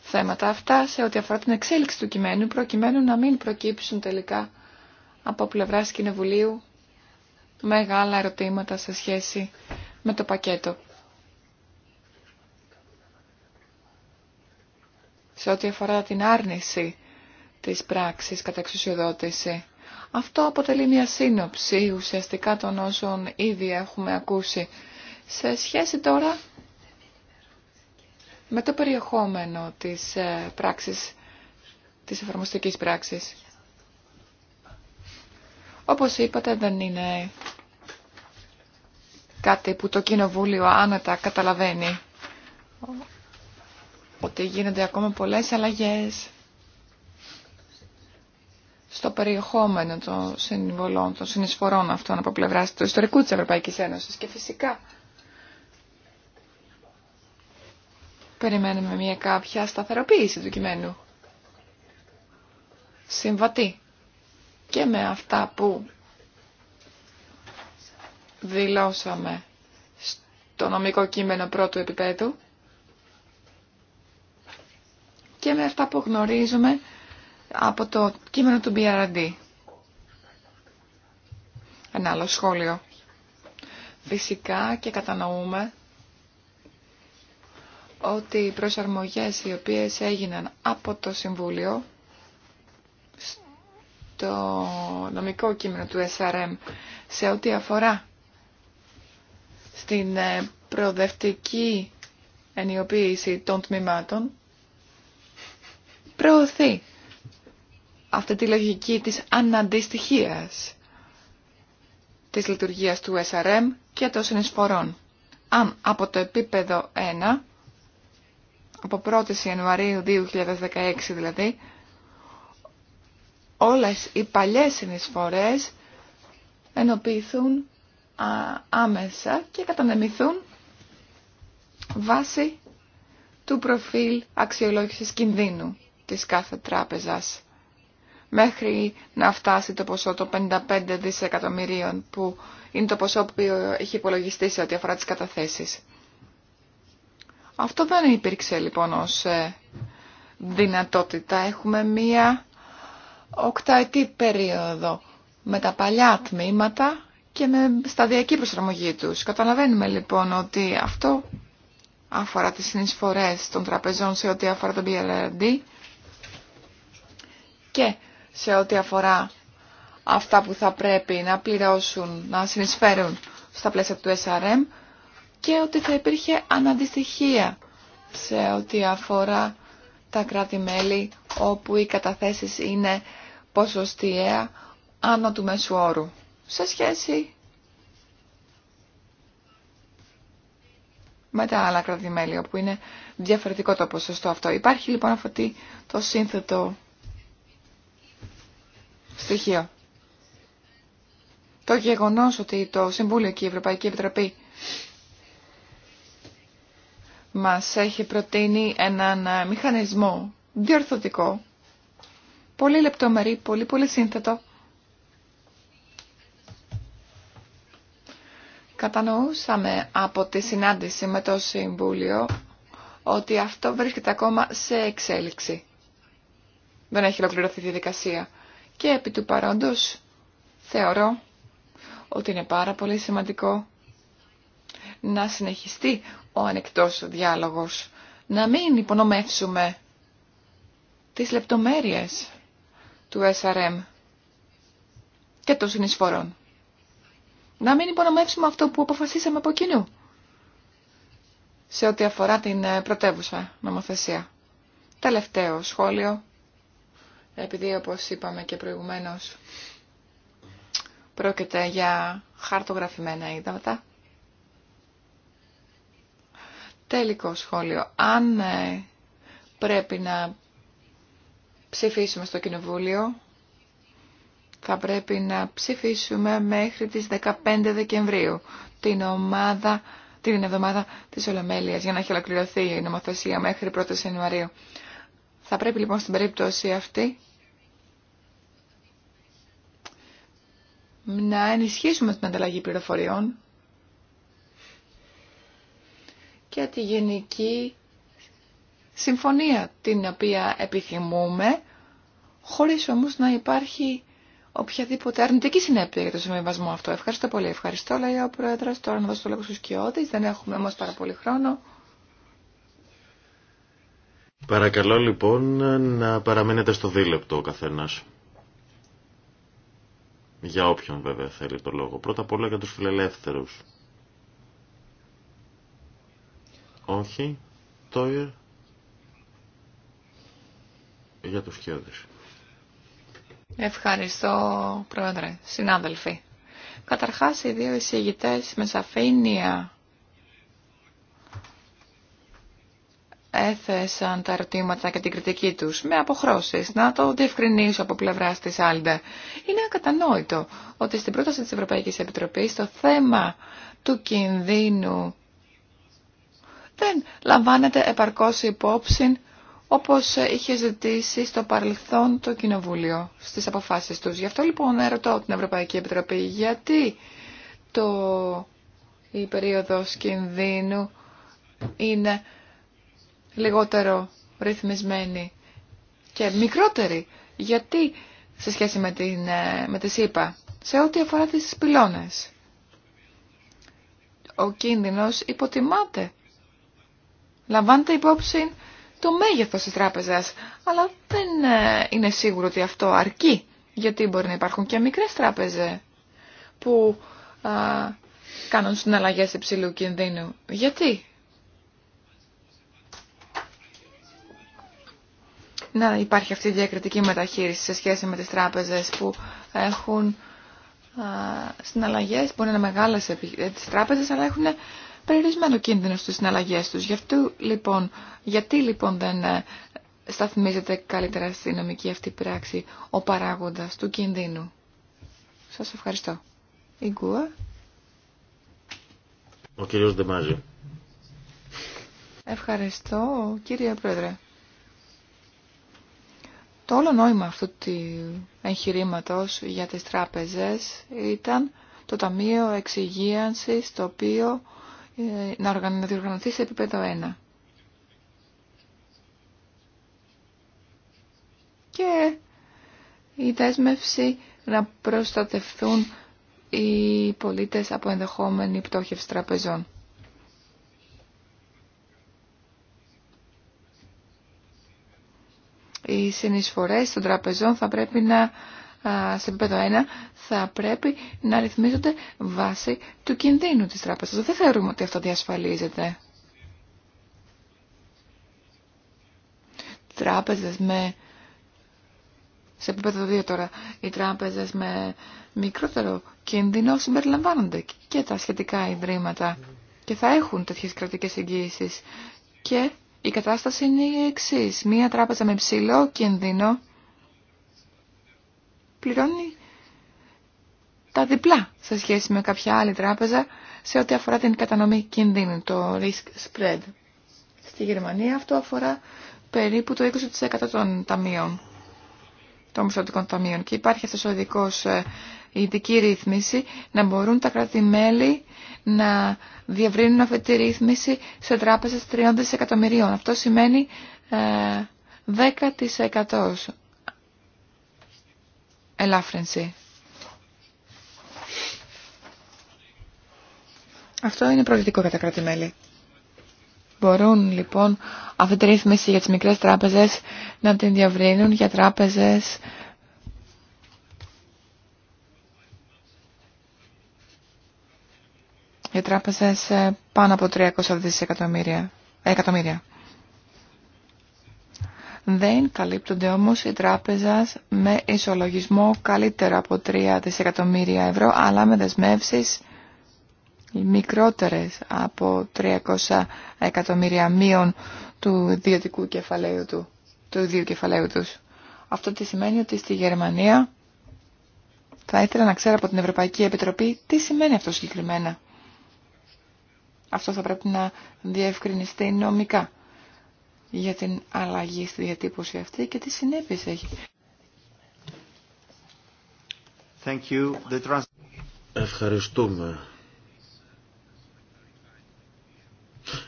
θέματα αυτά, σε ό,τι αφορά την εξέλιξη του κειμένου, προκειμένου να μην προκύψουν τελικά από πλευράς Κοινοβουλίου μεγάλα ερωτήματα σε σχέση με το πακέτο. Σε ό,τι αφορά την άρνηση της πράξης κατά εξουσιοδότηση. Αυτό αποτελεί μια σύνοψη ουσιαστικά των όσων ήδη έχουμε ακούσει. Σε σχέση τώρα με το περιεχόμενο της ε, πράξης, της εφαρμοστικής πράξης. Όπως είπατε δεν είναι κάτι που το Κοινοβούλιο άνετα καταλαβαίνει ότι γίνονται ακόμα πολλές αλλαγές στο περιεχόμενο των συμβολών, των συνεισφορών αυτών από πλευρά του ιστορικού της Ευρωπαϊκής Ένωσης και φυσικά περιμένουμε μια κάποια σταθεροποίηση του κειμένου. Συμβατή και με αυτά που δηλώσαμε στο νομικό κείμενο πρώτου επίπεδου και με αυτά που γνωρίζουμε από το κείμενο του BRD. Ένα άλλο σχόλιο. Φυσικά και κατανοούμε ότι οι προσαρμογές οι οποίες έγιναν από το Συμβούλιο το νομικό κείμενο του SRM σε ό,τι αφορά στην ε, προοδευτική ενιοποίηση των τμήματων προωθεί αυτή τη λογική της αναντιστοιχίας της λειτουργίας του SRM και των συνεισφορών. Αν από το επίπεδο 1, από 1η Ιανουαρίου 2016 δηλαδή, όλες οι παλιές συνεισφορές ενοποιηθούν άμεσα και κατανεμηθούν βάσει του προφίλ αξιολόγησης κινδύνου της κάθε τράπεζας μέχρι να φτάσει το ποσό των 55 δισεκατομμυρίων που είναι το ποσό που έχει υπολογιστεί σε ό,τι αφορά τις καταθέσεις. Αυτό δεν υπήρξε λοιπόν ως ε, δυνατότητα. Έχουμε μία οκταετή περίοδο με τα παλιά τμήματα και με σταδιακή προσαρμογή τους. Καταλαβαίνουμε λοιπόν ότι αυτό αφορά τις συνεισφορές των τραπεζών σε ό,τι αφορά τον BLRD και σε ό,τι αφορά αυτά που θα πρέπει να πληρώσουν, να συνεισφέρουν στα πλαίσια του SRM και ότι θα υπήρχε αναντιστοιχία σε ό,τι αφορά τα κράτη-μέλη όπου οι καταθέσεις είναι ποσοστιαία άνω του μέσου όρου σε σχέση με τα άλλα κρατημέλη, όπου είναι διαφορετικό το ποσοστό αυτό. Υπάρχει λοιπόν αυτό το σύνθετο στοιχείο. Το γεγονός ότι το Συμβούλιο και η Ευρωπαϊκή Επιτροπή μας έχει προτείνει έναν μηχανισμό διορθωτικό πολύ λεπτομερή, πολύ πολύ σύνθετο. Κατανοούσαμε από τη συνάντηση με το Συμβούλιο ότι αυτό βρίσκεται ακόμα σε εξέλιξη. Δεν έχει ολοκληρωθεί η διαδικασία. Και επί του παρόντος θεωρώ ότι είναι πάρα πολύ σημαντικό να συνεχιστεί ο ανεκτός διάλογος. Να μην υπονομεύσουμε τις λεπτομέρειες του SRM και των συνεισφορών. Να μην υπονομεύσουμε αυτό που αποφασίσαμε από κοινού σε ό,τι αφορά την ε, πρωτεύουσα νομοθεσία. Τελευταίο σχόλιο, επειδή όπως είπαμε και προηγουμένως πρόκειται για χαρτογραφημένα είδατα. Τελικό σχόλιο. Αν ε, πρέπει να ψηφίσουμε στο Κοινοβούλιο θα πρέπει να ψηφίσουμε μέχρι τις 15 Δεκεμβρίου την ομάδα την εβδομάδα της Ολομέλειας για να έχει ολοκληρωθεί η νομοθεσία μέχρι 1 1η Ιανουαρίου. Θα πρέπει λοιπόν στην περίπτωση αυτή να ενισχύσουμε την ανταλλαγή πληροφοριών και τη γενική συμφωνία την οποία επιθυμούμε, χωρίς όμως να υπάρχει οποιαδήποτε αρνητική συνέπεια για το συμβιβασμό αυτό. Ευχαριστώ πολύ. Ευχαριστώ, λέει ο Πρόεδρος. Τώρα να δώσω το λόγο στους κοιότης. Δεν έχουμε όμως πάρα πολύ χρόνο. Παρακαλώ λοιπόν να παραμένετε στο δίλεπτο ο καθένας. Για όποιον βέβαια θέλει το λόγο. Πρώτα απ' όλα για τους φιλελεύθερους. Όχι. Τόιερ για τους Ευχαριστώ, Πρόεδρε, συνάδελφοι. Καταρχάς, οι δύο εισηγητές με σαφήνεια έθεσαν τα ερωτήματα και την κριτική τους με αποχρώσεις. Να το διευκρινίσω από πλευράς της Άλντα. Είναι ακατανόητο ότι στην πρόταση της Ευρωπαϊκής Επιτροπής το θέμα του κινδύνου δεν λαμβάνεται επαρκώς υπόψη όπως είχε ζητήσει στο παρελθόν το Κοινοβούλιο στις αποφάσεις τους. Γι' αυτό λοιπόν ερωτώ την Ευρωπαϊκή Επιτροπή γιατί το... η περίοδος κινδύνου είναι λιγότερο ρυθμισμένη και μικρότερη. Γιατί σε σχέση με, την, ε, με τη ΣΥΠΑ, σε ό,τι αφορά τις πυλώνες. Ο κίνδυνος υποτιμάται. Λαμβάνεται υπόψη το μέγεθος της τράπεζας. Αλλά δεν ε, είναι σίγουρο ότι αυτό αρκεί, γιατί μπορεί να υπάρχουν και μικρές τράπεζες που κάνουν συναλλαγές υψηλού κινδύνου. Γιατί? Να υπάρχει αυτή η διακριτική μεταχείριση σε σχέση με τις τράπεζες που έχουν συναλλαγές που είναι μεγάλες ε, τις τράπεζες αλλά έχουν περιορισμένο κίνδυνο στους συναλλαγές τους. Γι αυτού λοιπόν, γιατί λοιπόν δεν ε, σταθμίζεται καλύτερα στη νομική αυτή πράξη ο παράγοντας του κινδύνου. Σας ευχαριστώ. Γκουα. Ο κύριος Δεμάζιο. Ευχαριστώ, κύριε Πρόεδρε. Το όλο νόημα αυτού του εγχειρήματο για τις τράπεζες ήταν το Ταμείο Εξυγίανσης, το οποίο ε, να διοργανωθεί σε επίπεδο 1. Και η δέσμευση να προστατευθούν οι πολίτες από ενδεχόμενη πτώχευση τραπεζών. Οι συνεισφορές των τραπεζών θα πρέπει να σε επίπεδο 1 θα πρέπει να ρυθμίζονται βάσει του κινδύνου της τράπεζας. Δεν θεωρούμε ότι αυτό διασφαλίζεται. Τράπεζες με... Σε επίπεδο 2 τώρα, οι τράπεζες με μικρότερο κίνδυνο συμπεριλαμβάνονται και τα σχετικά ιδρύματα και θα έχουν τέτοιες κρατικές εγγύησεις. Και η κατάσταση είναι η εξή. Μία τράπεζα με ψηλό κίνδυνο πληρώνει τα διπλά σε σχέση με κάποια άλλη τράπεζα σε ό,τι αφορά την κατανομή κινδύνου, το risk spread. Στη Γερμανία αυτό αφορά περίπου το 20% των ταμείων, των μισθωτικών ταμείων και υπάρχει αυτός ο ειδικός ε, ειδική ρύθμιση να μπορούν τα κράτη-μέλη να διευρύνουν αυτή τη ρύθμιση σε τράπεζες 30 δισεκατομμυρίων. Αυτό σημαίνει 10% ε, ελάφρυνση. Αυτό για προβλητικό κατά κράτη-μέλη. Μπορούν λοιπόν αυτή τη ρύθμιση για τις μικρές τράπεζες να την διαβρύνουν για τράπεζες για τράπεζες ε, πάνω από 300 δισεκατομμύρια. εκατομμύρια. Δεν καλύπτονται όμως οι τράπεζες με ισολογισμό καλύτερα από 3 δισεκατομμύρια ευρώ, αλλά με δεσμεύσεις μικρότερες από 300 εκατομμύρια μείων του ιδιωτικού κεφαλαίου του, του κεφαλαίου τους. Αυτό τι σημαίνει ότι στη Γερμανία θα ήθελα να ξέρω από την Ευρωπαϊκή Επιτροπή τι σημαίνει αυτό συγκεκριμένα. Αυτό θα πρέπει να διευκρινιστεί νομικά για την αλλαγή στη διατύπωση αυτή και τι συνέπειες έχει. you. Ευχαριστούμε.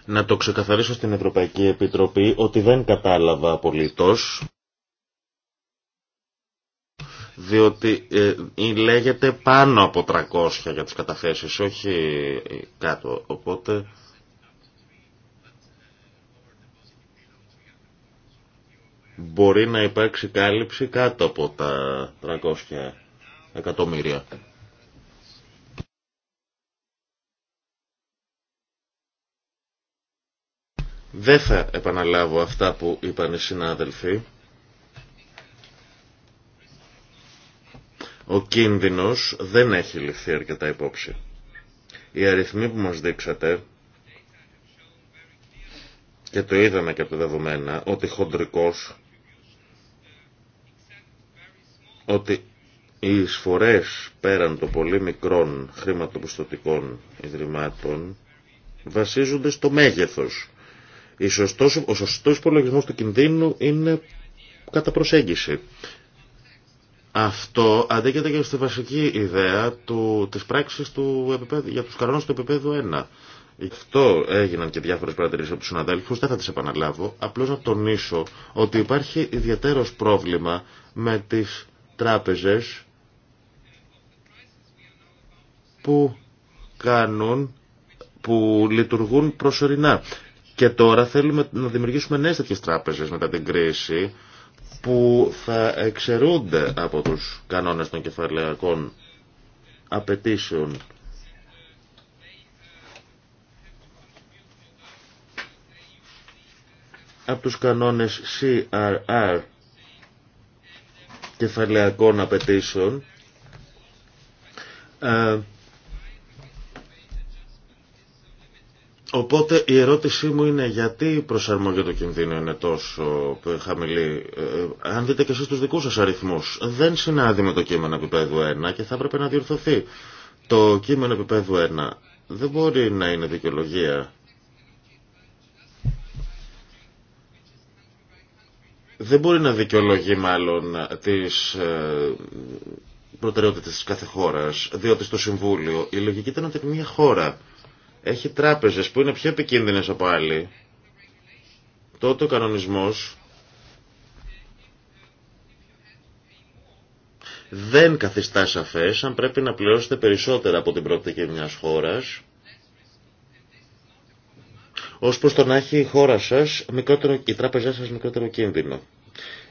Να το ξεκαθαρίσω στην Ευρωπαϊκή Επιτροπή ότι δεν κατάλαβα απολύτως διότι ε, ε λέγεται πάνω από 300 για τις καταθέσεις, όχι κάτω. Οπότε μπορεί να υπάρξει κάλυψη κάτω από τα 300 εκατομμύρια. Δεν θα επαναλάβω αυτά που είπαν οι συνάδελφοι. Ο κίνδυνος δεν έχει ληφθεί αρκετά υπόψη. Οι αριθμοί που μας δείξατε και το είδαμε και από τα δεδομένα ότι χοντρικός ότι οι εισφορές πέραν των πολύ μικρών χρηματοπιστωτικών ιδρυμάτων βασίζονται στο μέγεθος. Η σωστός, ο σωστός υπολογισμό του κινδύνου είναι κατά προσέγγιση. Αυτό αντίκειται και στη βασική ιδέα του, της πράξης του επίπεδου, για τους κανόνες του επίπεδου 1. Γι' αυτό έγιναν και διάφορες παρατηρήσεις από τους συναδέλφους, δεν θα τις επαναλάβω, απλώς να τονίσω ότι υπάρχει ιδιαίτερος πρόβλημα με τις τράπεζες που κάνουν, που λειτουργούν προσωρινά. Και τώρα θέλουμε να δημιουργήσουμε νέες τέτοιες τράπεζες μετά την κρίση που θα εξαιρούνται από τους κανόνες των κεφαλαιακών απαιτήσεων από τους κανόνες CRR κεφαλαιακών απαιτήσεων ε, Οπότε η ερώτησή μου είναι γιατί η προσαρμογή του κινδύνου είναι τόσο χαμηλή. Ε, ε, αν δείτε και εσείς τους δικούς σας αριθμούς, δεν συνάδει με το κείμενο επίπεδου 1 και θα έπρεπε να διορθωθεί. Το κείμενο επίπεδου 1 δεν μπορεί να είναι δικαιολογία δεν μπορεί να δικαιολογεί μάλλον τις ε, προτεραιότητες της κάθε χώρας, διότι στο Συμβούλιο η λογική ήταν ότι μια χώρα έχει τράπεζες που είναι πιο επικίνδυνες από άλλη, τότε ο κανονισμός δεν καθιστά σαφές αν πρέπει να πληρώσετε περισσότερα από την προοπτική μιας χώρας, ως προς το να έχει η χώρα σας, μικρότερο, η τράπεζά σας μικρότερο κίνδυνο.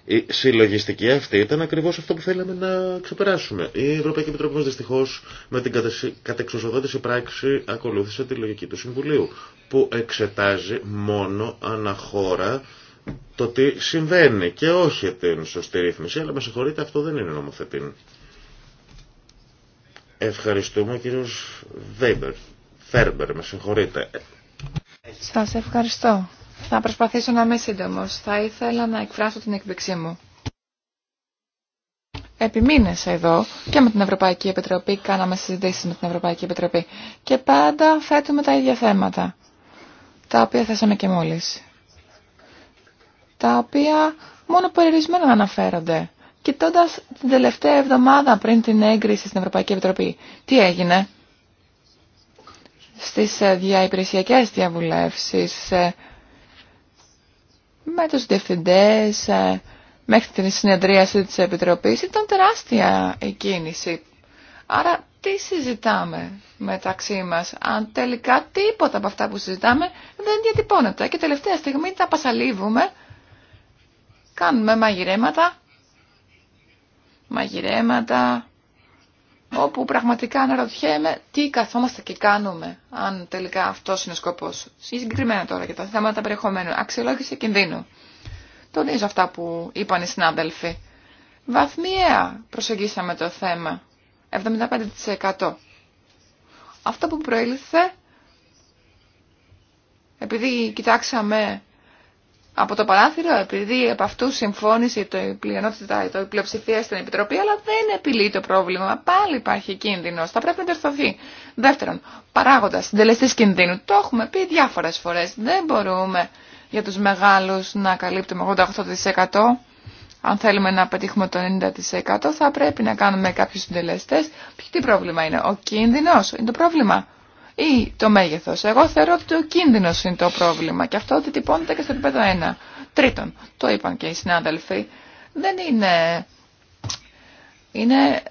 Η συλλογιστική αυτή ήταν ακριβώς αυτό που θέλαμε να ξεπεράσουμε. Η Ευρωπαϊκή Επιτροπή μας δυστυχώς με την κατεξοσοδότηση πράξη ακολούθησε τη λογική του Συμβουλίου που εξετάζει μόνο αναχώρα το τι συμβαίνει και όχι την σωστή ρύθμιση, αλλά με συγχωρείτε αυτό δεν είναι νομοθετήν. Ευχαριστούμε κύριος Φέρμπερ, με συγχωρείτε. Σας ευχαριστώ. Θα προσπαθήσω να είμαι σύντομο. Θα ήθελα να εκφράσω την εκπληξή μου. Επί εδώ και με την Ευρωπαϊκή Επιτροπή κάναμε συζητήσεις με την Ευρωπαϊκή Επιτροπή και πάντα θέτουμε τα ίδια θέματα, τα οποία θέσαμε και μόλις. Τα οποία μόνο περιορισμένα αναφέρονται. Κοιτώντα την τελευταία εβδομάδα πριν την έγκριση στην Ευρωπαϊκή Επιτροπή, τι έγινε στις ε, διαυπηρεσιακές διαβουλεύσεις, ε, με τους διευθυντές ε, μέχρι την συνεδρίαση της Επιτροπής ήταν τεράστια η κίνηση. Άρα τι συζητάμε μεταξύ μας, αν τελικά τίποτα από αυτά που συζητάμε δεν διατυπώνεται και τελευταία στιγμή τα πασαλίβουμε, κάνουμε μαγειρέματα, μαγειρέματα όπου πραγματικά αναρωτιέμαι τι καθόμαστε και κάνουμε, αν τελικά αυτό είναι ο σκοπός. Συγκεκριμένα τώρα για τα θέματα περιεχομένου, αξιολόγηση κινδύνου. Τονίζω αυτά που είπαν οι συνάδελφοι. Βαθμιαία προσεγγίσαμε το θέμα, 75%. Αυτό που προήλθε, επειδή κοιτάξαμε από το παράθυρο, επειδή από αυτού συμφώνησε το πλειονότητα, το πλειοψηφία στην Επιτροπή, αλλά δεν επιλύει το πρόβλημα. Πάλι υπάρχει κίνδυνο. Θα πρέπει να διορθωθεί. Δεύτερον, παράγοντα, συντελεστή κινδύνου. Το έχουμε πει διάφορε φορέ. Δεν μπορούμε για του μεγάλου να καλύπτουμε 88%. Αν θέλουμε να πετύχουμε το 90% θα πρέπει να κάνουμε κάποιους συντελεστές. Τι πρόβλημα είναι, ο κίνδυνος είναι το πρόβλημα ή το μέγεθος. Εγώ θεωρώ ότι ο κίνδυνος είναι το πρόβλημα και αυτό ότι τυπώνεται και στο επίπεδο 1. Τρίτον, το είπαν και οι συνάδελφοι, δεν είναι... Είναι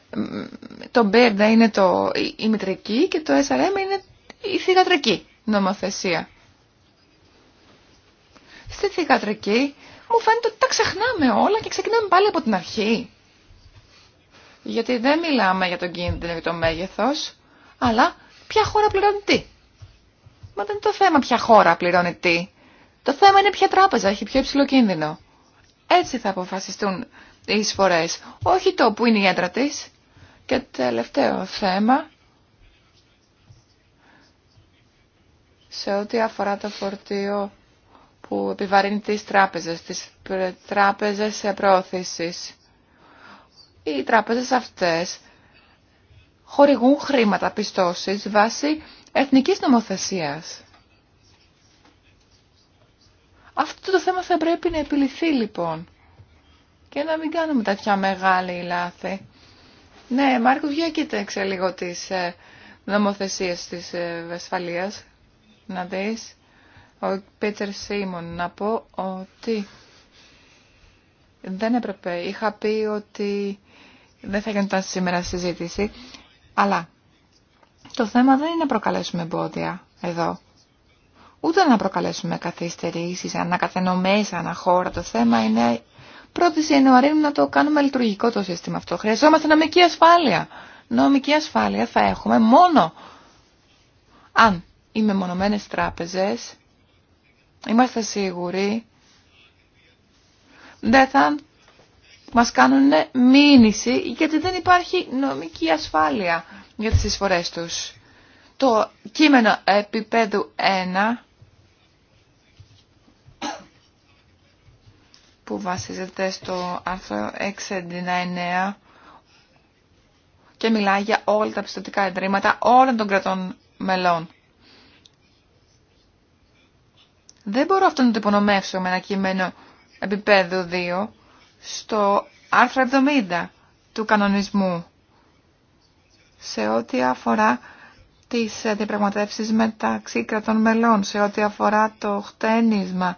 το Μπέρντα είναι το, η μητρική και το SRM είναι η θηγατρική νομοθεσία. Στη θηγατρική μου φαίνεται ότι τα ξεχνάμε όλα και ξεκινάμε πάλι από την αρχή. Γιατί δεν μιλάμε για τον κίνδυνο και το μέγεθος, αλλά ποια χώρα πληρώνει τι. Μα δεν είναι το θέμα ποια χώρα πληρώνει τι. Το θέμα είναι ποια τράπεζα έχει πιο υψηλό κίνδυνο. Έτσι θα αποφασιστούν οι εισφορές, όχι το που είναι η έντρα της. Και τελευταίο θέμα, σε ό,τι αφορά το φορτίο που επιβαρύνει τις τράπεζες, τις τράπεζες προώθησης. Οι τράπεζες αυτές χορηγούν χρήματα πιστώσεις βάσει εθνικής νομοθεσίας. Αυτό το θέμα θα πρέπει να επιληθεί λοιπόν και να μην κάνουμε τέτοια μεγάλη λάθη. Ναι, Μάρκο, για κοίταξε λίγο τις ε, νομοθεσίες της Βεσφαλίας, να δεις. Ο Πίτερ Σίμον να πω ότι δεν έπρεπε. Είχα πει ότι δεν θα γινόταν σήμερα συζήτηση. Αλλά το θέμα δεν είναι να προκαλέσουμε εμπόδια εδώ. Ούτε να προκαλέσουμε καθυστερήσεις, να αναχώρα. Το θέμα πρώτη Ιανουαρίου να το κάνουμε λειτουργικό το σύστημα αυτό. Χρειαζόμαστε νομική ασφάλεια. Νομική ασφάλεια θα έχουμε μόνο αν οι μεμονωμένες τράπεζες είμαστε σίγουροι δεν θα μας κάνουν μήνυση γιατί δεν υπάρχει νομική ασφάλεια για τις εισφορές τους. Το κείμενο επίπεδου 1 που βασίζεται στο άρθρο 699 και μιλάει για όλα τα πιστοτικά εντρήματα όλων των κρατών μελών. Δεν μπορώ αυτό να το υπονομεύσω με ένα κείμενο επίπεδου 2 στο άρθρο 70 του κανονισμού σε ό,τι αφορά τις διαπραγματεύσεις μεταξύ κρατών μελών, σε ό,τι αφορά το χτένισμα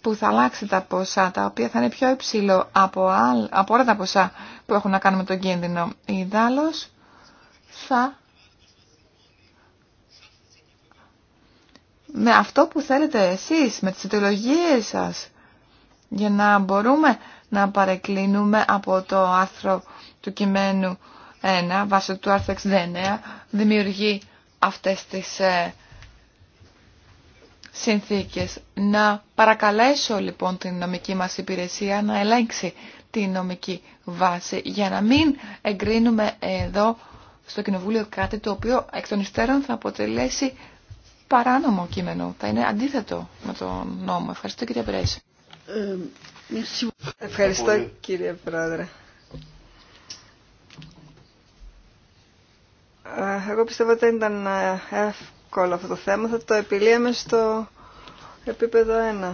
που θα αλλάξει τα ποσά, τα οποία θα είναι πιο υψηλό από, άλλ, από όλα τα ποσά που έχουν να κάνουν με τον κίνδυνο. θα... Με αυτό που θέλετε εσείς, με τις ιδεολογίες σας, για να μπορούμε να παρεκκλίνουμε από το άρθρο του κειμένου 1, βάσει του άρθρου 69, δημιουργεί αυτές τις ε, συνθήκες. Να παρακαλέσω λοιπόν την νομική μας υπηρεσία να ελέγξει τη νομική βάση για να μην εγκρίνουμε εδώ στο Κοινοβούλιο κάτι το οποίο εκ των υστέρων θα αποτελέσει παράνομο κείμενο. Θα είναι αντίθετο με τον νόμο. Ευχαριστώ κύριε Πρέση. Ε, Ευχαριστώ κύριε Πρόεδρε. Εγώ πιστεύω ότι ήταν ε, εύκολο αυτό το θέμα. Θα το επιλύαμε στο επίπεδο 1.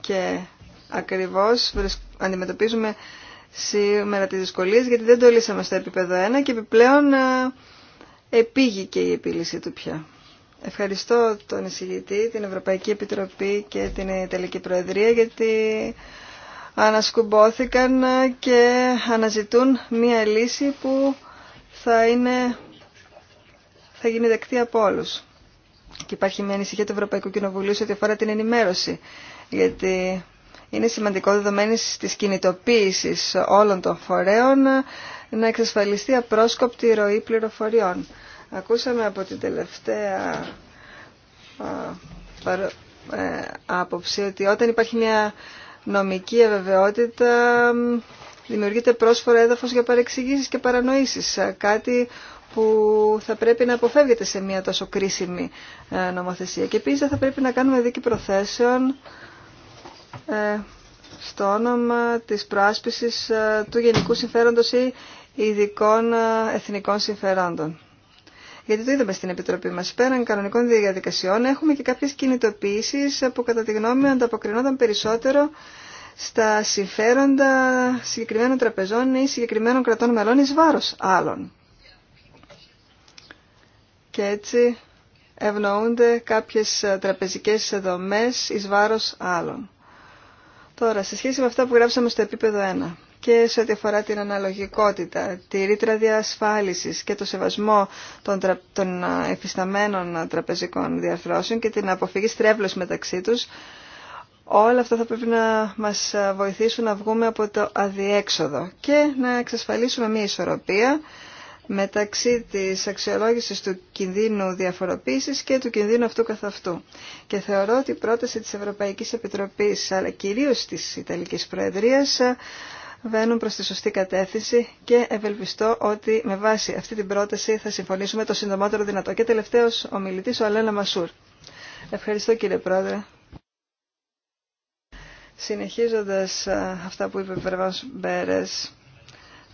Και ακριβώς αντιμετωπίζουμε σήμερα τις δυσκολίες γιατί δεν το λύσαμε στο επίπεδο 1 και επιπλέον ε, επήγηκε και η επίλυση του πια. Ευχαριστώ τον εισηγητή, την Ευρωπαϊκή Επιτροπή και την Ιταλική Προεδρία γιατί ανασκουμπόθηκαν ε, και αναζητούν μία λύση που θα, είναι, θα γίνει δεκτή από όλου. Και υπάρχει μια ανησυχία του Ευρωπαϊκού Κοινοβουλίου σε ό,τι αφορά την ενημέρωση. Γιατί είναι σημαντικό δεδομένη τη κινητοποίηση όλων των φορέων να εξασφαλιστεί απρόσκοπτη ροή πληροφοριών. Ακούσαμε από την τελευταία ε, άποψη ότι όταν υπάρχει μια νομική αβεβαιότητα δημιουργείται πρόσφορο έδαφος για παρεξηγήσεις και παρανοήσεις. Ε, κάτι που θα πρέπει να αποφεύγεται σε μια τόσο κρίσιμη ε, νομοθεσία. Και επίσης θα πρέπει να κάνουμε δίκη προθέσεων ε, στο όνομα της προάσπισης του γενικού συμφέροντος ή ειδικών εθνικών συμφερόντων γιατί το είδαμε στην Επιτροπή μας, πέραν κανονικών διαδικασιών έχουμε και κάποιες κινητοποιήσεις που κατά τη γνώμη ανταποκρινόταν περισσότερο στα συμφέροντα συγκεκριμένων τραπεζών ή συγκεκριμένων κρατών μελών εις βάρος άλλων. Και έτσι ευνοούνται κάποιες τραπεζικές δομές εις βάρος άλλων. Τώρα, σε σχέση με αυτά που γράψαμε στο επίπεδο 1, και σε ό,τι αφορά την αναλογικότητα, τη ρήτρα διασφάλισης και το σεβασμό των, τρα... εφισταμένων τραπεζικών διαρθρώσεων και την αποφυγή στρέβλωση μεταξύ τους, όλα αυτά θα πρέπει να μας βοηθήσουν να βγούμε από το αδιέξοδο και να εξασφαλίσουμε μια ισορροπία μεταξύ της αξιολόγησης του κινδύνου διαφοροποίησης και του κινδύνου αυτού καθ' αυτού. Και θεωρώ ότι η πρόταση της Ευρωπαϊκής Επιτροπής, αλλά κυρίως της Ιταλικής Προεδρίας, βαίνουν προς τη σωστή κατεύθυνση και ευελπιστώ ότι με βάση αυτή την πρόταση θα συμφωνήσουμε το συντομότερο δυνατό. Και τελευταίος ο μιλητής, ο Αλένα Μασούρ. Ευχαριστώ κύριε Πρόεδρε. Συνεχίζοντας αυτά που είπε ο Βερβάς Μπέρες,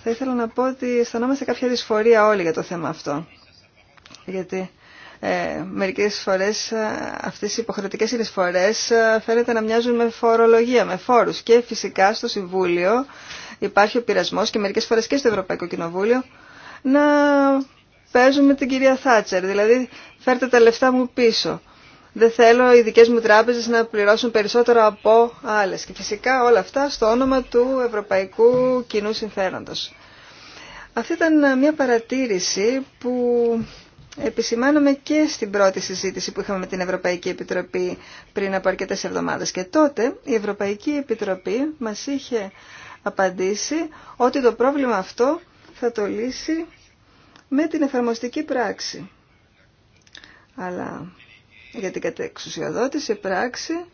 θα ήθελα να πω ότι αισθανόμαστε κάποια δυσφορία όλοι για το θέμα αυτό. Γιατί ε, μερικές φορές ε, αυτές οι υποχρεωτικές εισφορές ε, φαίνεται να μοιάζουν με φορολογία, με φόρους και φυσικά στο Συμβούλιο υπάρχει ο πειρασμός και μερικές φορές και στο Ευρωπαϊκό Κοινοβούλιο να παίζουμε την κυρία Θάτσερ, δηλαδή φέρτε τα λεφτά μου πίσω. Δεν θέλω οι δικές μου τράπεζες να πληρώσουν περισσότερο από άλλες. Και φυσικά όλα αυτά στο όνομα του Ευρωπαϊκού Κοινού Συμφέροντο. Αυτή ήταν μια παρατήρηση που επισημάνομαι και στην πρώτη συζήτηση που είχαμε με την Ευρωπαϊκή Επιτροπή πριν από αρκετές εβδομάδες. Και τότε η Ευρωπαϊκή Επιτροπή μας είχε απαντήσει ότι το πρόβλημα αυτό θα το λύσει με την εφαρμοστική πράξη. Αλλά για την κατεξουσιοδότηση πράξη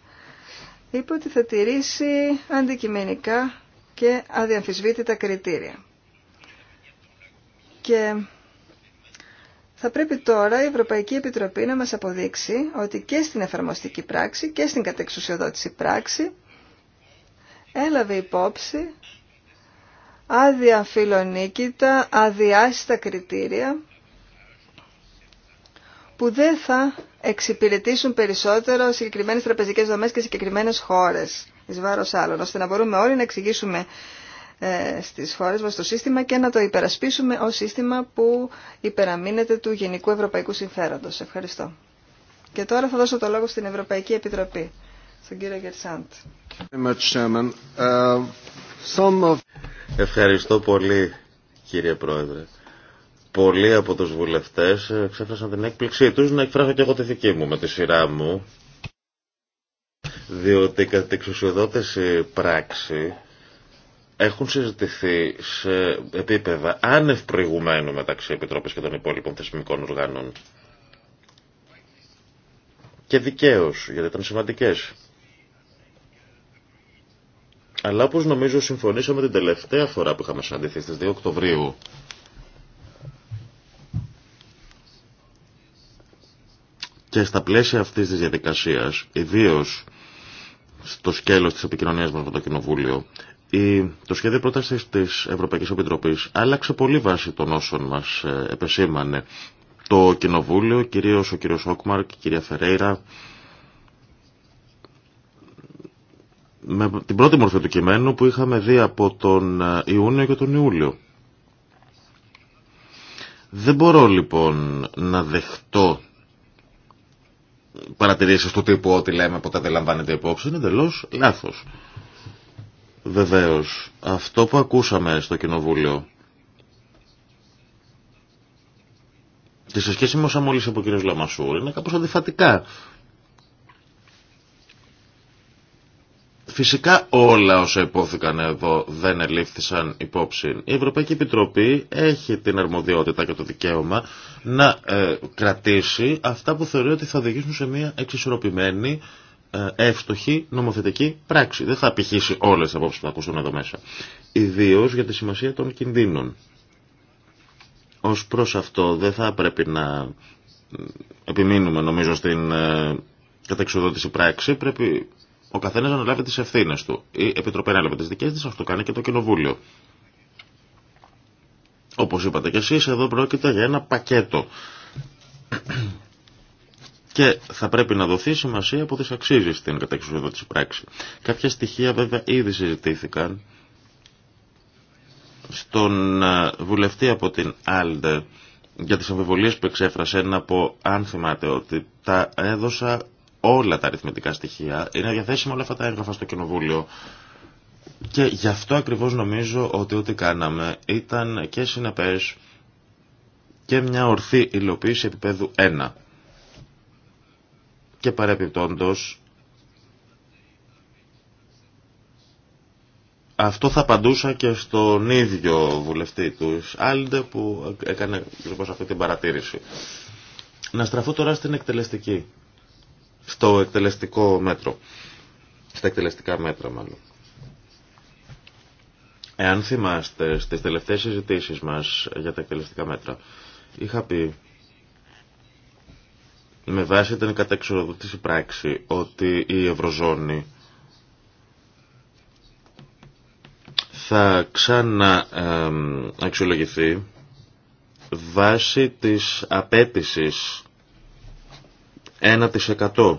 είπε ότι θα τηρήσει αντικειμενικά και αδιαμφισβήτητα κριτήρια. Και θα πρέπει τώρα η Ευρωπαϊκή Επιτροπή να μας αποδείξει ότι και στην εφαρμοστική πράξη και στην κατεξουσιοδότηση πράξη έλαβε υπόψη άδεια φιλονίκητα, αδιάστα κριτήρια που δεν θα εξυπηρετήσουν περισσότερο συγκεκριμένες τραπεζικές δομές και συγκεκριμένες χώρες εις βάρος άλλων, ώστε να μπορούμε όλοι να εξηγήσουμε ε, στις χώρες μας το σύστημα και να το υπερασπίσουμε ως σύστημα που υπεραμείνεται του γενικού ευρωπαϊκού συμφέροντος. Ευχαριστώ. Και τώρα θα δώσω το λόγο στην Ευρωπαϊκή Επιτροπή, στον κύριο Γερσάντ. Ευχαριστώ πολύ κύριε Πρόεδρε. Πολλοί από τους βουλευτές εξέφρασαν την έκπληξή τους να εκφράσω και εγώ τη δική μου με τη σειρά μου διότι κατά την εξουσιοδότηση πράξη έχουν συζητηθεί σε επίπεδα άνευ προηγουμένου μεταξύ Επιτροπής και των υπόλοιπων θεσμικών οργάνων. Και δικαίω, γιατί ήταν σημαντικές. Αλλά όπως νομίζω συμφωνήσαμε την τελευταία φορά που είχαμε συναντηθεί στις 2 Οκτωβρίου και στα πλαίσια αυτής της διαδικασίας, ιδίως στο σκέλος της επικοινωνίας μας με το Κοινοβούλιο, το σχέδιο πρόταση τη Ευρωπαϊκή Επιτροπή άλλαξε πολύ βάση των όσων μα ε, επεσήμανε το Κοινοβούλιο, κυρίω ο κ. Όκμαρ και η κυρία Φερέιρα. Με την πρώτη μορφή του κειμένου που είχαμε δει από τον ε, Ιούνιο και τον Ιούλιο. Δεν μπορώ λοιπόν να δεχτώ παρατηρήσεις του τύπου ότι λέμε ποτέ δεν λαμβάνεται υπόψη, είναι εντελώ λάθος. Βεβαίως, αυτό που ακούσαμε στο Κοινοβούλιο και σε σχέση με όσα μόλις από ο κ. Λαμασούρ είναι κάπως αντιφατικά. Φυσικά όλα όσα υπόθηκαν εδώ δεν ελήφθησαν υπόψη. Η Ευρωπαϊκή Επιτροπή έχει την αρμοδιότητα και το δικαίωμα να ε, κρατήσει αυτά που θεωρεί ότι θα οδηγήσουν σε μια εξισορροπημένη ε, εύστοχη νομοθετική πράξη. Δεν θα απηχήσει όλες τις απόψεις που θα ακούσουν εδώ μέσα. Ιδίως για τη σημασία των κινδύνων. Ως προς αυτό δεν θα πρέπει να επιμείνουμε νομίζω στην ε, καταξιοδότηση πράξη. Πρέπει ο καθένας να αναλάβει τις ευθύνες του. Η Επιτροπή λάβει τις δικές της, αυτό κάνει και το Κοινοβούλιο. Όπως είπατε και εσείς, εδώ πρόκειται για ένα πακέτο και θα πρέπει να δοθεί σημασία που της αξίζει στην τη πράξη. Κάποια στοιχεία βέβαια ήδη συζητήθηκαν στον ε, βουλευτή από την Άλντε για τις αμφιβολίες που εξέφρασε ένα από αν θυμάται ότι τα έδωσα όλα τα αριθμητικά στοιχεία είναι διαθέσιμα όλα αυτά τα έγγραφα στο κοινοβούλιο και γι' αυτό ακριβώς νομίζω ότι ό,τι κάναμε ήταν και συνεπές και μια ορθή υλοποίηση επίπεδου 1 και παρεπιπτόντος Αυτό θα απαντούσα και στον ίδιο βουλευτή του Άλντε που έκανε λοιπόν αυτή την παρατήρηση. Να στραφώ τώρα στην εκτελεστική. Στο εκτελεστικό μέτρο. Στα εκτελεστικά μέτρα μάλλον. Εάν θυμάστε στις τελευταίες συζητήσεις μας για τα εκτελεστικά μέτρα είχα πει με βάση την κατεξοδοτήση πράξη ότι η Ευρωζώνη θα ξανά αξιολογηθεί βάσει της απέτησης 1%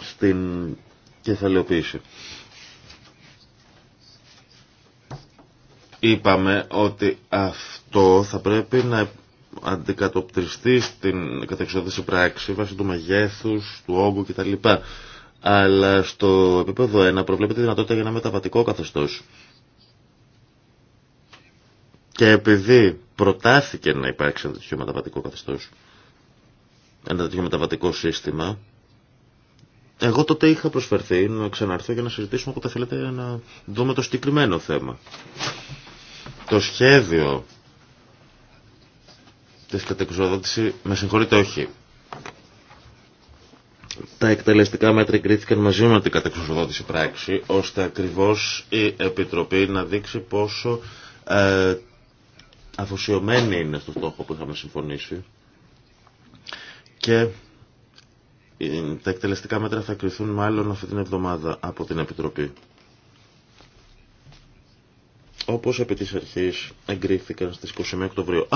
στην κεφαλαιοποίηση. Είπαμε ότι αυτό θα πρέπει να αντικατοπτριστεί στην κατεξοδότηση πράξη βάσει του μεγέθους, του όγκου κτλ. Αλλά στο επίπεδο 1 προβλέπεται δυνατότητα για ένα μεταβατικό καθεστώς. Και επειδή προτάθηκε να υπάρξει ένα τέτοιο μεταβατικό καθεστώς, ένα τέτοιο μεταβατικό σύστημα, εγώ τότε είχα προσφερθεί να ξαναρθώ για να συζητήσουμε όποτε θέλετε να δούμε το συγκεκριμένο θέμα. Το σχέδιο της κατεξοδότησης, με συγχωρείτε όχι, τα εκτελεστικά μέτρα κρίθηκαν μαζί με την κατεξοδότηση πράξη, ώστε ακριβώς η Επιτροπή να δείξει πόσο ε, αφοσιωμένη είναι στο στόχο που είχαμε συμφωνήσει και τα εκτελεστικά μέτρα θα κρυθούν μάλλον αυτή την εβδομάδα από την Επιτροπή όπως επί της αρχής εγκρίθηκαν στις 21 Οκτωβρίου.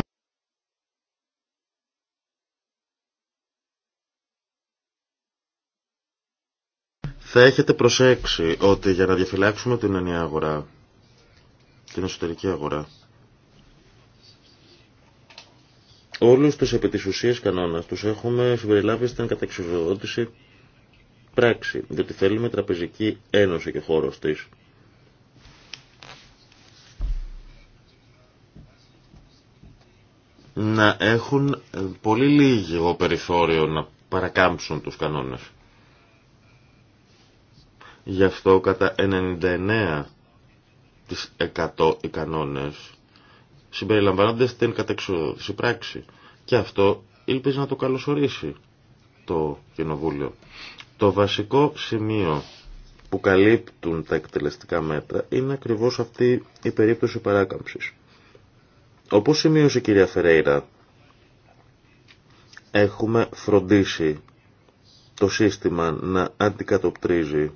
Θα έχετε προσέξει ότι για να διαφυλάξουμε την ενιαία αγορά, την εσωτερική αγορά, όλους τους επί της ουσίας κανόνας τους έχουμε συμπεριλάβει στην καταξιοδότηση πράξη, διότι θέλουμε τραπεζική ένωση και χώρος της να έχουν ε, πολύ λίγο περιθώριο να παρακάμψουν τους κανόνες. Γι' αυτό κατά 99% οι κανόνες συμπεριλαμβάνονται στην κατεξοδότηση πράξη. Και αυτό ήλπιζε να το καλωσορίσει το Κοινοβούλιο. Το βασικό σημείο που καλύπτουν τα εκτελεστικά μέτρα είναι ακριβώς αυτή η περίπτωση παράκαμψης. Όπως σημείωσε η κυρία Φερέιρα, έχουμε φροντίσει το σύστημα να αντικατοπτρίζει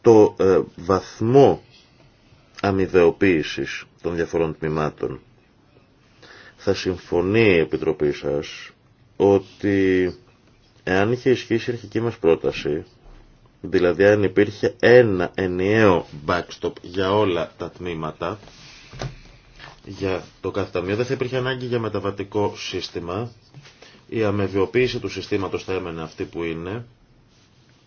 το ε, βαθμό αμοιβεοποίησης των διαφορών τμήματων. Θα συμφωνεί η Επιτροπή σας ότι εάν είχε ισχύσει η αρχική μας πρόταση δηλαδή αν υπήρχε ένα ενιαίο backstop για όλα τα τμήματα, για το κάθε ταμείο δεν θα υπήρχε ανάγκη για μεταβατικό σύστημα, η αμεβιοποίηση του συστήματος θα έμενε αυτή που είναι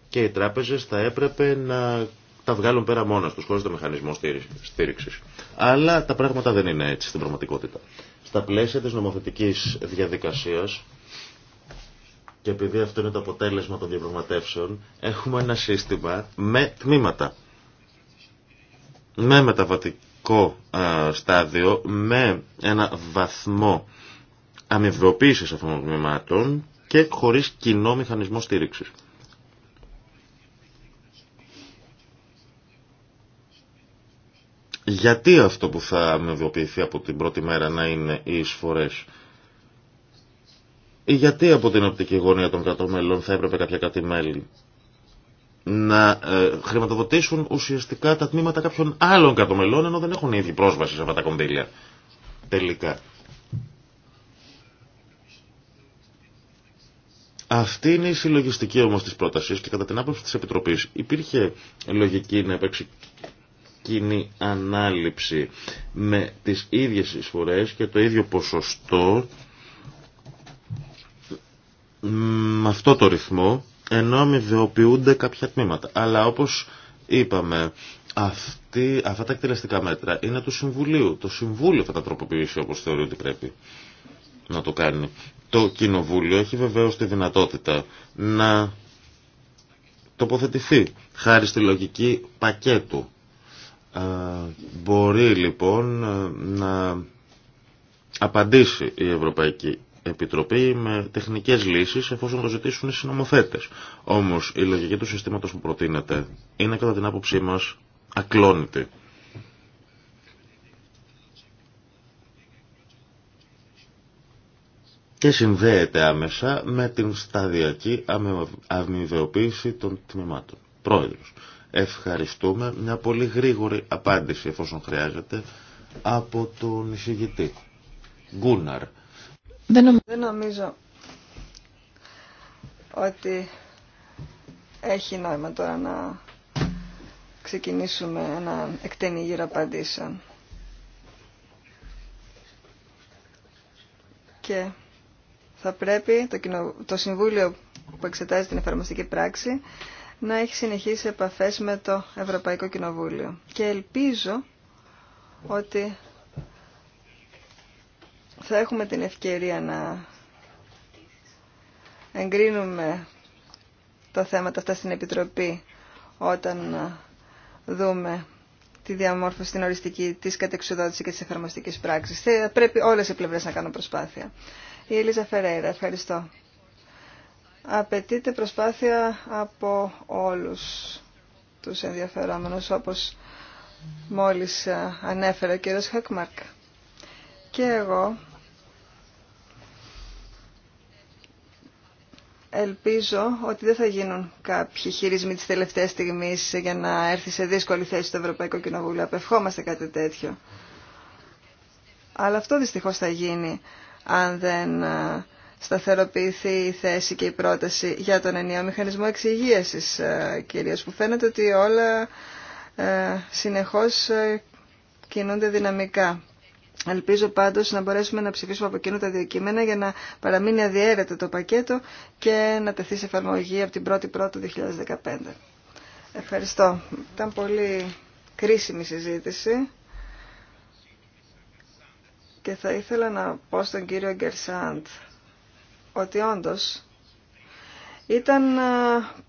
και οι τράπεζες θα έπρεπε να τα βγάλουν πέρα μόνα τους χωρίς το μηχανισμό στήριξης. Αλλά τα πράγματα δεν είναι έτσι στην πραγματικότητα. Στα πλαίσια της νομοθετικής διαδικασίας και επειδή αυτό είναι το αποτέλεσμα των διαπραγματεύσεων, έχουμε ένα σύστημα με τμήματα. Με μεταβατικό ε, στάδιο, με ένα βαθμό αμοιβοποίησης αυτών των τμήματων και χωρίς κοινό μηχανισμό στήριξης. Γιατί αυτό που θα αμοιβοποιηθεί από την πρώτη μέρα να είναι οι εισφορές γιατί από την οπτική γωνία των κρατών θα έπρεπε κάποια κάτι μέλη να ε, χρηματοδοτήσουν ουσιαστικά τα τμήματα κάποιων άλλων κρατομελών ενώ δεν έχουν ήδη πρόσβαση σε αυτά τα κονδύλια. Τελικά. Αυτή είναι η συλλογιστική όμως της πρότασης και κατά την άποψη της Επιτροπής υπήρχε λογική να υπάρξει κοινή ανάληψη με τις ίδιες εισφορές και το ίδιο ποσοστό με αυτό το ρυθμό ενώ αμοιβαιοποιούνται κάποια τμήματα. Αλλά όπως είπαμε, αυτή, αυτά τα εκτελεστικά μέτρα είναι του Συμβουλίου. Το Συμβούλιο θα τα τροποποιήσει όπως θεωρεί ότι πρέπει να το κάνει. Το Κοινοβούλιο έχει βεβαίως τη δυνατότητα να τοποθετηθεί χάρη στη λογική πακέτου. μπορεί λοιπόν ε, να απαντήσει η Ευρωπαϊκή Επιτροπή με τεχνικές λύσεις εφόσον το ζητήσουν οι συνομοθέτες. Όμως η λογική του συστήματος που προτείνεται είναι κατά την άποψή μας ακλόνητη. και συνδέεται άμεσα με την σταδιακή αμοιβεοποίηση των τμήματων. Πρόεδρος, ευχαριστούμε μια πολύ γρήγορη απάντηση εφόσον χρειάζεται από τον εισηγητή. Γκούναρ, δεν νομίζω... ότι έχει νόημα τώρα να ξεκινήσουμε ένα εκτενή γύρω απαντήσεων. Και θα πρέπει το, κοινο... το Συμβούλιο που εξετάζει την εφαρμοστική πράξη να έχει συνεχίσει επαφές με το Ευρωπαϊκό Κοινοβούλιο. Και ελπίζω ότι θα έχουμε την ευκαιρία να εγκρίνουμε τα θέματα αυτά στην Επιτροπή όταν δούμε τη διαμόρφωση την οριστική της κατεξουδότησης και της εφαρμοστικής πράξης. Θα πρέπει όλες οι πλευρές να κάνουν προσπάθεια. Η Ελίζα Φερέιρα, ευχαριστώ. Απαιτείται προσπάθεια από όλους τους ενδιαφερόμενους, όπως μόλις ανέφερε ο κύριος Χακμάρκ. Και εγώ Ελπίζω ότι δεν θα γίνουν κάποιοι χειρισμοί τη τελευταία στιγμής για να έρθει σε δύσκολη θέση το Ευρωπαϊκό Κοινοβούλιο. Απευχόμαστε κάτι τέτοιο. Αλλά αυτό δυστυχώς θα γίνει αν δεν ε, σταθεροποιηθεί η θέση και η πρόταση για τον ενιαίο μηχανισμό εξυγίασης ε, κυρίως που φαίνεται ότι όλα ε, συνεχώς κινούνται δυναμικά. Ελπίζω πάντως να μπορέσουμε να ψηφίσουμε από εκείνο τα δύο για να παραμείνει αδιέρετο το πακέτο και να τεθεί σε εφαρμογή από την 1η Πρώτη 2015. Ευχαριστώ. Ήταν πολύ κρίσιμη συζήτηση και θα ήθελα να πω στον κύριο Γκερσάντ ότι όντως ήταν ε,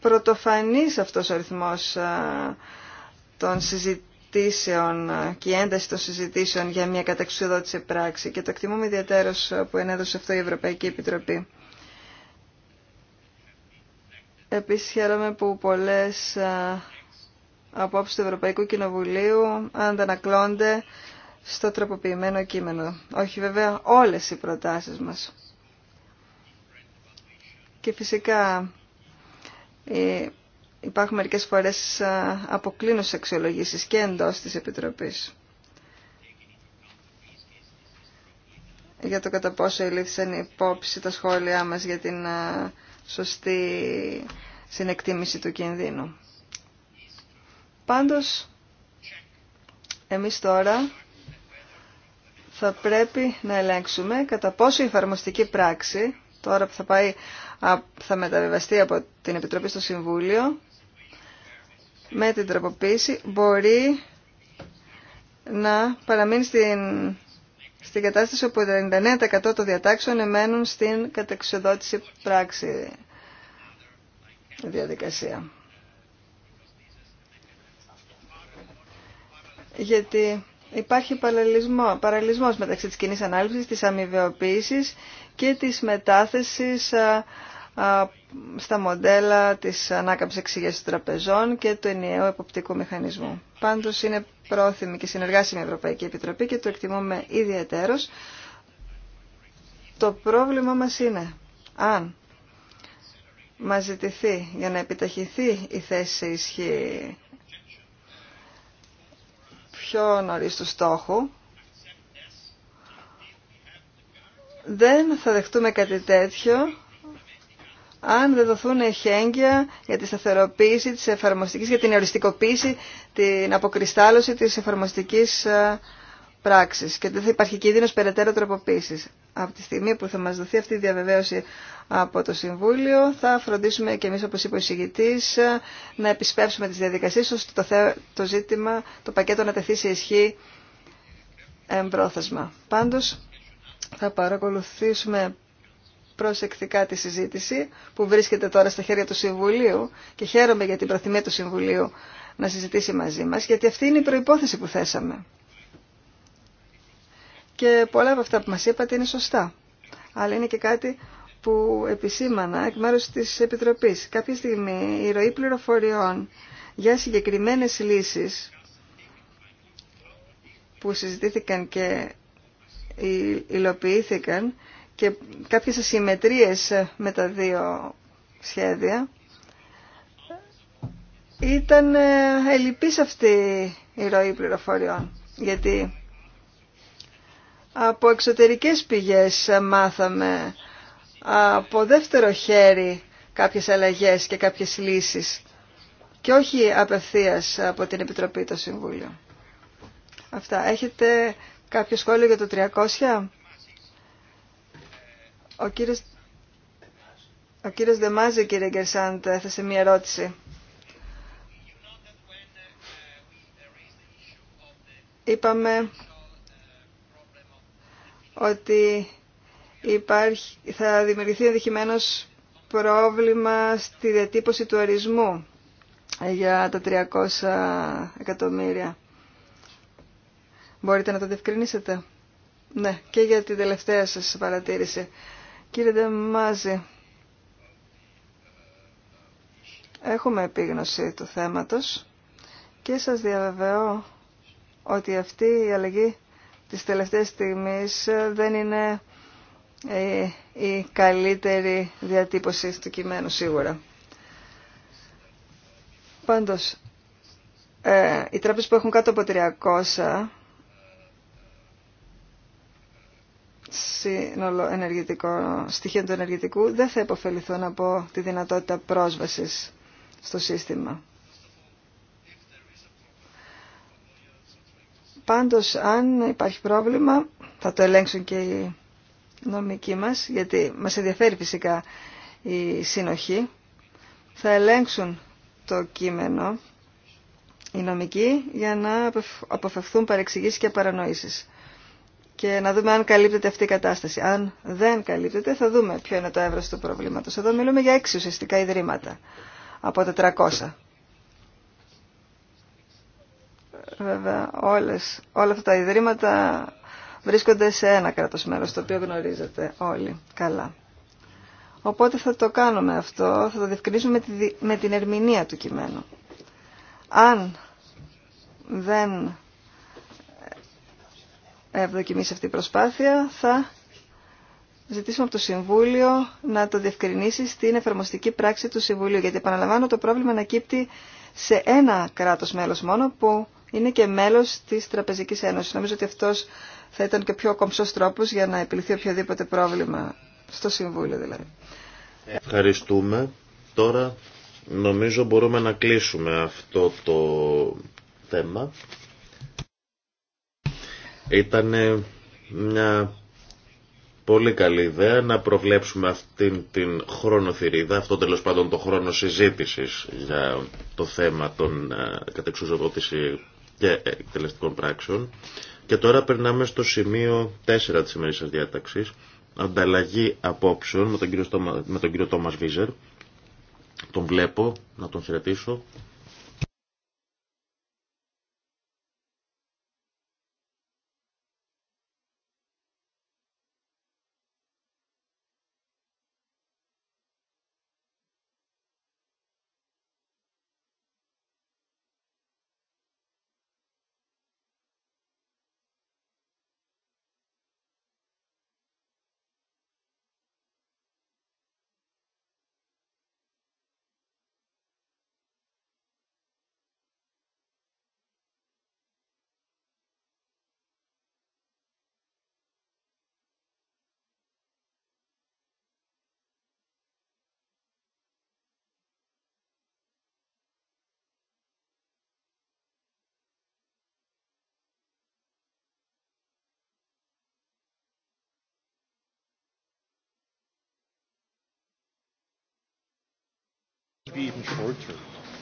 πρωτοφανής αυτός ο αριθμός ε, των συζητήσεων συζητήσεων και η ένταση των συζητήσεων για μια καταξιοδότηση πράξη και το εκτιμούμε ιδιαίτερως που ενέδωσε αυτό η Ευρωπαϊκή Επιτροπή. Επίσης χαίρομαι που πολλές απόψεις του Ευρωπαϊκού Κοινοβουλίου αντανακλώνται στο τροποποιημένο κείμενο. Όχι βέβαια όλες οι προτάσεις μας. Και φυσικά υπάρχουν μερικές φορές αποκλίνωσης αξιολογήσεις και εντός της Επιτροπής. Για το κατά πόσο ελήφθησαν υπόψη τα σχόλιά μας για την σωστή συνεκτίμηση του κινδύνου. Πάντως, εμείς τώρα θα πρέπει να ελέγξουμε κατά πόσο η εφαρμοστική πράξη, τώρα που θα, πάει, θα μεταβιβαστεί από την Επιτροπή στο Συμβούλιο, με την τροποποίηση μπορεί να παραμείνει στην, στην κατάσταση όπου 99% των διατάξεων εμένουν στην κατεξοδότηση πράξη διαδικασία. Γιατί υπάρχει παραλυσμός παραλληλισμός μεταξύ της κοινή ανάλυσης της αμοιβαιοποίησης και της μετάθεσης στα μοντέλα της ανάκαμψης εξηγήσεων των τραπεζών και του ενιαίου εποπτικού μηχανισμού. Πάντως είναι πρόθυμη και συνεργάσιμη η Ευρωπαϊκή Επιτροπή και το εκτιμούμε ιδιαίτερος. Το πρόβλημα μας είναι αν μας ζητηθεί για να επιταχυθεί η θέση σε ισχύ πιο νωρίς του στόχου, δεν θα δεχτούμε κάτι τέτοιο αν δεν δοθούν εχέγγυα για τη σταθεροποίηση της εφαρμοστικής, για την οριστικοποίηση, την αποκριστάλλωση της εφαρμοστικής ε, πράξης και δεν θα υπάρχει κίνδυνος περαιτέρω τροποποίησης. Από τη στιγμή που θα μας δοθεί αυτή η διαβεβαίωση από το Συμβούλιο θα φροντίσουμε και εμείς όπως είπε ο εισηγητής ε, να επισπεύσουμε τις διαδικασίες ώστε το, ζήτημα, το πακέτο να τεθεί σε ισχύ εμπρόθεσμα. Πάντως θα παρακολουθήσουμε προσεκτικά τη συζήτηση που βρίσκεται τώρα στα χέρια του Συμβουλίου και χαίρομαι για την προθυμία του Συμβουλίου να συζητήσει μαζί μας, γιατί αυτή είναι η προϋπόθεση που θέσαμε. Και πολλά από αυτά που μας είπατε είναι σωστά. Αλλά είναι και κάτι που επισήμανα εκ μέρους της Επιτροπής. Κάποια στιγμή η ροή πληροφοριών για συγκεκριμένες λύσεις που συζητήθηκαν και υλοποιήθηκαν και κάποιες ασυμμετρίες με τα δύο σχέδια. Ήταν ε, ελλειπής αυτή η ροή πληροφοριών, γιατί από εξωτερικές πηγές μάθαμε από δεύτερο χέρι κάποιες αλλαγές και κάποιες λύσεις και όχι απευθείας από την Επιτροπή το Συμβούλιο. Αυτά. Έχετε κάποιο σχόλιο για το 300? Ο κύριος, ο κύριος Δεμάζη, κύριε Γκερσάντ, έθεσε μία ερώτηση. Είπαμε ότι υπάρχει, θα δημιουργηθεί ενδεχομένω πρόβλημα στη διατύπωση του αρισμού για τα 300 εκατομμύρια. Μπορείτε να το διευκρινίσετε. Ναι, και για την τελευταία σας παρατήρηση. Κύριε Ντεμάζη, έχουμε επίγνωση του θέματος και σας διαβεβαιώ ότι αυτή η αλλαγή της τελευταίας στιγμής δεν είναι ε, η καλύτερη διατύπωση του κειμένου σίγουρα. Πάντως, ε, οι τράπεζες που έχουν κάτω από 300 σύνολο ενεργητικό, στοιχείο του ενεργητικού δεν θα υποφεληθούν από τη δυνατότητα πρόσβασης στο σύστημα. Πάντως, αν υπάρχει πρόβλημα, θα το ελέγξουν και οι νομικοί μας, γιατί μας ενδιαφέρει φυσικά η συνοχή. Θα ελέγξουν το κείμενο οι νομικοί για να αποφευθούν παρεξηγήσεις και παρανοήσεις και να δούμε αν καλύπτεται αυτή η κατάσταση. Αν δεν καλύπτεται θα δούμε ποιο είναι το εύρος του προβλήματος. Εδώ μιλούμε για έξι ουσιαστικά ιδρύματα από 400. Βέβαια όλες, όλα αυτά τα ιδρύματα βρίσκονται σε ένα κράτος μέρος το οποίο γνωρίζετε όλοι καλά. Οπότε θα το κάνουμε αυτό, θα το διευκρινίσουμε με την ερμηνεία του κειμένου. Αν δεν ευδοκιμήσει αυτή η προσπάθεια, θα ζητήσουμε από το Συμβούλιο να το διευκρινίσει στην εφαρμοστική πράξη του Συμβουλίου. Γιατί επαναλαμβάνω το πρόβλημα να κύπτει σε ένα κράτο μέλο μόνο που είναι και μέλος της Τραπεζικής Ένωση. Νομίζω ότι αυτός θα ήταν και πιο κομψό τρόπος για να επιληθεί οποιοδήποτε πρόβλημα στο Συμβούλιο δηλαδή. Ευχαριστούμε. Τώρα νομίζω μπορούμε να κλείσουμε αυτό το θέμα. Ήταν μια πολύ καλή ιδέα να προβλέψουμε αυτήν την χρονοθυρίδα, αυτό τέλο πάντων το χρόνο συζήτηση για το θέμα των ε, κατεξουσιοδότηση και εκτελεστικών πράξεων. Και τώρα περνάμε στο σημείο 4 της ημερήσιας διάταξης, ανταλλαγή απόψεων με τον κύριο, Στόμα, με τον κύριο Τόμας Βίζερ. Τον βλέπω, να τον χαιρετήσω.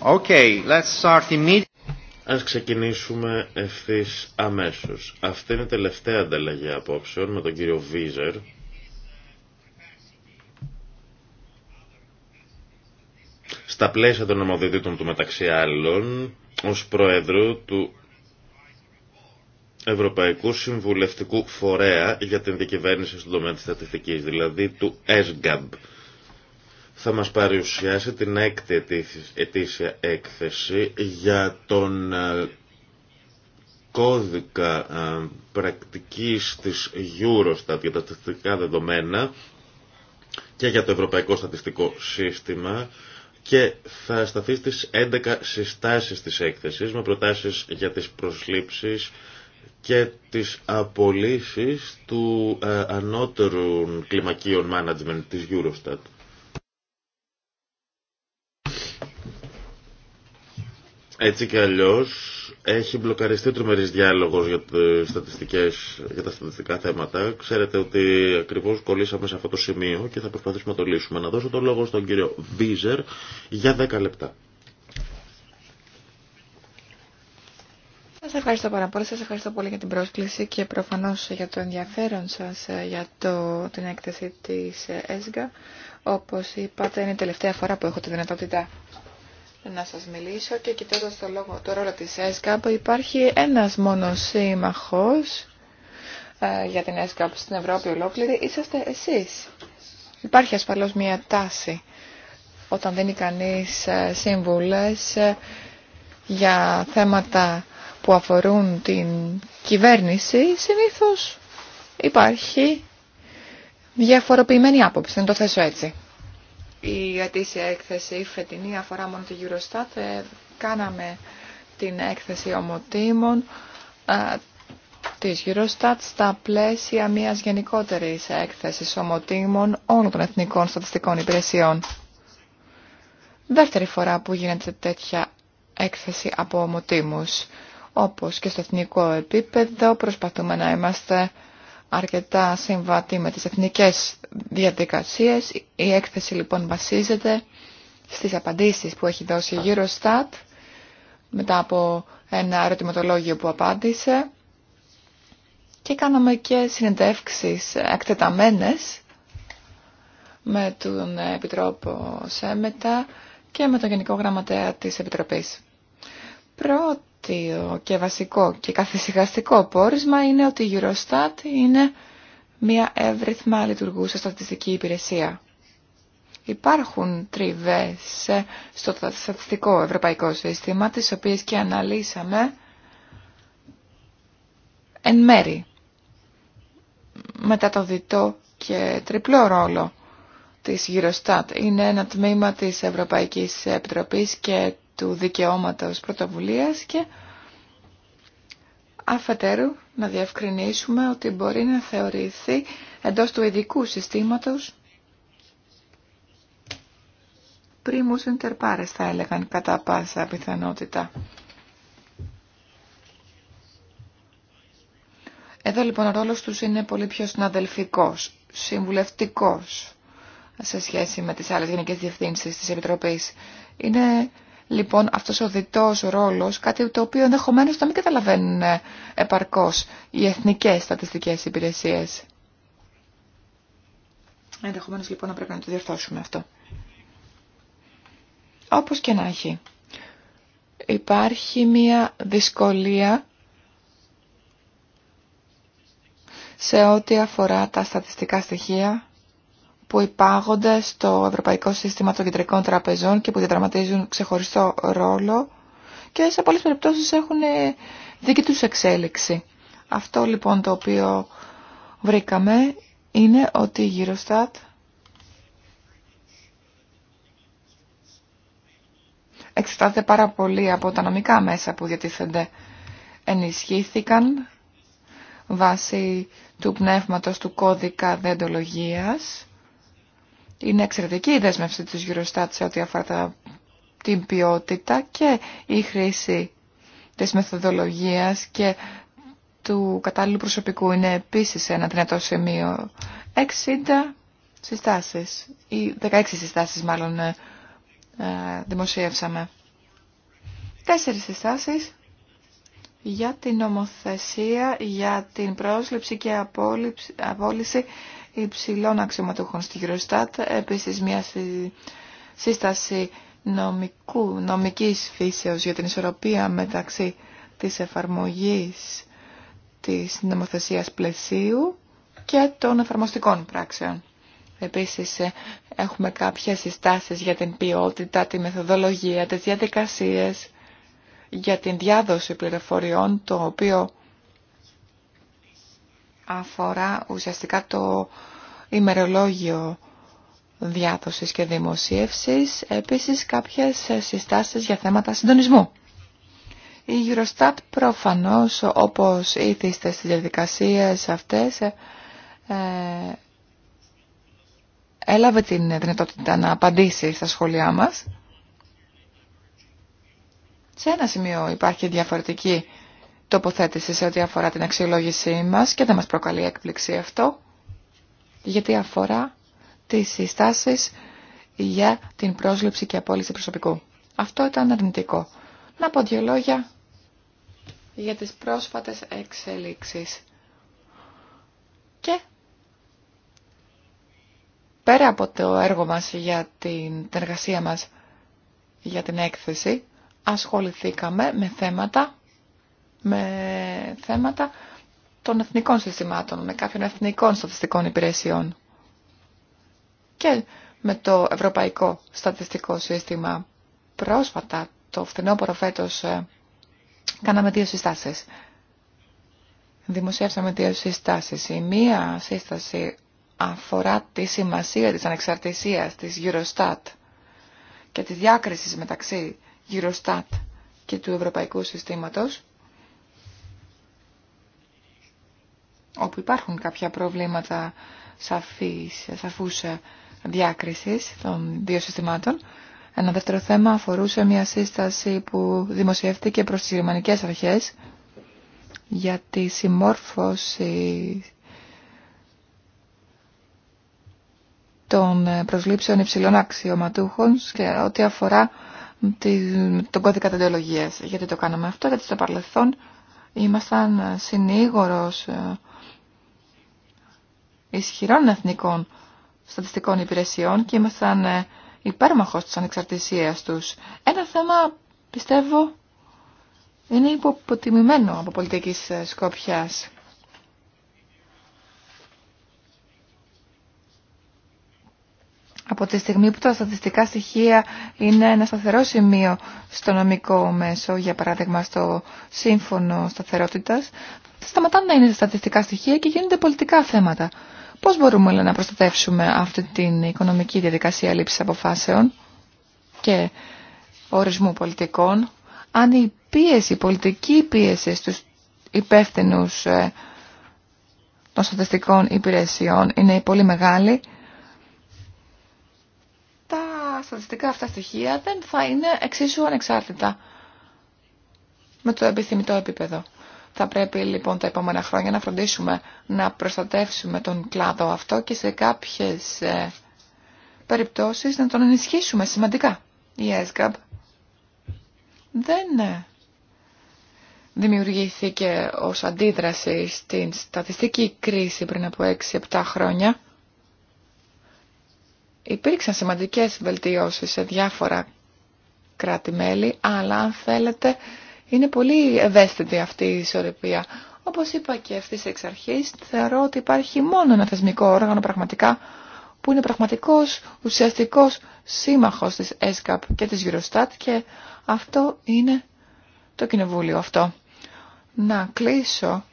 Okay, Ας ξεκινήσουμε ευθύς αμέσως. Αυτή είναι η τελευταία ανταλλαγή απόψεων με τον κύριο Βίζερ. Στα πλαίσια των νομοδιοτήτων του μεταξύ άλλων, ως Πρόεδρο του Ευρωπαϊκού Συμβουλευτικού Φορέα για την Δικυβέρνηση στον τομέα της στατιστικής, δηλαδή του ΕΣΓΑΜΠ θα μας παρουσιάσει την έκτη ετήσια έκθεση για τον ε, κώδικα ε, πρακτικής της Eurostat για τα στατιστικά δεδομένα και για το Ευρωπαϊκό Στατιστικό Σύστημα και θα σταθεί στις 11 συστάσεις της έκθεσης με προτάσεις για τις προσλήψεις και τις απολύσεις του ε, ανώτερου κλιμακίων management της Eurostat. Έτσι και αλλιώ. έχει μπλοκαριστεί τρομερή διάλογο για, τα στατιστικά θέματα. Ξέρετε ότι ακριβώ κολλήσαμε σε αυτό το σημείο και θα προσπαθήσουμε να το λύσουμε. Να δώσω το λόγο στον κύριο Βίζερ για 10 λεπτά. Σα ευχαριστώ πάρα πολύ. Σα ευχαριστώ πολύ για την πρόσκληση και προφανώ για το ενδιαφέρον σα ε, για την έκθεση τη ε, ΕΣΓΑ. Όπω είπατε, είναι η τελευταία φορά που έχω τη δυνατότητα να σας μιλήσω και κοιτώντας το, λόγο, το ρόλο της ΕΣΚΑΠ υπάρχει ένας μόνος σύμμαχος ε, για την ΕΣΚΑΠ στην Ευρώπη ολόκληρη, είσαστε εσείς. Υπάρχει ασφαλώς μια τάση όταν δίνει κανείς ε, σύμβουλες ε, για θέματα που αφορούν την κυβέρνηση, συνήθως υπάρχει διαφοροποιημένη άποψη, δεν το θέσω έτσι. Η αιτήσια έκθεση φετινή αφορά μόνο τη Eurostat. Ε, κάναμε την έκθεση ομοτήμων ε, της Eurostat στα πλαίσια μιας γενικότερης έκθεσης ομοτήμων όλων των εθνικών στατιστικών υπηρεσιών. Δεύτερη φορά που γίνεται τέτοια έκθεση από ομοτήμους. Όπως και στο εθνικό επίπεδο προσπαθούμε να είμαστε αρκετά συμβατή με τις εθνικές διαδικασίες. Η έκθεση λοιπόν βασίζεται στις απαντήσεις που έχει δώσει η Eurostat μετά από ένα ερωτηματολόγιο που απάντησε και κάναμε και συνεντεύξεις εκτεταμένες με τον Επιτρόπο Σέμετα και με τον Γενικό Γραμματέα της Επιτροπής. Πρώτα! και βασικό και καθησυχαστικό πόρισμα είναι ότι η Eurostat είναι μια εύρυθμα λειτουργούσα στατιστική υπηρεσία. Υπάρχουν τριβές ε, στο στατιστικό ευρωπαϊκό σύστημα, τις οποίες και αναλύσαμε εν μέρη μετά το διτό και τριπλό ρόλο της Eurostat. Είναι ένα τμήμα της Ευρωπαϊκής Επιτροπής και του δικαιώματος πρωτοβουλίας και αφετέρου να διευκρινίσουμε ότι μπορεί να θεωρηθεί εντός του ειδικού συστήματος πρίμους εντερπάρες θα έλεγαν κατά πάσα πιθανότητα. Εδώ λοιπόν ο ρόλος τους είναι πολύ πιο συναδελφικός, συμβουλευτικός σε σχέση με τις άλλες γενικές διευθύνσεις της Επιτροπής. Είναι λοιπόν αυτός ο διτός ρόλος, κάτι το οποίο ενδεχομένω να μην καταλαβαίνουν ε, επαρκώς οι εθνικές στατιστικές υπηρεσίες. Ενδεχομένω λοιπόν να πρέπει να το διορθώσουμε αυτό. Όπως και να έχει. Υπάρχει μια δυσκολία σε ό,τι αφορά τα στατιστικά στοιχεία που υπάγονται στο Ευρωπαϊκό Σύστημα των Κεντρικών Τραπεζών και που διαδραματίζουν ξεχωριστό ρόλο και σε πολλές περιπτώσεις έχουν ε, δική τους εξέλιξη. Αυτό λοιπόν το οποίο βρήκαμε είναι ότι η Eurostat εξετάζεται πάρα πολύ από τα νομικά μέσα που διατίθενται. Ενισχύθηκαν βάσει του πνεύματος του κώδικα δεντολογίας είναι εξαιρετική η δέσμευση της Eurostat σε ό,τι αφορά την ποιότητα και η χρήση της μεθοδολογίας και του κατάλληλου προσωπικού είναι επίσης ένα δυνατό σημείο. 60 συστάσεις, ή 16 συστάσεις μάλλον ε, ε, δημοσίευσαμε. Τέσσερις συστάσεις για την νομοθεσία, για την πρόσληψη και απόλυση υψηλών αξιωματούχων στη επίσης μια σύσταση νομικού, νομικής φύσεως για την ισορροπία μεταξύ της εφαρμογής της νομοθεσίας πλαισίου και των εφαρμοστικών πράξεων. Επίσης ε, έχουμε κάποιες συστάσεις για την ποιότητα, τη μεθοδολογία, τις διαδικασίες, για την διάδοση πληροφοριών, το οποίο αφορά ουσιαστικά το ημερολόγιο διάδοσης και δημοσίευσης, επίσης κάποιες συστάσεις για θέματα συντονισμού. Η Eurostat προφανώς, όπως ήθιστε στις διαδικασίες αυτές, ε, έλαβε την δυνατότητα να απαντήσει στα σχόλιά μας. Σε ένα σημείο υπάρχει διαφορετική τοποθέτηση σε ό,τι αφορά την αξιολόγησή μας και δεν μας προκαλεί έκπληξη αυτό, γιατί αφορά τις συστάσεις για την πρόσληψη και απόλυση προσωπικού. Αυτό ήταν αρνητικό. Να πω δύο λόγια για τις πρόσφατες εξελίξεις. Και πέρα από το έργο μας για την, εργασία μας για την έκθεση, ασχοληθήκαμε με θέματα με θέματα των εθνικών συστημάτων, με κάποιων εθνικών στατιστικών υπηρεσιών και με το Ευρωπαϊκό Στατιστικό Σύστημα. Πρόσφατα, το φθινόπωρο φέτος, ε, κάναμε δύο συστάσεις. Δημοσιεύσαμε δύο συστάσεις. Η μία σύσταση αφορά τη σημασία της ανεξαρτησίας της Eurostat και τη διάκρισης μεταξύ Eurostat και του Ευρωπαϊκού Συστήματος όπου υπάρχουν κάποια προβλήματα σαφής, σαφούς ε, διάκρισης των δύο συστημάτων. Ένα δεύτερο θέμα αφορούσε μια σύσταση που δημοσιεύτηκε προς τις γερμανικές αρχές για τη συμμόρφωση των ε, προσλήψεων υψηλών αξιωματούχων και ό,τι αφορά τον κώδικα τεντολογίας. Γιατί το κάναμε αυτό, γιατί στο παρελθόν ήμασταν συνήγορος ε, ισχυρών εθνικών στατιστικών υπηρεσιών και ήμασταν ε, υπέρμαχος της ανεξαρτησίας τους. Ένα θέμα, πιστεύω, είναι υποτιμημένο από πολιτικής ε, σκοπιάς. Από τη στιγμή που τα στατιστικά στοιχεία είναι ένα σταθερό σημείο στο νομικό μέσο, για παράδειγμα στο σύμφωνο σταθερότητας, σταματάνε να είναι στατιστικά στοιχεία και γίνονται πολιτικά θέματα. Πώς μπορούμε όλα να προστατεύσουμε αυτή την οικονομική διαδικασία λήψης αποφάσεων και ορισμού πολιτικών, αν η πίεση, η πολιτική πίεση στους υπεύθυνου ε, των στατιστικών υπηρεσιών είναι πολύ μεγάλη, τα στατιστικά αυτά στοιχεία δεν θα είναι εξίσου ανεξάρτητα με το επιθυμητό επίπεδο. Θα πρέπει λοιπόν τα επόμενα χρόνια να φροντίσουμε να προστατεύσουμε τον κλάδο αυτό και σε κάποιες ε, περιπτώσεις να τον ενισχύσουμε σημαντικά. Η ΕΣΚΑΠ δεν ε, δημιουργήθηκε ως αντίδραση στην στατιστική κρίση πριν από 6-7 χρόνια. Υπήρξαν σημαντικές βελτιώσεις σε διάφορα κράτη-μέλη, αλλά αν θέλετε είναι πολύ ευαίσθητη αυτή η ισορροπία. Όπως είπα και αυτή εξ αρχής, θεωρώ ότι υπάρχει μόνο ένα θεσμικό όργανο πραγματικά που είναι πραγματικός ουσιαστικός σύμμαχος της ΕΣΚΑΠ και της Eurostat και αυτό είναι το κοινοβούλιο αυτό. Να κλείσω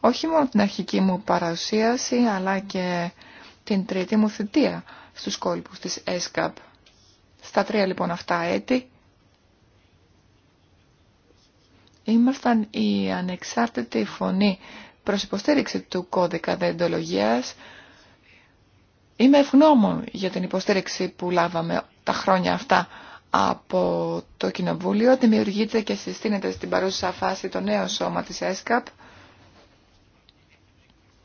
όχι μόνο την αρχική μου παρουσίαση αλλά και την τρίτη μου θητεία στους κόλπους της ΕΣΚΑΠ. Στα τρία λοιπόν αυτά έτη ήμασταν η ανεξάρτητη φωνή προς υποστήριξη του κώδικα Δεντολογίας. Είμαι ευγνώμων για την υποστήριξη που λάβαμε τα χρόνια αυτά από το Κοινοβούλιο. Δημιουργείται και συστήνεται στην παρούσα φάση το νέο σώμα της ΕΣΚΑΠ.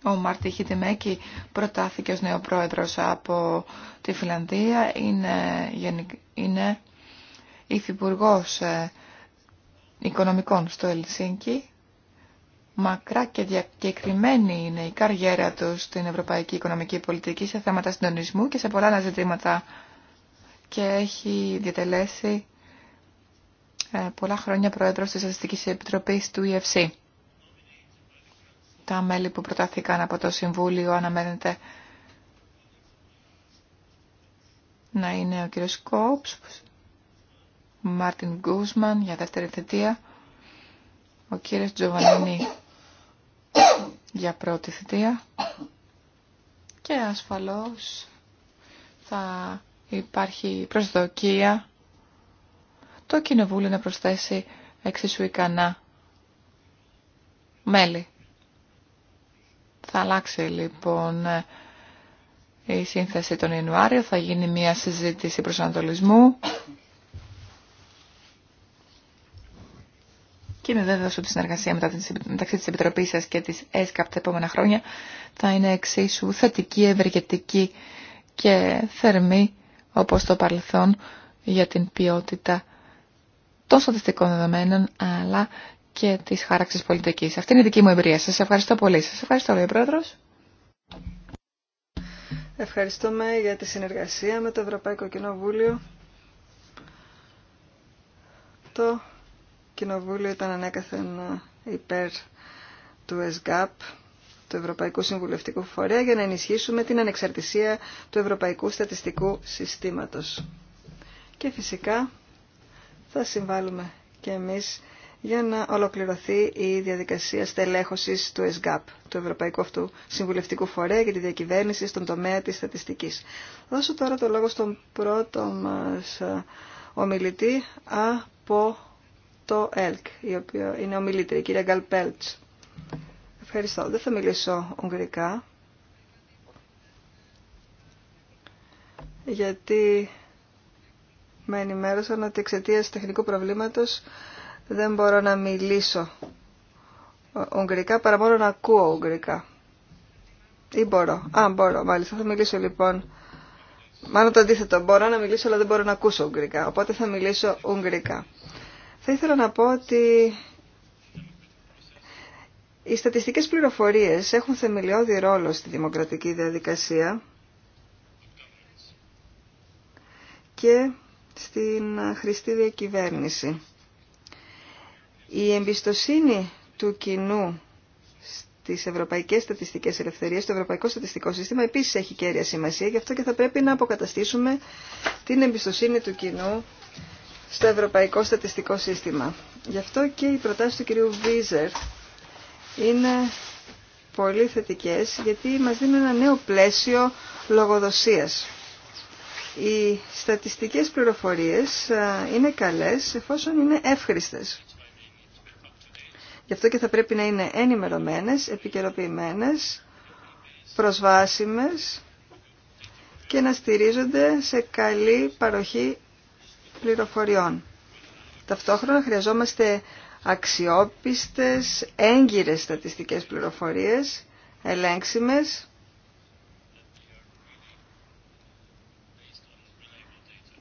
Ο Μάρτι Χιτιμέκη προτάθηκε ως νέο πρόεδρος από τη Φιλανδία. Είναι, είναι υφυπουργός ε, Οικονομικών στο Ελσίνκι. Μακρά και διακεκριμένη είναι η καριέρα του στην ευρωπαϊκή οικονομική πολιτική σε θέματα συντονισμού και σε πολλά άλλα ζητήματα και έχει διατελέσει ε, πολλά χρόνια πρόεδρος της Αστικής Επιτροπής του EFC. Τα μέλη που προτάθηκαν από το Συμβούλιο αναμένεται να είναι ο κ. Κόπς, Μάρτιν Γκούσμαν για δεύτερη θητεία, ο κύριος Τζοβανίνη για πρώτη θητεία και ασφαλώς θα υπάρχει προσδοκία το Κοινοβούλιο να προσθέσει εξίσου ικανά μέλη. Θα αλλάξει λοιπόν η σύνθεση τον Ιανουάριο, θα γίνει μια συζήτηση προσανατολισμού και είμαι βέβαιο ότι η συνεργασία μεταξύ τη Επιτροπή σα και τη ΕΣΚΑΠ τα επόμενα χρόνια θα είναι εξίσου θετική, ευεργετική και θερμή όπως το παρελθόν για την ποιότητα των στατιστικών δεδομένων αλλά και τη χάραξη πολιτική. Αυτή είναι η δική μου εμπειρία. Σα ευχαριστώ πολύ. σα ευχαριστώ, λέει Ευχαριστούμε για τη συνεργασία με το Ευρωπαϊκό Κοινοβούλιο. Το Κοινοβούλιο ήταν ανέκαθεν ε, υπέρ του ΕΣΓΑΠ, του Ευρωπαϊκού Συμβουλευτικού Φορέα, για να ενισχύσουμε την ανεξαρτησία του Ευρωπαϊκού Στατιστικού Συστήματος. Και φυσικά θα συμβάλλουμε και εμείς για να ολοκληρωθεί η διαδικασία στελέχωσης του ΕΣΓΑΠ, του Ευρωπαϊκού Αυτού Συμβουλευτικού Φορέα για τη διακυβέρνηση στον τομέα της στατιστικής. Δώσω τώρα το λόγο στον πρώτο μας ε, ομιλητή από το ΕΛΚ, η οποία είναι ομιλήτρια, η κυρία Γκαλπέλτς. Ευχαριστώ. Δεν θα μιλήσω ουγγρικά, γιατί με ενημέρωσαν ότι εξαιτία τεχνικού προβλήματος δεν μπορώ να μιλήσω ε, ουγγρικά παρά μόνο να ακούω ουγγρικά. Ή μπορώ. Α, μπορώ. Μάλιστα θα μιλήσω λοιπόν. Μάλλον το αντίθετο. Μπορώ να μιλήσω αλλά δεν μπορώ να ακούσω ουγγρικά. Οπότε θα μιλήσω ουγγρικά. Θα ήθελα να πω ότι οι στατιστικές πληροφορίες έχουν θεμελιώδη ρόλο στη δημοκρατική διαδικασία και στην χρηστή διακυβέρνηση. Η εμπιστοσύνη του κοινού στις ευρωπαϊκές στατιστικές ελευθερίες, το ευρωπαϊκό στατιστικό σύστημα επίσης έχει κέρια σημασία, γι' αυτό και θα πρέπει να αποκαταστήσουμε την εμπιστοσύνη του κοινού στο Ευρωπαϊκό Στατιστικό Σύστημα. Γι' αυτό και οι προτάσεις του κυρίου Βίζερ είναι πολύ θετικές γιατί μας δίνουν ένα νέο πλαίσιο λογοδοσίας. Οι στατιστικές πληροφορίες είναι καλές εφόσον είναι εύχριστες. Γι' αυτό και θα πρέπει να είναι ενημερωμένες, επικαιροποιημένες, προσβάσιμες και να στηρίζονται σε καλή παροχή πληροφοριών. Ταυτόχρονα χρειαζόμαστε αξιόπιστες, έγκυρες στατιστικές πληροφορίες, ελέγξιμες,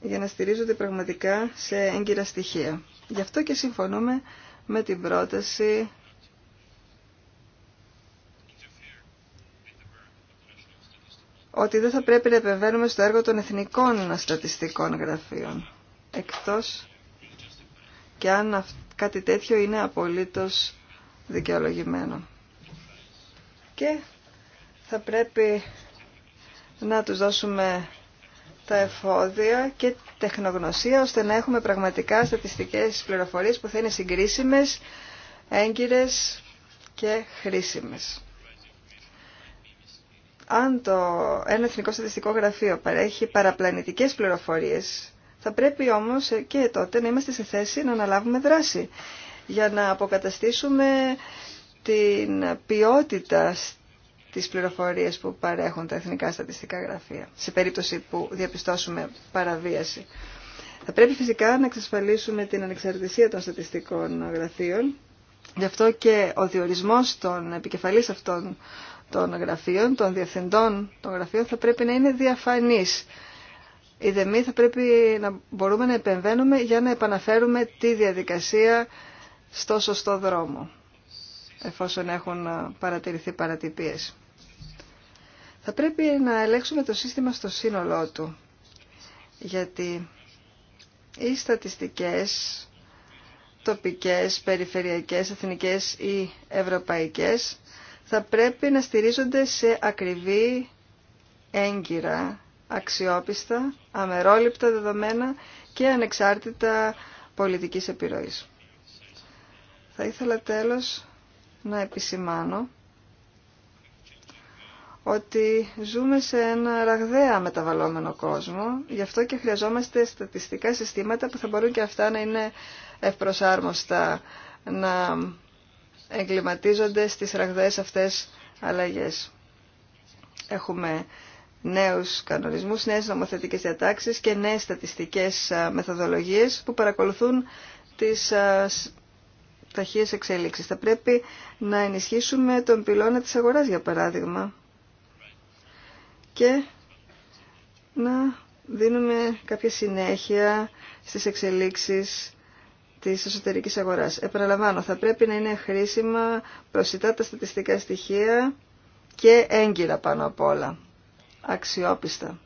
για να στηρίζονται πραγματικά σε έγκυρα στοιχεία. Γι' αυτό και συμφωνούμε με την πρόταση ότι δεν θα πρέπει να επεμβαίνουμε στο έργο των εθνικών στατιστικών γραφείων εκτός και αν κάτι τέτοιο είναι απολύτως δικαιολογημένο. Και θα πρέπει να τους δώσουμε τα εφόδια και τεχνογνωσία ώστε να έχουμε πραγματικά στατιστικές πληροφορίες που θα είναι συγκρίσιμες, έγκυρες και χρήσιμες. Αν το ένα εθνικό στατιστικό γραφείο παρέχει παραπλανητικές πληροφορίες θα πρέπει όμως και τότε να είμαστε σε θέση να αναλάβουμε δράση για να αποκαταστήσουμε την ποιότητα της πληροφορίας που παρέχουν τα εθνικά στατιστικά γραφεία σε περίπτωση που διαπιστώσουμε παραβίαση. Θα πρέπει φυσικά να εξασφαλίσουμε την ανεξαρτησία των στατιστικών γραφείων. Γι' αυτό και ο διορισμός των επικεφαλής αυτών των γραφείων, των διευθυντών των γραφείων θα πρέπει να είναι διαφανής οι δεμοί θα πρέπει να μπορούμε να επεμβαίνουμε για να επαναφέρουμε τη διαδικασία στο σωστό δρόμο, εφόσον έχουν ε, παρατηρηθεί παρατυπίες. Θα πρέπει να ελέγξουμε το σύστημα στο σύνολό του, γιατί οι στατιστικές, τοπικές, περιφερειακές, εθνικές ή ευρωπαϊκές, θα πρέπει να στηρίζονται σε ακριβή έγκυρα αξιόπιστα, αμερόληπτα δεδομένα και ανεξάρτητα πολιτικής επιρροής. Θα ήθελα τέλος να επισημάνω ότι ζούμε σε ένα ραγδαία μεταβαλλόμενο κόσμο, γι' αυτό και χρειαζόμαστε στατιστικά συστήματα που θα μπορούν και αυτά να είναι ευπροσάρμοστα, να εγκληματίζονται στις ραγδαίες αυτές αλλαγές. Έχουμε νέους κανονισμούς, νέες νομοθετικές διατάξεις και νέες στατιστικές μεθοδολογίες που παρακολουθούν τις ταχείες εξέλιξεις. Θα πρέπει να ενισχύσουμε τον πυλώνα της αγοράς, για παράδειγμα, και να δίνουμε κάποια συνέχεια στις εξελίξεις της εσωτερικής αγοράς. Επαναλαμβάνω, θα πρέπει να είναι χρήσιμα προσιτά τα στατιστικά στοιχεία και έγκυρα πάνω απ' όλα αξιόπιστα.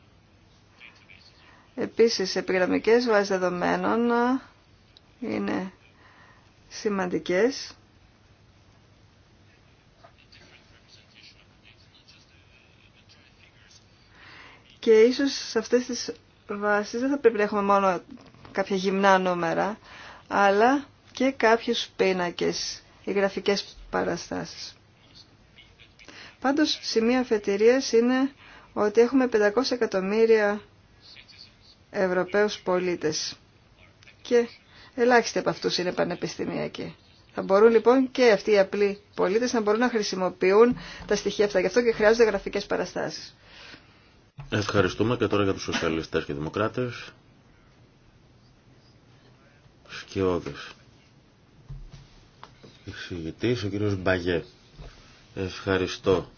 Επίσης, επιγραμμικές βάσεις δεδομένων είναι σημαντικές. Και ίσως σε αυτές τις βάσεις δεν θα πρέπει να έχουμε μόνο κάποια γυμνά νούμερα, αλλά και κάποιους πίνακες ή γραφικές παραστάσεις. Πάντως, σημεία αφετηρίας είναι ότι έχουμε 500 εκατομμύρια Ευρωπαίους πολίτες και ελάχιστοι από αυτούς είναι πανεπιστημιακοί. Θα μπορούν λοιπόν και αυτοί οι απλοί πολίτες να μπορούν να χρησιμοποιούν τα στοιχεία αυτά. Γι' αυτό και χρειάζονται γραφικές παραστάσεις. Ευχαριστούμε και τώρα για τους σοσιαλιστές και δημοκράτες. Σκιώδες. Εξηγητής ο κύριος Μπαγέ Ευχαριστώ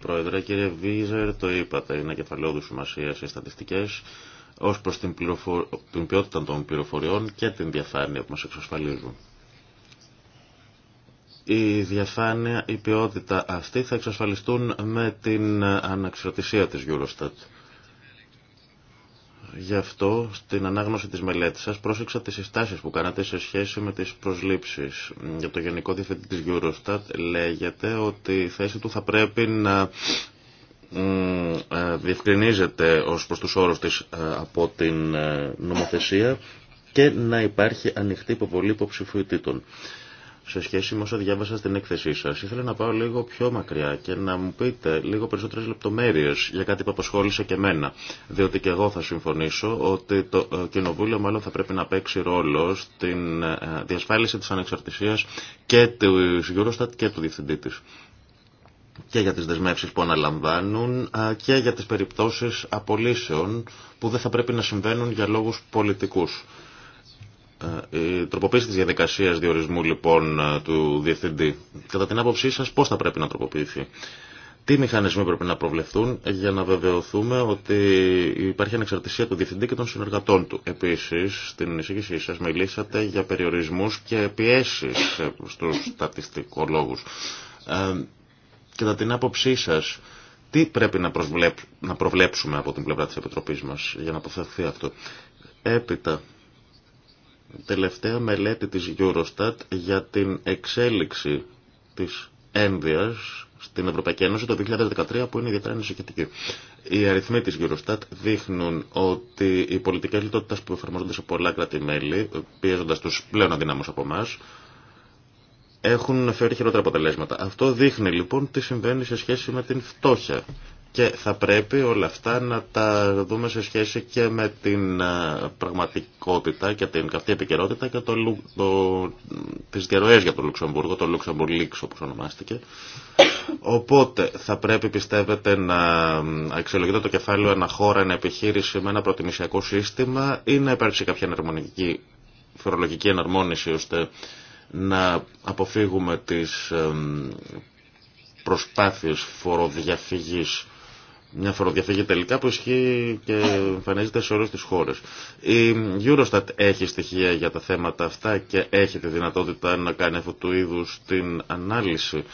Πρόεδρε, κύριε Βίζερ, το είπατε, είναι κεφαλαιόδου σημασία οι στατιστικέ ω προ την, πληροφο... την ποιότητα των πληροφοριών και την διαφάνεια που μα εξασφαλίζουν. Η διαφάνεια, η ποιότητα αυτή θα εξασφαλιστούν με την αναξαρτησία τη Eurostat. Γι' αυτό στην ανάγνωση της μελέτης σας πρόσεξα τις συστάσεις που κάνατε σε σχέση με τις προσλήψεις. Για το Γενικό Διευθυντή της Eurostat λέγεται ότι η θέση του θα πρέπει να ε, διευκρινίζεται ως προς τους όρους της ε, από την ε, νομοθεσία και να υπάρχει ανοιχτή υποβολή υποψηφιωτήτων σε σχέση με όσα διάβασα στην έκθεσή σα. Ήθελα να πάω λίγο πιο μακριά και να μου πείτε λίγο περισσότερε λεπτομέρειε για κάτι που αποσχόλησε και εμένα. Διότι και εγώ θα συμφωνήσω ότι το ε, Κοινοβούλιο μάλλον θα πρέπει να παίξει ρόλο στην ε, διασφάλιση τη ανεξαρτησία και του Eurostat και του διευθυντή τη. Και για τι δεσμεύσει που αναλαμβάνουν ε, και για τι περιπτώσει απολύσεων που δεν θα πρέπει να συμβαίνουν για λόγου πολιτικού. Ε, η τροποποίηση της διαδικασίας διορισμού λοιπόν ε, του Διευθυντή, κατά την άποψή σας πώς θα πρέπει να τροποποιηθεί. Τι μηχανισμοί πρέπει να προβλεφθούν για να βεβαιωθούμε ότι υπάρχει ανεξαρτησία του Διευθυντή και των συνεργατών του. Επίσης, στην εισήγησή σας μιλήσατε για περιορισμούς και πιέσεις ε, στους στατιστικολόγους. Ε, κατά την άποψή σας, τι πρέπει να, προβλέψουμε από την πλευρά της Επιτροπής μας για να αποφευθεί αυτό. Έπειτα, τελευταία μελέτη της Eurostat για την εξέλιξη της ένδυας στην Ευρωπαϊκή Ένωση το 2013 που είναι ιδιαίτερα ανησυχητική. Οι αριθμοί της Eurostat δείχνουν ότι οι πολιτικές λιτότητες που εφαρμόζονται σε πολλά κράτη-μέλη, πιέζοντας τους πλέον αδυνάμους από εμά, έχουν φέρει χειρότερα αποτελέσματα. Αυτό δείχνει λοιπόν τι συμβαίνει σε σχέση με την φτώχεια και θα πρέπει όλα αυτά να τα δούμε σε σχέση και με την ε, πραγματικότητα και την καυτή επικαιρότητα και το, το, τις διαρροές για το Λουξεμβούργο, το Λουξεμβουργλίξ όπως ονομάστηκε. Οπότε θα πρέπει πιστεύετε να ε, αξιολογείτε το κεφάλαιο χώρα ένα επιχείρηση με ένα προτιμησιακό σύστημα ή να υπάρξει κάποια φορολογική εναρμόνιση ώστε να αποφύγουμε τις ε, προσπάθειες φοροδιαφυγής μια φοροδιαφύγη τελικά που ισχύει και εμφανίζεται σε όλες τις χώρες. Η Eurostat έχει στοιχεία για τα θέματα αυτά και έχει τη δυνατότητα να κάνει αυτού του είδου την ανάλυση.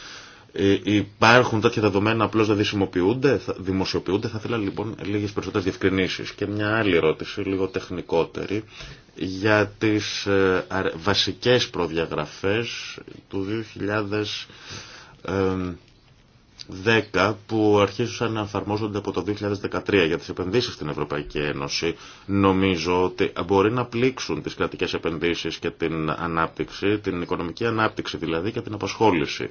Ε, υπάρχουν τέτοια δεδομένα απλώ δεν δημοσιοποιούνται, δημοσιοποιούνται. Θα ήθελα λοιπόν λίγε περισσότερε διευκρινήσει. Και μια άλλη ερώτηση, λίγο τεχνικότερη, για τι ε, βασικέ προδιαγραφέ του 2000. 10 που αρχίζουν να εφαρμόζονται από το 2013 για τις επενδύσεις στην Ευρωπαϊκή Ένωση νομίζω ότι μπορεί να πλήξουν τις κρατικές επενδύσεις και την ανάπτυξη, την οικονομική ανάπτυξη δηλαδή και την απασχόληση.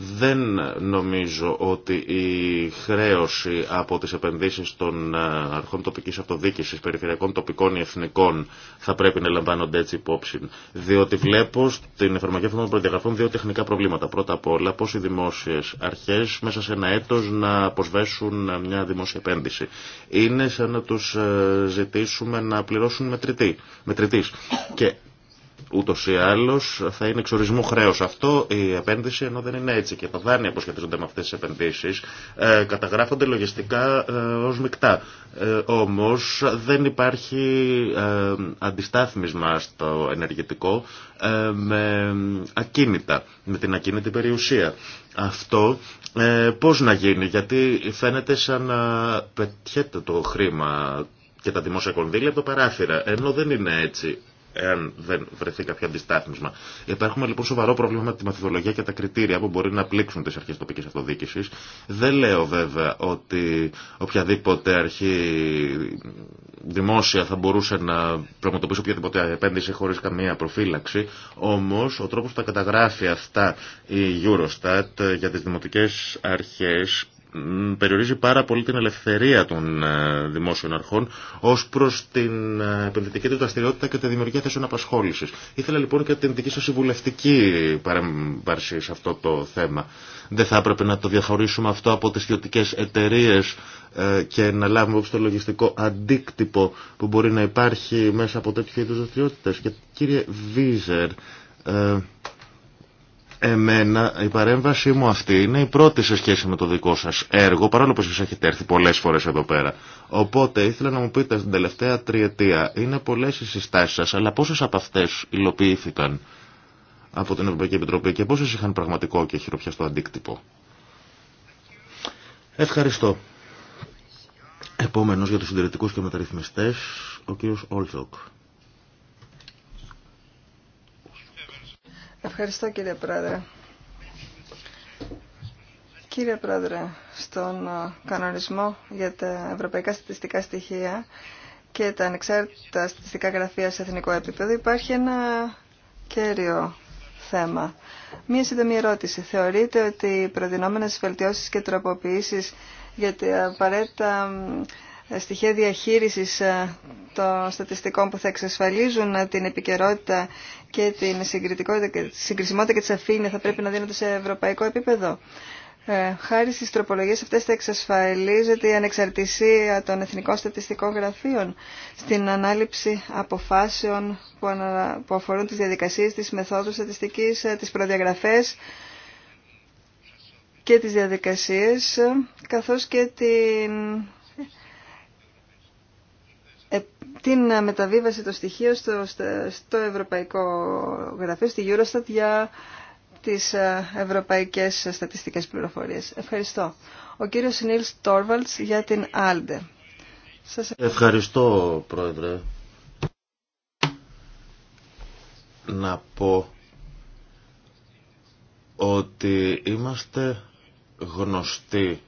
Δεν νομίζω ότι η χρέωση από τις επενδύσεις των ε, αρχών τοπικής αυτοδίκησης, περιφερειακών, τοπικών ή εθνικών θα πρέπει να λαμβάνονται έτσι υπόψη. Διότι βλέπω στην εφαρμογή αυτών των προδιαγραφών δύο τεχνικά προβλήματα. Πρώτα απ' όλα πώς οι δημόσιες αρχές μέσα σε ένα έτος να αποσβέσουν μια δημόσια επένδυση. Είναι σαν να τους ε, ζητήσουμε να πληρώσουν μετρητή, μετρητής. Και ούτως ή άλλως θα είναι εξορισμού χρέος αυτό η αλλως θα ειναι εξορισμου χρέο. ενώ δεν είναι έτσι και τα δάνεια που σχετίζονται με αυτέ τι επενδύσει, ε, καταγράφονται λογιστικά ε, ως μεικτά. Ε, όμως δεν υπάρχει ε, αντιστάθμισμα στο ενεργητικό ε, με ακίνητα, με την ακίνητη περιουσία. Αυτό ε, πώς να γίνει, γιατί φαίνεται σαν να πετιέται το χρήμα και τα δημόσια κονδύλια από το παράθυρα, ενώ δεν είναι έτσι εάν δεν βρεθεί κάποιο αντιστάθμισμα. Υπάρχουμε λοιπόν σοβαρό πρόβλημα με τη μαθητολογία και τα κριτήρια που μπορεί να πλήξουν τι αρχέ τοπική αυτοδιοίκηση. Δεν λέω βέβαια ότι οποιαδήποτε αρχή δημόσια θα μπορούσε να πραγματοποιήσει οποιαδήποτε επένδυση χωρί καμία προφύλαξη. Όμω ο τρόπο που τα καταγράφει αυτά η Eurostat για τι δημοτικέ αρχέ περιορίζει πάρα πολύ την ελευθερία των ε, δημόσιων αρχών ως προς την ε, επενδυτική του δραστηριότητα και τη δημιουργία θέσεων απασχόλησης. Ήθελα λοιπόν και την δική σας συμβουλευτική παρέμβαση σε αυτό το θέμα. Δεν θα έπρεπε να το διαχωρίσουμε αυτό από τις ιδιωτικέ εταιρείε ε, και να λάβουμε όπως το λογιστικό αντίκτυπο που μπορεί να υπάρχει μέσα από τέτοιου είδους Και κύριε Βίζερ, Εμένα η παρέμβασή μου αυτή είναι η πρώτη σε σχέση με το δικό σας έργο, παρόλο που εσείς έχετε έρθει πολλές φορές εδώ πέρα. Οπότε ήθελα να μου πείτε στην τελευταία τριετία, είναι πολλές οι συστάσεις σας, αλλά πόσες από αυτές υλοποιήθηκαν από την Ευρωπαϊκή Επιτροπή και πόσες είχαν πραγματικό και χειροπιαστό αντίκτυπο. Ευχαριστώ. Επόμενος για τους συντηρητικούς και μεταρρυθμιστές, ο κύριος Όλτσοκ. Ευχαριστώ κύριε Πρόεδρε. Κύριε Πρόεδρε, στον ε, κανονισμό για τα ευρωπαϊκά στατιστικά στοιχεία και τα ανεξάρτητα στατιστικά γραφεία σε εθνικό επίπεδο υπάρχει ένα κέριο θέμα. Μία σύντομη ερώτηση. Θεωρείτε ότι οι προδεινόμενες βελτιώσεις και τροποποιήσεις για τα απαραίτητα ε, στοιχεία διαχείρισης ε, των στατιστικών που θα εξασφαλίζουν την επικαιρότητα και την συγκρισιμότητα και τη αφήνεια θα πρέπει να δίνονται σε ευρωπαϊκό επίπεδο. Ε, χάρη στις τροπολογίες αυτές θα εξασφαλίζεται η ανεξαρτησία των εθνικών στατιστικών γραφείων στην ανάληψη αποφάσεων που, που αφορούν τις διαδικασίες, τις μεθόδου στατιστικής, ε, τις προδιαγραφές και τις διαδικασίες, καθώς και την την μεταβίβαση των στοιχείων στο, Ευρωπαϊκό Γραφείο, στη Eurostat, για τις ε, ευρωπαϊκές στατιστικές πληροφορίες. Ευχαριστώ. Ο κύριος Νίλς Τόρβαλτς για την ALDE. Σας ευχαριστώ, Πρόεδρε. Να πω ότι είμαστε γνωστοί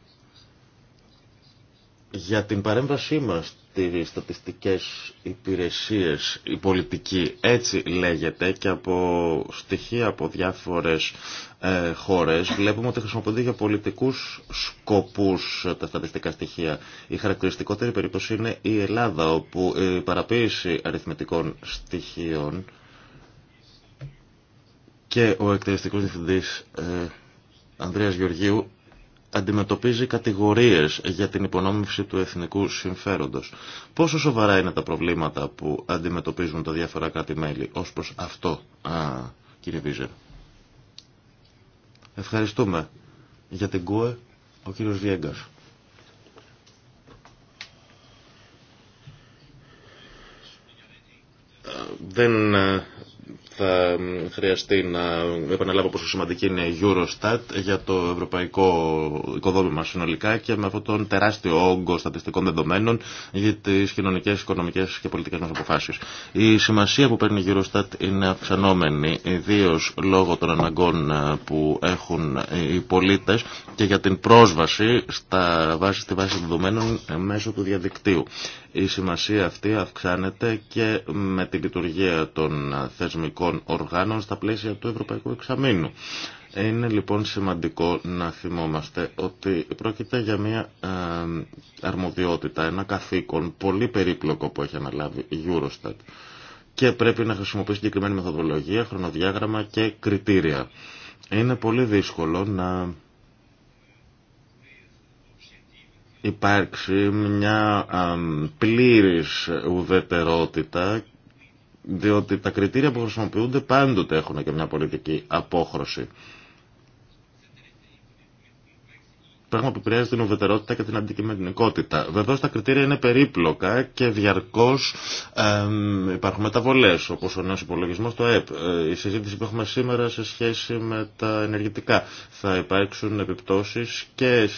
για την παρέμβασή μας τις στατιστικές υπηρεσίες η πολιτική έτσι λέγεται και από στοιχεία από διάφορες ε, χώρες βλέπουμε ότι χρησιμοποιούνται για πολιτικούς σκοπούς ε, τα στατιστικά στοιχεία. Η χαρακτηριστικότερη περίπτωση είναι η Ελλάδα όπου η παραποίηση αριθμητικών στοιχείων και ο εκτελεστικός διευθυντής ε, Ανδρέας Γεωργίου αντιμετωπίζει κατηγορίες για την υπονόμευση του εθνικού συμφέροντος. Πόσο σοβαρά είναι τα προβλήματα που αντιμετωπίζουν τα διάφορα κράτη-μέλη ως προς αυτό, Α, κύριε Βίζερ. Ευχαριστούμε για την ΚΟΕ, ο κύριος Βιέγκας. δεν θα χρειαστεί να επαναλάβω πόσο σημαντική είναι η Eurostat για το ευρωπαϊκό οικοδόμημα συνολικά και με αυτόν τον τεράστιο όγκο στατιστικών δεδομένων για τι κοινωνικέ, οικονομικέ και πολιτικέ μα αποφάσει. Η σημασία που παίρνει η Eurostat είναι αυξανόμενη, ιδίω λόγω των αναγκών ε, που έχουν οι πολίτε και για την πρόσβαση στα βάση, στη βάση δεδομένων μέσω του διαδικτύου. Η σημασία αυτή αυξάνεται και με τη λειτουργία των θεσμικών οργάνων στα πλαίσια του Ευρωπαϊκού Εξαμήνου. Είναι λοιπόν σημαντικό να θυμόμαστε ότι πρόκειται για μια ε, αρμοδιότητα, ένα καθήκον πολύ περίπλοκο που έχει αναλάβει η Eurostat και πρέπει να χρησιμοποιήσει συγκεκριμένη μεθοδολογία, χρονοδιάγραμμα και κριτήρια. Είναι πολύ δύσκολο να υπάρξει μια ε, πλήρης ουδετερότητα διότι τα κριτήρια που χρησιμοποιούνται πάντοτε έχουν και μια πολιτική απόχρωση. Πράγμα που επηρεάζει την ουδετερότητα και την αντικειμενικότητα. Βεβαίω τα κριτήρια είναι περίπλοκα και διαρκώ υπάρχουν μεταβολέ, όπω ο νέο υπολογισμό το ΕΠ. Ε, η συζήτηση που έχουμε σήμερα σε σχέση με τα ενεργητικά. Θα υπάρξουν επιπτώσει και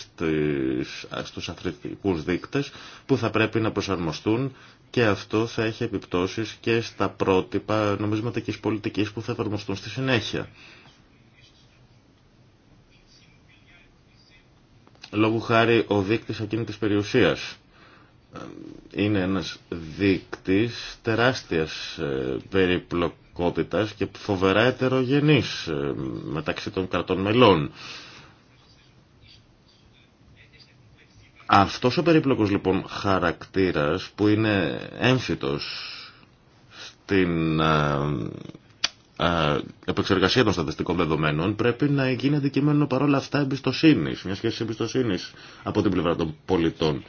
στου αθλητικού δείκτε που θα πρέπει να προσαρμοστούν και αυτό θα έχει επιπτώσεις και στα πρότυπα νομισματικής πολιτικής που θα εφαρμοστούν στη συνέχεια. Λόγου χάρη ο δείκτης ακίνητης περιουσίας ε, είναι ένας δείκτης τεράστιας ε, περιπλοκότητας και φοβερά ετερογενής ε, μεταξύ των κρατών μελών. Αυτός ο περίπλοκος λοιπόν χαρακτήρας που είναι έμφυτος στην ε, ε, επεξεργασία των στατιστικών δεδομένων πρέπει να γίνει αντικείμενο παρόλα αυτά εμπιστοσύνης, μια σχέση εμπιστοσύνης από την πλευρά των πολιτών.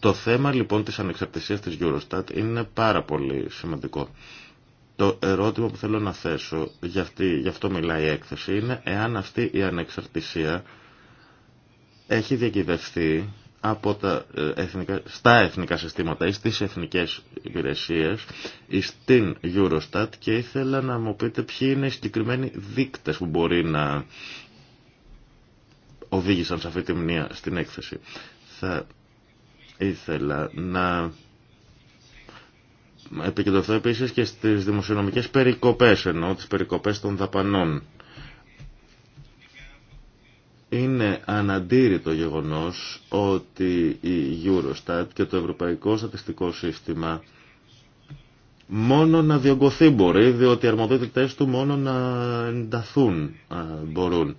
Το θέμα λοιπόν της ανεξαρτησίας της Eurostat είναι πάρα πολύ σημαντικό. Το ερώτημα που θέλω να θέσω, γι, γι' αυτό μιλάει η έκθεση, είναι εάν αυτή η ανεξαρτησία έχει διακυβευτεί από τα ε, εθνικά, στα εθνικά συστήματα ή στις εθνικές υπηρεσίες ή στην Eurostat και ήθελα να μου πείτε ποιοι είναι οι συγκεκριμένοι δείκτες που μπορεί να οδήγησαν σε αυτή τη μνήμα στην έκθεση. Θα ήθελα να επικεντρωθώ επίσης και στις δημοσιονομικές περικοπές ενώ τις περικοπές των δαπανών είναι αναντήρητο γεγονός ότι η Eurostat και το Ευρωπαϊκό Στατιστικό Σύστημα μόνο να διωγκωθεί μπορεί, διότι οι αρμοδιότητες του μόνο να ενταθούν μπορούν.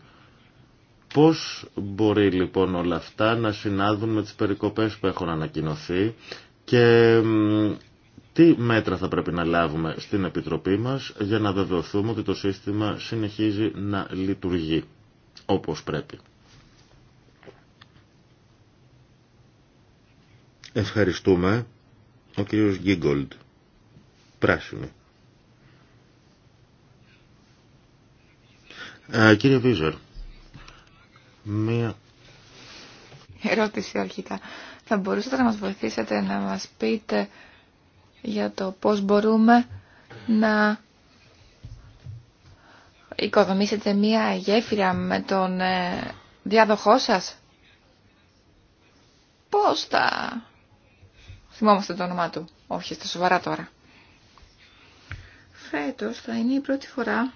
Πώς μπορεί λοιπόν όλα αυτά να συνάδουν με τις περικοπές που έχουν ανακοινωθεί και τι μέτρα θα πρέπει να λάβουμε στην Επιτροπή μας για να βεβαιωθούμε ότι το σύστημα συνεχίζει να λειτουργεί όπως πρέπει. Ευχαριστούμε ο κύριος Γκίγκολντ, πράσινο. κύριε Βίζερ, μία... Ερώτηση αρχικά. Θα μπορούσατε να μας βοηθήσετε να μας πείτε για το πώς μπορούμε να οικοδομήσετε μία γέφυρα με τον ε, διάδοχό σας. Πώς θα... Θυμόμαστε το όνομά του. Όχι, στα σοβαρά τώρα. Φέτος θα είναι η πρώτη φορά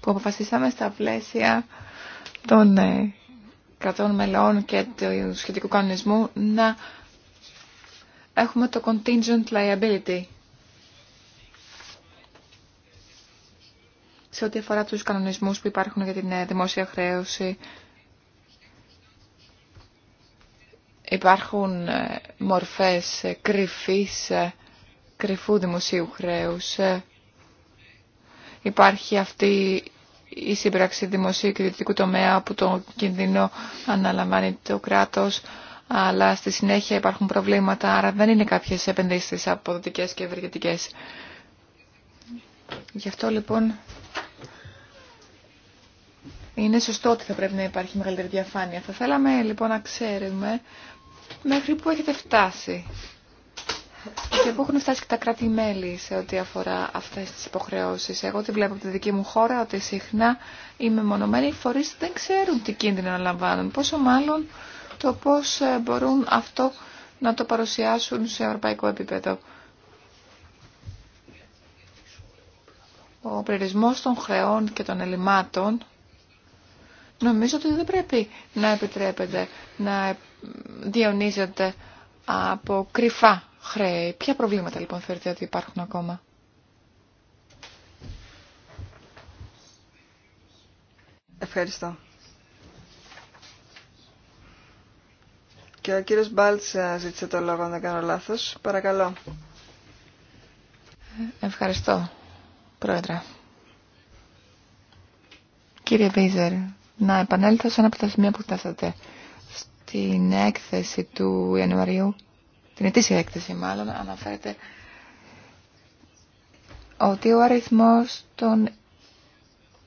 που αποφασίσαμε στα πλαίσια των ε, κρατών μελών και του σχετικού κανονισμού να έχουμε το contingent liability σε ό,τι αφορά τους κανονισμούς που υπάρχουν για την ε, δημόσια χρέωση. Υπάρχουν ε, μορφές ε, κρυφής, κρυφού δημοσίου χρέους. Υπάρχει αυτή η σύμπραξη δημοσίου και ιδιωτικού τομέα που το κινδύνο αναλαμβάνει το κράτος, αλλά στη συνέχεια υπάρχουν προβλήματα, άρα δεν είναι κάποιες επενδύσεις αποδοτικές και ευεργετικές. Γι' αυτό λοιπόν είναι σωστό ότι θα πρέπει να υπάρχει μεγαλύτερη διαφάνεια. Θα θέλαμε λοιπόν να ξέρουμε μέχρι που έχετε φτάσει και πού έχουν φτάσει και τα κράτη-μέλη σε ό,τι αφορά αυτές τις υποχρεώσεις. Εγώ τη βλέπω από τη δική μου χώρα ότι συχνά οι μεμονωμένοι φορείς δεν ξέρουν τι κίνδυνο να λαμβάνουν. Πόσο μάλλον το πώ ε, μπορούν αυτό να το παρουσιάσουν σε ευρωπαϊκό επίπεδο. Ο πληρισμός των χρεών και των ελλημάτων Νομίζω ότι δεν πρέπει να επιτρέπεται να διονύζεται από κρυφά χρέη. Ποια προβλήματα λοιπόν θεωρείτε ότι υπάρχουν ακόμα. Ευχαριστώ. Και ο κύριος Μπάλτς ε, ζήτησε το λόγο, αν δεν κάνω λάθος. Παρακαλώ. Ευχαριστώ, Πρόεδρε. Κύριε Βίζερ, να επανέλθω σε ένα από τα σημεία που φτάσατε. Στην έκθεση του Ιανουαρίου, την ετήσια έκθεση μάλλον, αναφέρεται ότι ο αριθμός των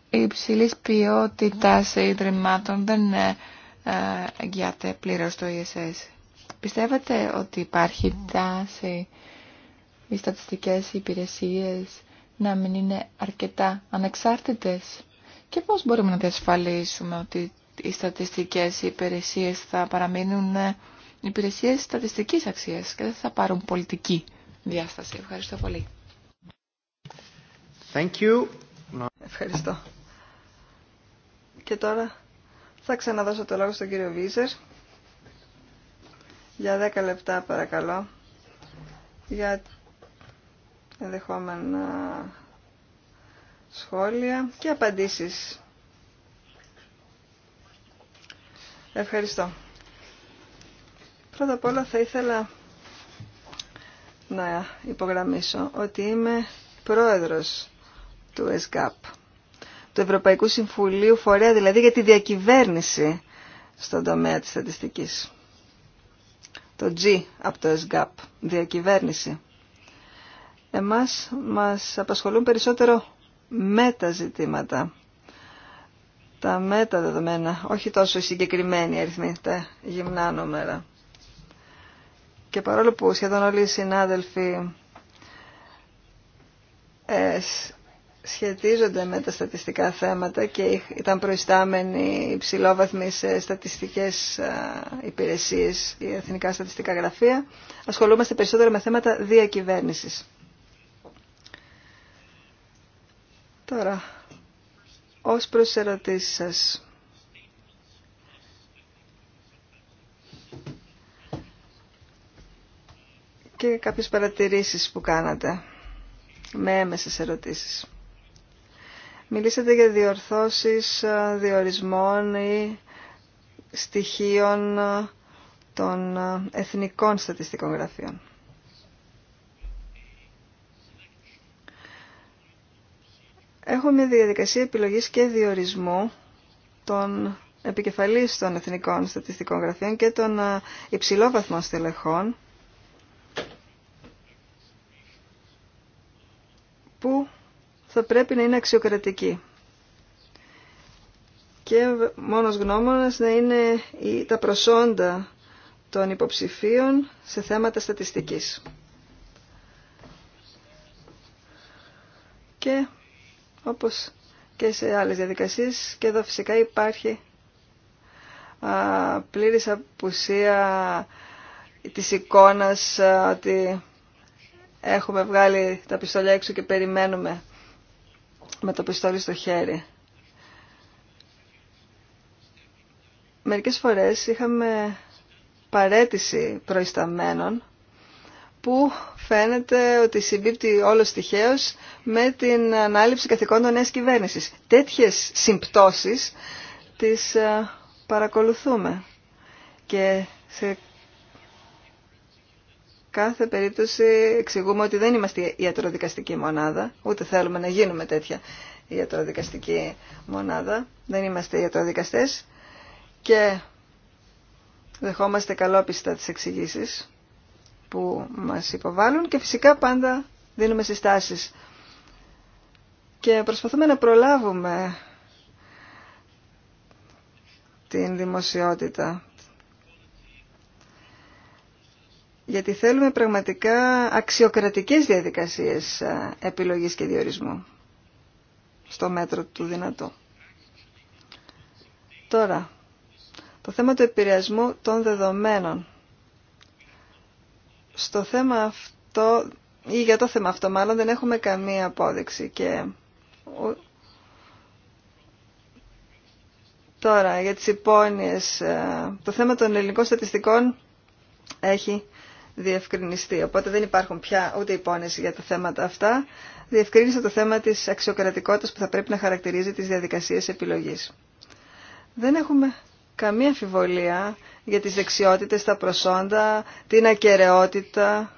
υψηλής ποιότητας ιδρυμάτων δεν ε, ε, εγγυάται πλήρως το ESS. Πιστεύετε ότι υπάρχει τάση οι στατιστικές υπηρεσίες να μην είναι αρκετά ανεξάρτητες και πώς μπορούμε να διασφαλίσουμε ότι οι στατιστικές υπηρεσίες θα παραμείνουν ε, υπηρεσίες στατιστικής αξίας και δεν θα πάρουν πολιτική διάσταση. Ευχαριστώ πολύ. Thank you. Ευχαριστώ. Και τώρα θα ξαναδώσω το λόγο στον κύριο Βίζερ. Για 10 λεπτά παρακαλώ. Για ενδεχόμενα σχόλια και απαντήσεις. Ευχαριστώ. Πρώτα απ' όλα θα ήθελα να υπογραμμίσω ότι είμαι πρόεδρος του ΕΣΚΑΠ, του Ευρωπαϊκού Συμφουλίου Φορέα, δηλαδή για τη διακυβέρνηση στον τομέα της στατιστικής. Το G από το ΕΣΚΑΠ, διακυβέρνηση. Εμάς μας απασχολούν περισσότερο μεταζητήματα. Τα μεταδεδομένα, όχι τόσο οι συγκεκριμένοι αριθμοί, τα γυμνά νούμερα. Και παρόλο που σχεδόν όλοι οι συνάδελφοι ε, σχετίζονται με τα στατιστικά θέματα και ήταν προϊστάμενοι υψηλόβαθμοι σε στατιστικές ε, υπηρεσίες ή εθνικά στατιστικά γραφεία, ασχολούμαστε περισσότερο με θέματα διακυβέρνησης. Τώρα, ως προς ερωτήσεις σας. Και κάποιες παρατηρήσεις που κάνατε με έμεσες ερωτήσεις. Μιλήσατε για διορθώσεις διορισμών ή στοιχείων των εθνικών στατιστικών γραφείων. Έχουμε διαδικασία επιλογής και διορισμού των επικεφαλής των Εθνικών Στατιστικών Γραφείων και των ε, υψηλόβαθμων στελεχών που θα πρέπει να είναι αξιοκρατικοί. Και μόνος γνώμονας να είναι τα προσόντα των υποψηφίων σε θέματα στατιστικής. Και όπως και σε άλλες διαδικασίες και εδώ φυσικά υπάρχει α, πλήρης απουσία της εικόνας ότι έχουμε βγάλει τα πιστόλια έξω και περιμένουμε με το πιστόλι στο χέρι. Μερικές φορές είχαμε παρέτηση προϊσταμένων που φαίνεται ότι συμπίπτει όλο τυχαίω με την ανάληψη καθηκόντων νέας κυβέρνησης. Τέτοιες συμπτώσεις τις ε, παρακολουθούμε και σε κάθε περίπτωση εξηγούμε ότι δεν είμαστε ιατροδικαστική μονάδα, ούτε θέλουμε να γίνουμε τέτοια ιατροδικαστική μονάδα, δεν είμαστε ιατροδικαστές και δεχόμαστε καλόπιστα τις εξηγήσεις που μας υποβάλλουν και φυσικά πάντα δίνουμε συστάσεις. Και προσπαθούμε να προλάβουμε την δημοσιότητα. Γιατί θέλουμε πραγματικά αξιοκρατικές διαδικασίες ε, επιλογής και διορισμού στο μέτρο του δυνατού. Τώρα, το θέμα του επηρεασμού των δεδομένων στο θέμα αυτό ή για το θέμα αυτό μάλλον δεν έχουμε καμία απόδειξη και τώρα για τις υπόνοιες ε, το θέμα των ελληνικών στατιστικών έχει διευκρινιστεί οπότε δεν υπάρχουν πια ούτε υπόνοιες για τα θέματα αυτά διευκρίνησε το θέμα της αξιοκρατικότητας που θα πρέπει να χαρακτηρίζει τις διαδικασίες επιλογής δεν έχουμε καμία αμφιβολία για τις δεξιότητες, τα προσόντα, την ακαιρεότητα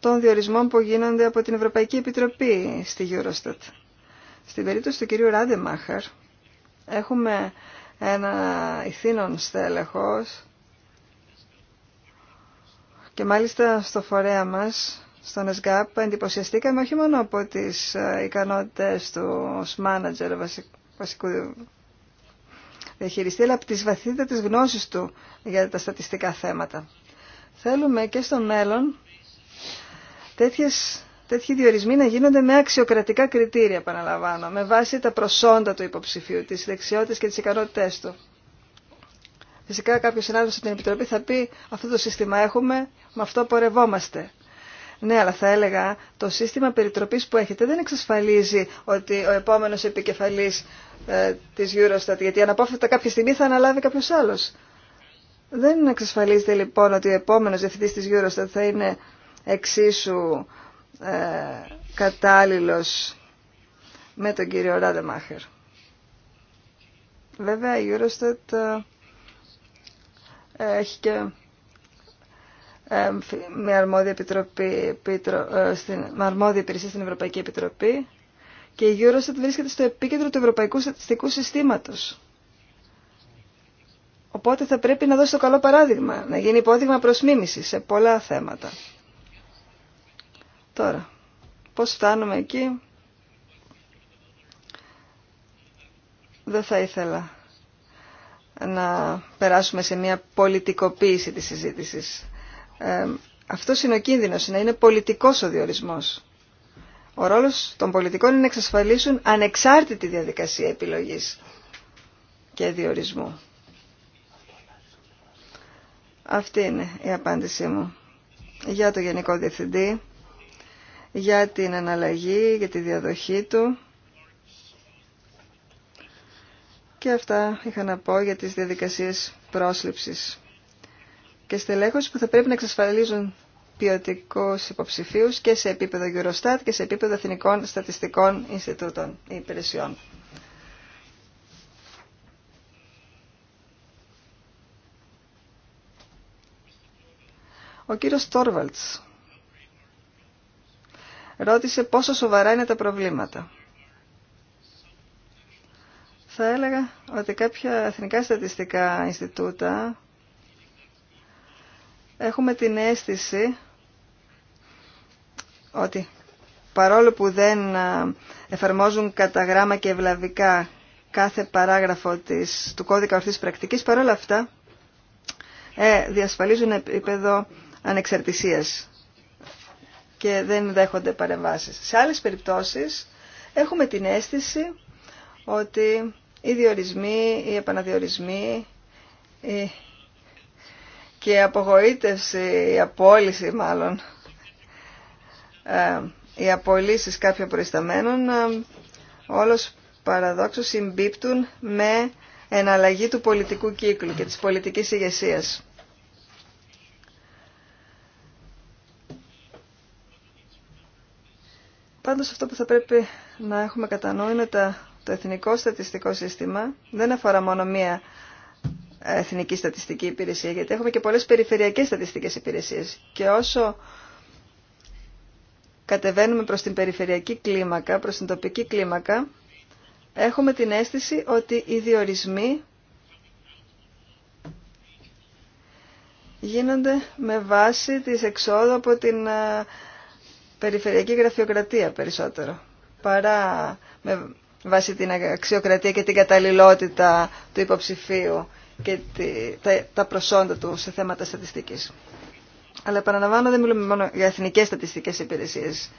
των διορισμών που γίνονται από την Ευρωπαϊκή Επιτροπή στη Eurostat. Στην περίπτωση του κυρίου Ράντεμάχαρ έχουμε ένα ηθήνων στέλεχος και μάλιστα στο φορέα μας, στον ΕΣΓΑΠ, εντυπωσιαστήκαμε όχι μόνο από τις ε, ικανότητες του ως μάνατζερ βασικού διαχειριστεί, αλλά από τις βαθύτατες γνώσεις του για τα στατιστικά θέματα. Θέλουμε και στο μέλλον τέτοιες, τέτοιοι διορισμοί να γίνονται με αξιοκρατικά κριτήρια, επαναλαμβάνω, με βάση τα προσόντα του υποψηφίου, τις δεξιότητες και τις ικανότητές του. Φυσικά κάποιος συνάδελφος την Επιτροπή θα πει αυτό το σύστημα έχουμε, με αυτό πορευόμαστε. Ναι, αλλά θα έλεγα το σύστημα περιτροπής που έχετε δεν εξασφαλίζει ότι ο επόμενος επικεφαλής ε, της Eurostat, γιατί αναπόφευκτα κάποια στιγμή θα αναλάβει κάποιος άλλος. Δεν εξασφαλίζεται λοιπόν ότι ο επόμενος διευθυντής της Eurostat θα είναι εξίσου ε, με τον κύριο Ράντεμάχερ. Βέβαια η Eurostat ε, έχει και ε, με αρμόδια, επιτροπή, ε, στην, με αρμόδια υπηρεσία στην Ευρωπαϊκή Επιτροπή και η Eurostat βρίσκεται στο επίκεντρο του Ευρωπαϊκού Στατιστικού Συστήματος. Οπότε θα πρέπει να δώσει το καλό παράδειγμα, να γίνει υπόδειγμα προς μίμηση σε πολλά θέματα. Τώρα, πώς φτάνουμε εκεί, δεν θα ήθελα να περάσουμε σε μια πολιτικοποίηση της συζήτησης. Αυτό αυτός είναι ο κίνδυνος, να είναι πολιτικός ο διορισμός. Ο ρόλος των πολιτικών είναι να εξασφαλίσουν ανεξάρτητη διαδικασία επιλογής και διορισμού. Αυτή είναι η απάντησή μου για το Γενικό Διευθυντή, για την αναλλαγή, για τη διαδοχή του. Και αυτά είχα να πω για τις διαδικασίες πρόσληψης και στελέχωση που θα πρέπει να εξασφαλίζουν ποιοτικού υποψηφίου και σε επίπεδο Eurostat και σε επίπεδο Εθνικών Στατιστικών Ινστιτούτων ή Υπηρεσιών. Ο κύριος Τόρβαλτς ρώτησε πόσο σοβαρά είναι τα προβλήματα. Θα έλεγα ότι κάποια εθνικά στατιστικά Ινστιτούτα έχουμε την αίσθηση ότι παρόλο που δεν εφαρμόζουν κατά γράμμα και ευλαβικά κάθε παράγραφο του κώδικα ορθής πρακτικής, παρόλα αυτά ε, διασφαλίζουν επίπεδο ανεξαρτησίας και δεν δέχονται παρεμβάσεις. Σε άλλες περιπτώσεις έχουμε την αίσθηση ότι οι διορισμοί, οι επαναδιορισμοί, και απογοήτευση, η απόλυση μάλλον, ε, οι απολύσεις κάποιων προϊσταμένων ε, όλος παραδόξως συμπίπτουν με εναλλαγή του πολιτικού κύκλου και της πολιτικής ηγεσία. Πάντως αυτό που θα πρέπει να έχουμε κατά είναι το εθνικό στατιστικό σύστημα δεν αφορά μόνο μία Εθνική Στατιστική Υπηρεσία, γιατί έχουμε και πολλές περιφερειακές στατιστικές υπηρεσίες. Και όσο κατεβαίνουμε προς την περιφερειακή κλίμακα, προς την τοπική κλίμακα, έχουμε την αίσθηση ότι οι διορισμοί γίνονται με βάση τη εξόδου από την ε, περιφερειακή γραφειοκρατία περισσότερο, παρά με βάση την αξιοκρατία και την καταλληλότητα του υποψηφίου και τα προσόντα του σε θέματα στατιστικής. Αλλά επαναλαμβάνω δεν μιλούμε μόνο για εθνικές στατιστικές υπηρεσίες.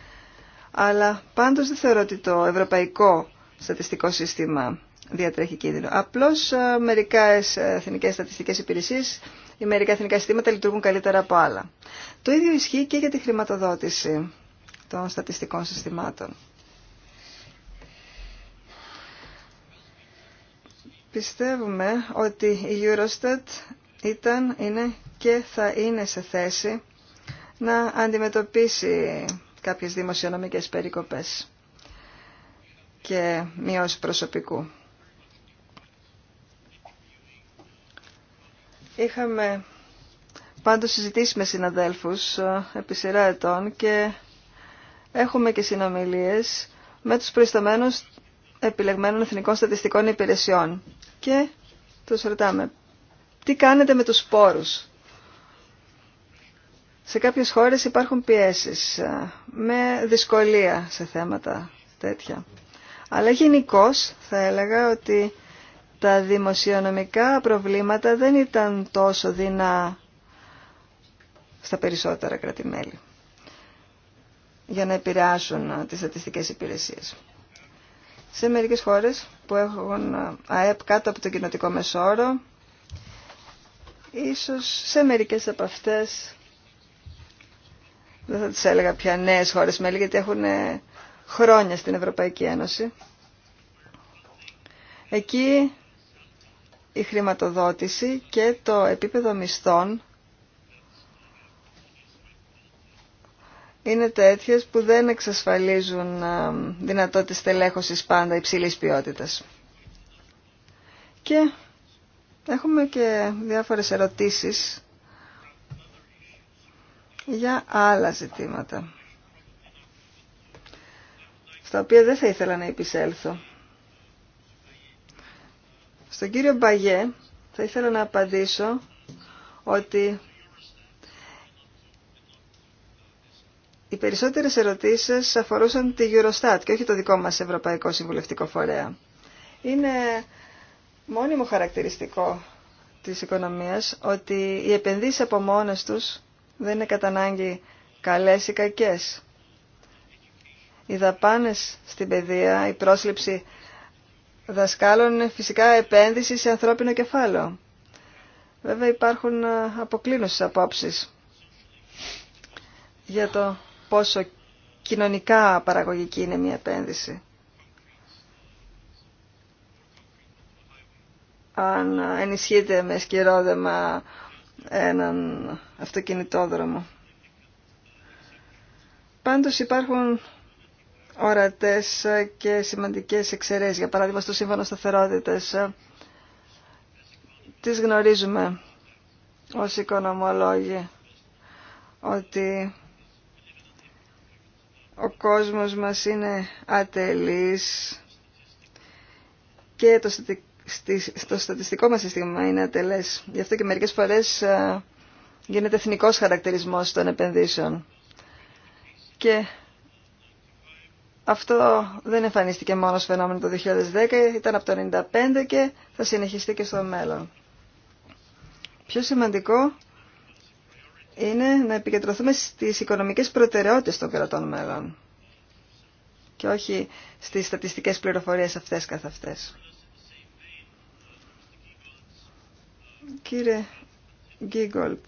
Αλλά πάντως δεν θεωρώ ότι το ευρωπαϊκό στατιστικό σύστημα διατρέχει κίνδυνο. Απλώς ε, μερικά εθνικές στατιστικές υπηρεσίες ή μερικά εθνικά συστήματα λειτουργούν καλύτερα από άλλα. Το ίδιο ισχύει και για τη χρηματοδότηση των στατιστικών συστημάτων. Πιστεύουμε ότι η Eurostat ήταν, είναι και θα είναι σε θέση να αντιμετωπίσει κάποιες δημοσιονομικές περικοπές και μειώσει προσωπικού. Είχαμε πάντως συζητήσει με συναδέλφους ε, επί σειρά ετών και έχουμε και συνομιλίες με τους προϊσταμένους επιλεγμένων εθνικών στατιστικών υπηρεσιών και τους ρωτάμε τι κάνετε με τους σπόρους. Σε κάποιες χώρες υπάρχουν πιέσεις ε, με δυσκολία σε θέματα τέτοια. Αλλά γενικώ θα έλεγα ότι τα δημοσιονομικά προβλήματα δεν ήταν τόσο δυνά στα περισσότερα κρατημέλη για να επηρεάσουν ε, τις στατιστικές υπηρεσίες. Σε μερικές χώρες που έχουν ε, ΑΕΠ κάτω από το κοινοτικό μεσόρο, ίσως σε μερικές από αυτές, δεν θα τις έλεγα πια νέες χώρες μέλη, γιατί έχουν ε, χρόνια στην Ευρωπαϊκή Ένωση. Εκεί η χρηματοδότηση και το επίπεδο μισθών είναι τέτοιες που δεν εξασφαλίζουν δυνατότητες τελέχωσης πάντα υψηλής ποιότητας. Και έχουμε και διάφορες ερωτήσεις για άλλα ζητήματα, στα οποία δεν θα ήθελα να επισέλθω. Στον κύριο Μπαγιέ θα ήθελα να απαντήσω ότι Οι περισσότερες ερωτήσεις αφορούσαν τη Eurostat και όχι το δικό μας Ευρωπαϊκό Συμβουλευτικό Φορέα. Είναι μόνιμο χαρακτηριστικό της οικονομίας ότι οι επενδύσεις από μόνες τους δεν είναι κατά ανάγκη καλές ή κακές. Οι δαπάνες στην παιδεία, η πρόσληψη δασκάλων είναι φυσικά επένδυση σε ανθρώπινο κεφάλαιο. Βέβαια υπάρχουν αποκλίνωσες απόψεις για το πόσο κοινωνικά παραγωγική είναι μια επένδυση. Αν ενισχύεται με σκυρόδεμα έναν αυτοκινητόδρομο. Πάντως υπάρχουν ορατές και σημαντικές εξαιρέσεις. Για παράδειγμα στο Σύμφωνο Σταθερότητας ε, τις γνωρίζουμε ως οικονομολόγοι ότι ο κόσμος μας είναι ατελής και το, στατιστικό μας σύστημα είναι ατελές. Γι' αυτό και μερικές φορές ε, γίνεται εθνικός χαρακτηρισμός των επενδύσεων. Και αυτό δεν εμφανίστηκε μόνο στο φαινόμενο το 2010, ήταν από το 1995 και θα συνεχιστεί και στο μέλλον. Πιο σημαντικό είναι να επικεντρωθούμε στις οικονομικές προτεραιότητες των κρατών μέλων και όχι στις στατιστικές πληροφορίες αυτές καθ' αυτές. Κύριε Γκίγκολτ,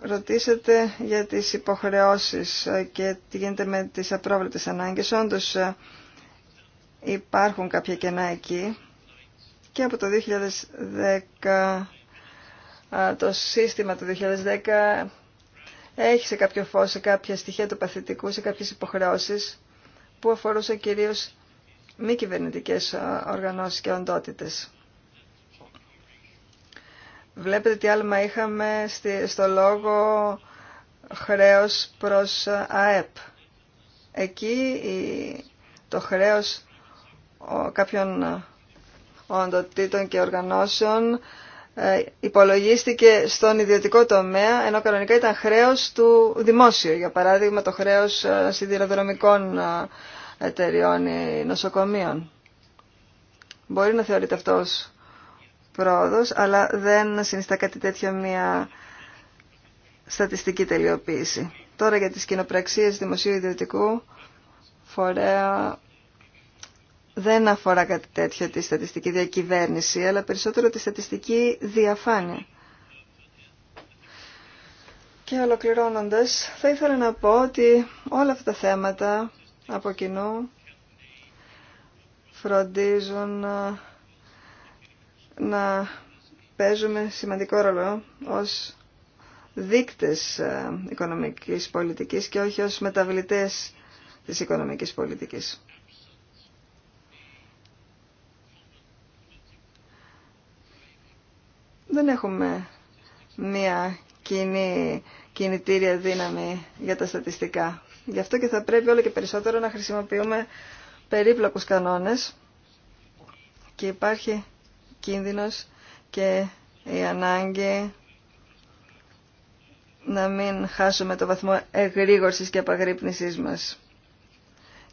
ρωτήσατε για τις υποχρεώσεις και τι γίνεται με τις απρόβλεπτες ανάγκες. Όντως υπάρχουν κάποια κενά εκεί και από το 2010 το σύστημα του 2010 έχει σε κάποιο φως, σε κάποια στοιχεία του παθητικού, σε κάποιες υποχρεώσεις που αφορούσαν κυρίως μη κυβερνητικέ οργανώσεις και οντότητες. Βλέπετε τι άλμα είχαμε στο λόγο χρέος προς ΑΕΠ. Εκεί το χρέος κάποιων οντοτήτων και οργανώσεων ε, υπολογίστηκε στον ιδιωτικό τομέα, ενώ κανονικά ήταν χρέος του δημόσιου. Για παράδειγμα, το χρέος ε, σιδηροδρομικών ε, εταιριών ή νοσοκομείων. Μπορεί να θεωρείται αυτός πρόοδος, αλλά δεν συνιστά κάτι τέτοιο μια στατιστική τελειοποίηση. Τώρα για τις κοινοπραξίες δημοσίου ιδιωτικού φορέα δεν αφορά κάτι τέτοιο τη στατιστική διακυβέρνηση, αλλά περισσότερο τη στατιστική διαφάνεια. Και ολοκληρώνοντας, θα ήθελα να πω ότι όλα αυτά τα θέματα από κοινού φροντίζουν ε, να, παίζουμε σημαντικό ρόλο ε, ως δείκτες ε, οικονομικής πολιτικής και όχι ως μεταβλητές της οικονομικής πολιτικής. δεν έχουμε μία κοινή κινητήρια δύναμη για τα στατιστικά. Γι' αυτό και θα πρέπει όλο και περισσότερο να χρησιμοποιούμε περίπλοκους κανόνες και υπάρχει κίνδυνος και η ανάγκη να μην χάσουμε το βαθμό εγρήγορσης και απαγρύπνησής μας.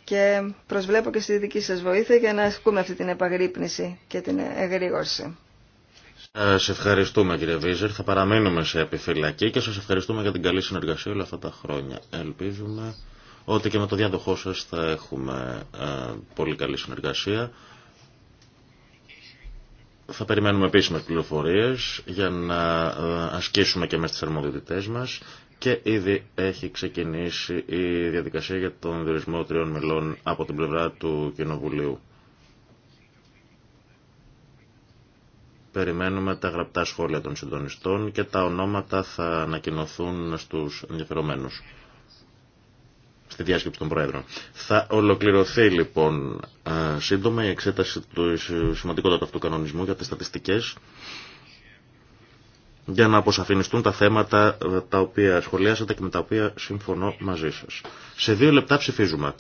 Και προσβλέπω και στη δική σας βοήθεια για να ασκούμε αυτή την επαγρύπνηση και την εγρήγορση. Σας ευχαριστούμε κύριε Βίζερ, θα παραμείνουμε σε επιφυλακή και σας ευχαριστούμε για την καλή συνεργασία όλα αυτά τα χρόνια. Ελπίζουμε ότι και με το διάδοχό σας θα έχουμε ε, πολύ καλή συνεργασία. Θα περιμένουμε επίσημες πληροφορίες για να ε, ασκήσουμε και μέσα στις αρμοδιότητές μας και ήδη έχει ξεκινήσει η διαδικασία για τον διορισμό τριών μελών από την πλευρά του Κοινοβουλίου. Περιμένουμε τα γραπτά σχόλια των συντονιστών και τα ονόματα θα ανακοινωθούν στους ενδιαφερομένους στη διάσκεψη των Προέδρων. Θα ολοκληρωθεί λοιπόν σύντομα η εξέταση του σημαντικότητα αυτού κανονισμού για τις στατιστικές για να αποσαφινιστούν τα θέματα ε, τα οποία σχολιάσατε και με τα οποία συμφωνώ μαζί σας. Σε δύο λεπτά ψηφίζουμε.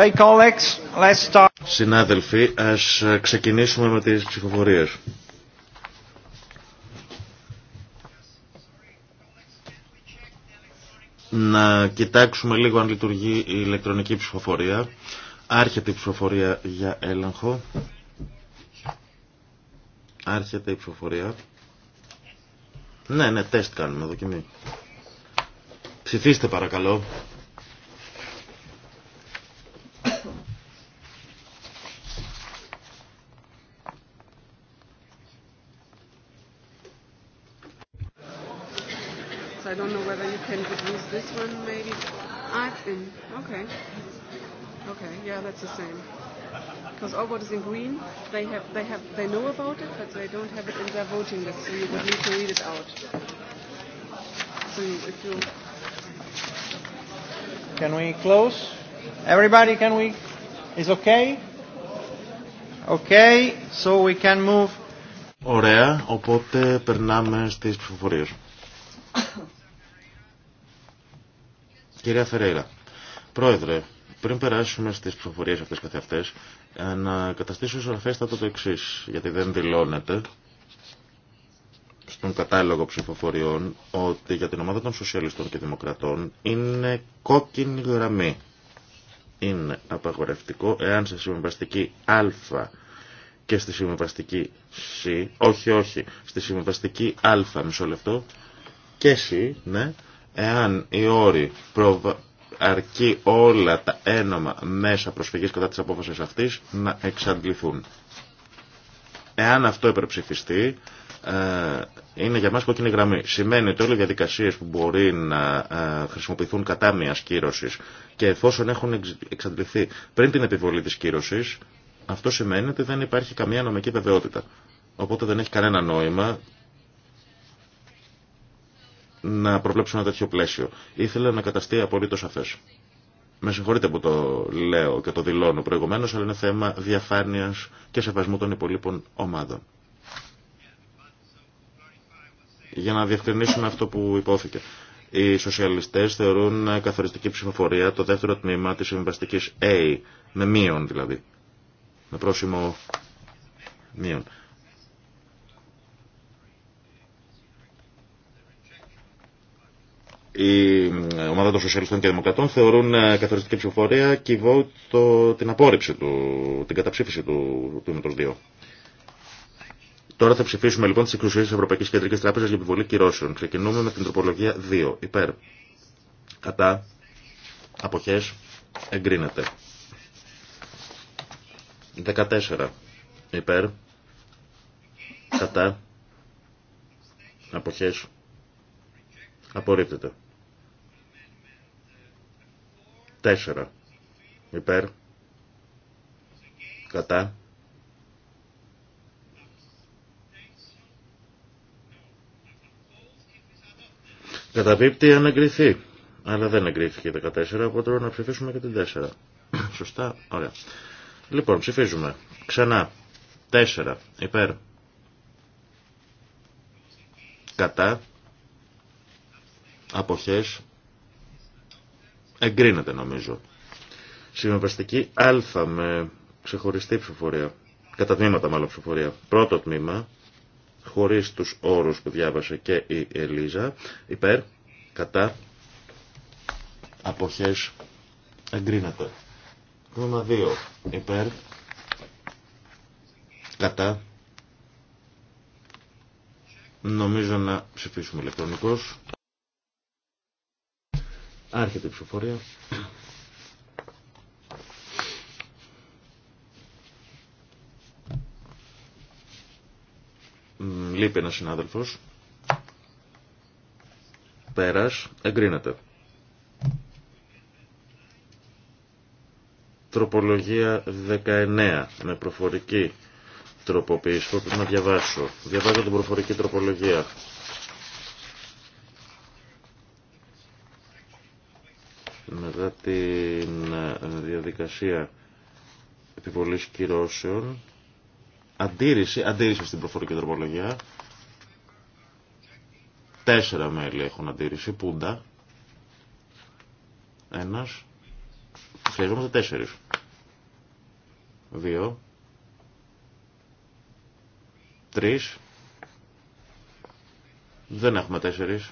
Okay, colleagues, Συνάδελφοι, ας ξεκινήσουμε με τις ψηφοφορίες. Να κοιτάξουμε λίγο αν λειτουργεί η ηλεκτρονική ψηφοφορία. Άρχεται η ψηφοφορία για έλεγχο. Άρχεται η ψηφοφορία. Ναι, ναι, τεστ κάνουμε, δοκιμή. Ψηφίστε παρακαλώ. one maybe. I've been. Okay. Okay. Yeah, that's the same. Because all what is in green, they have, they have, they know about it, but they don't have it in their voting list, so you would need to read it out. So you, if you. Can we close? Everybody, can we? Is okay? Okay, so we can move. Ωραία, οπότε περνάμε στις ψηφοφορίες. Κυρία Φερέιρα, πρόεδρε, πριν περάσουμε στις ψηφοφορίες αυτές καθεαυτές, να καταστήσω σαφέστατο το εξή, γιατί δεν δηλώνεται στον κατάλογο ψηφοφοριών ότι για την ομάδα των σοσιαλιστών και δημοκρατών είναι κόκκινη γραμμή. Είναι απαγορευτικό εάν σε συμβαστική α και στη συμβαστική σ, όχι όχι, στη συμβαστική α μισό λεπτό και σ, ναι, Εάν οι όροι αρκεί όλα τα ένομα μέσα προσφυγής κατά της απόφασης αυτής να εξαντληθούν. Εάν αυτό υπερψηφιστεί, ε, είναι για μας κόκκινη γραμμή. Σημαίνει ότι όλες οι διαδικασίες που μπορεί να ε, χρησιμοποιηθούν κατά μιας κύρωσης και εφόσον έχουν εξαντληθεί πριν την επιβολή της κύρωσης, αυτό σημαίνει ότι δεν υπάρχει καμία νομική βεβαιότητα. Οπότε δεν έχει κανένα νόημα να προβλέψουν ένα τέτοιο πλαίσιο. Ήθελα να καταστεί απολύτω σαφέ. Με συγχωρείτε που το λέω και το δηλώνω προηγουμένω, αλλά είναι θέμα διαφάνεια και σεβασμού των υπολείπων ομάδων. Για να διευκρινίσουμε αυτό που υπόθηκε. Οι σοσιαλιστέ θεωρούν καθοριστική ψηφοφορία το δεύτερο τμήμα τη συμβαστική A, με μείον δηλαδή. Με πρόσημο μείον. η ομάδα των Σοσιαλιστών και Δημοκρατών θεωρούν ε, καθοριστική ψηφοφορία και το, την απόρριψη του, την καταψήφιση του τμήματος 2. Τώρα θα ψηφίσουμε λοιπόν τι εξουσίε τη Ευρωπαϊκή Κεντρική Τράπεζα για επιβολή κυρώσεων. Ξεκινούμε με την τροπολογία 2. Υπέρ. Κατά. Αποχέ. Εγκρίνεται. 14. Υπέρ. Κατά. Αποχές. Απορρίπτεται. 4. Υπέρ. Κατά. Καταπίπτει αν εγκριθεί. Αλλά δεν εγκρίθηκε 14, οπότε να ψηφίσουμε και την 4. Σωστά, ωραία. Λοιπόν, ψηφίζουμε. Ξανά. 4. Υπέρ. Κατά. Αποχές. Εγκρίνεται νομίζω. Συμβαστική Α με ξεχωριστή ψηφοφορία. Κατά τμήματα μάλλον ψηφοφορία. Πρώτο τμήμα, χωρίς τους όρους που διάβασε και η Ελίζα, υπέρ, κατά, αποχές, εγκρίνεται. Τμήμα 2, υπέρ, κατά, νομίζω να ψηφίσουμε ηλεκτρονικός. Άρχεται η ψηφοφορία. Λείπει ένας συνάδελφος. Πέρας. Εγκρίνεται. Τροπολογία 19 με προφορική τροποποίηση. Πρέπει να διαβάσω. Διαβάζω την προφορική τροπολογία. την ε, διαδικασία επιβολής κυρώσεων. Αντίρρηση, αντίρρηση στην προφορική τροπολογία. Τέσσερα μέλη έχουν αντίρρηση. Πούντα. Ένας. Χρειαζόμαστε τέσσερις. Δύο. Τρεις. Δεν έχουμε τέσσερις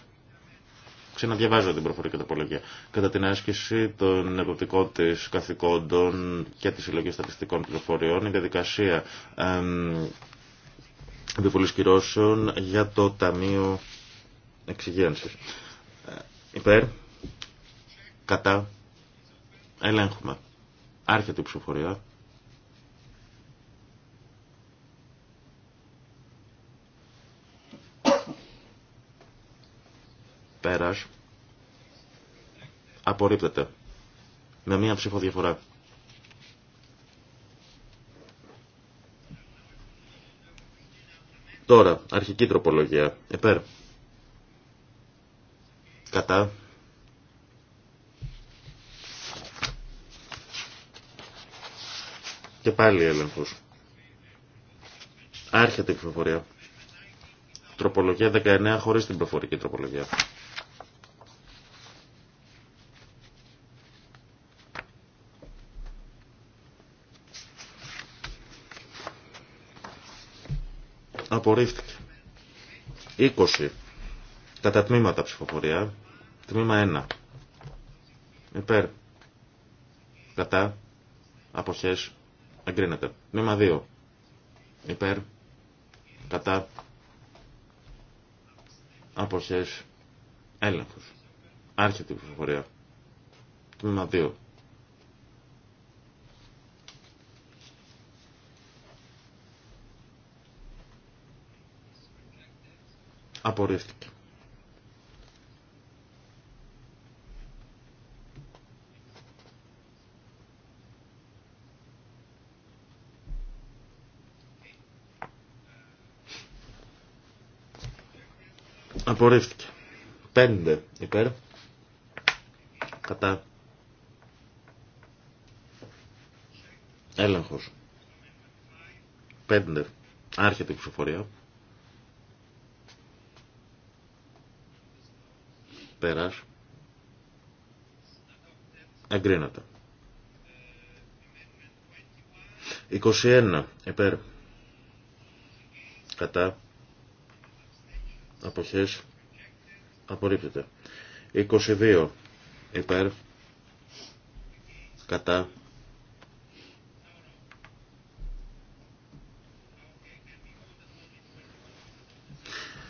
ξαναδιαβάζω την προφορική τοπολογία. Κατά την άσκηση των εποπτικών τη καθηκόντων και τη συλλογή στατιστικών πληροφοριών, η διαδικασία επιβολή κυρώσεων για το Ταμείο Εξυγένσης. Ε, υπέρ, κατά, ελέγχουμε. Άρχεται η ψηφοφορία. Πέρας. Απορρίπτεται. Με μία ψήφο διαφορά. Τώρα, αρχική τροπολογία. Επέρ. Κατά. Και πάλι έλεγχος. Άρχεται η ψηφοφορία. Τροπολογία 19 χωρίς την προφορική τροπολογία. Απορρίφθηκε. 20. Κατά τμήματα ψηφοφορία. Τμήμα 1. Υπέρ. Κατά. Αποχές. Εγκρίνεται. Τμήμα 2. Υπέρ. Κατά. Αποχές. Έλεγχος. Άρχεται η ψηφοφορία. Τμήμα 2. απορρίφθηκε. Απορρίφθηκε. Πέντε υπέρ. Κατά. Έλεγχος. Πέντε Άρχεται η ψηφοφορία. Πέρας. Εγκρίνεται. 21 υπέρ. Κατά. Αποχές. Απορρίπτεται. 22 υπέρ. Κατά.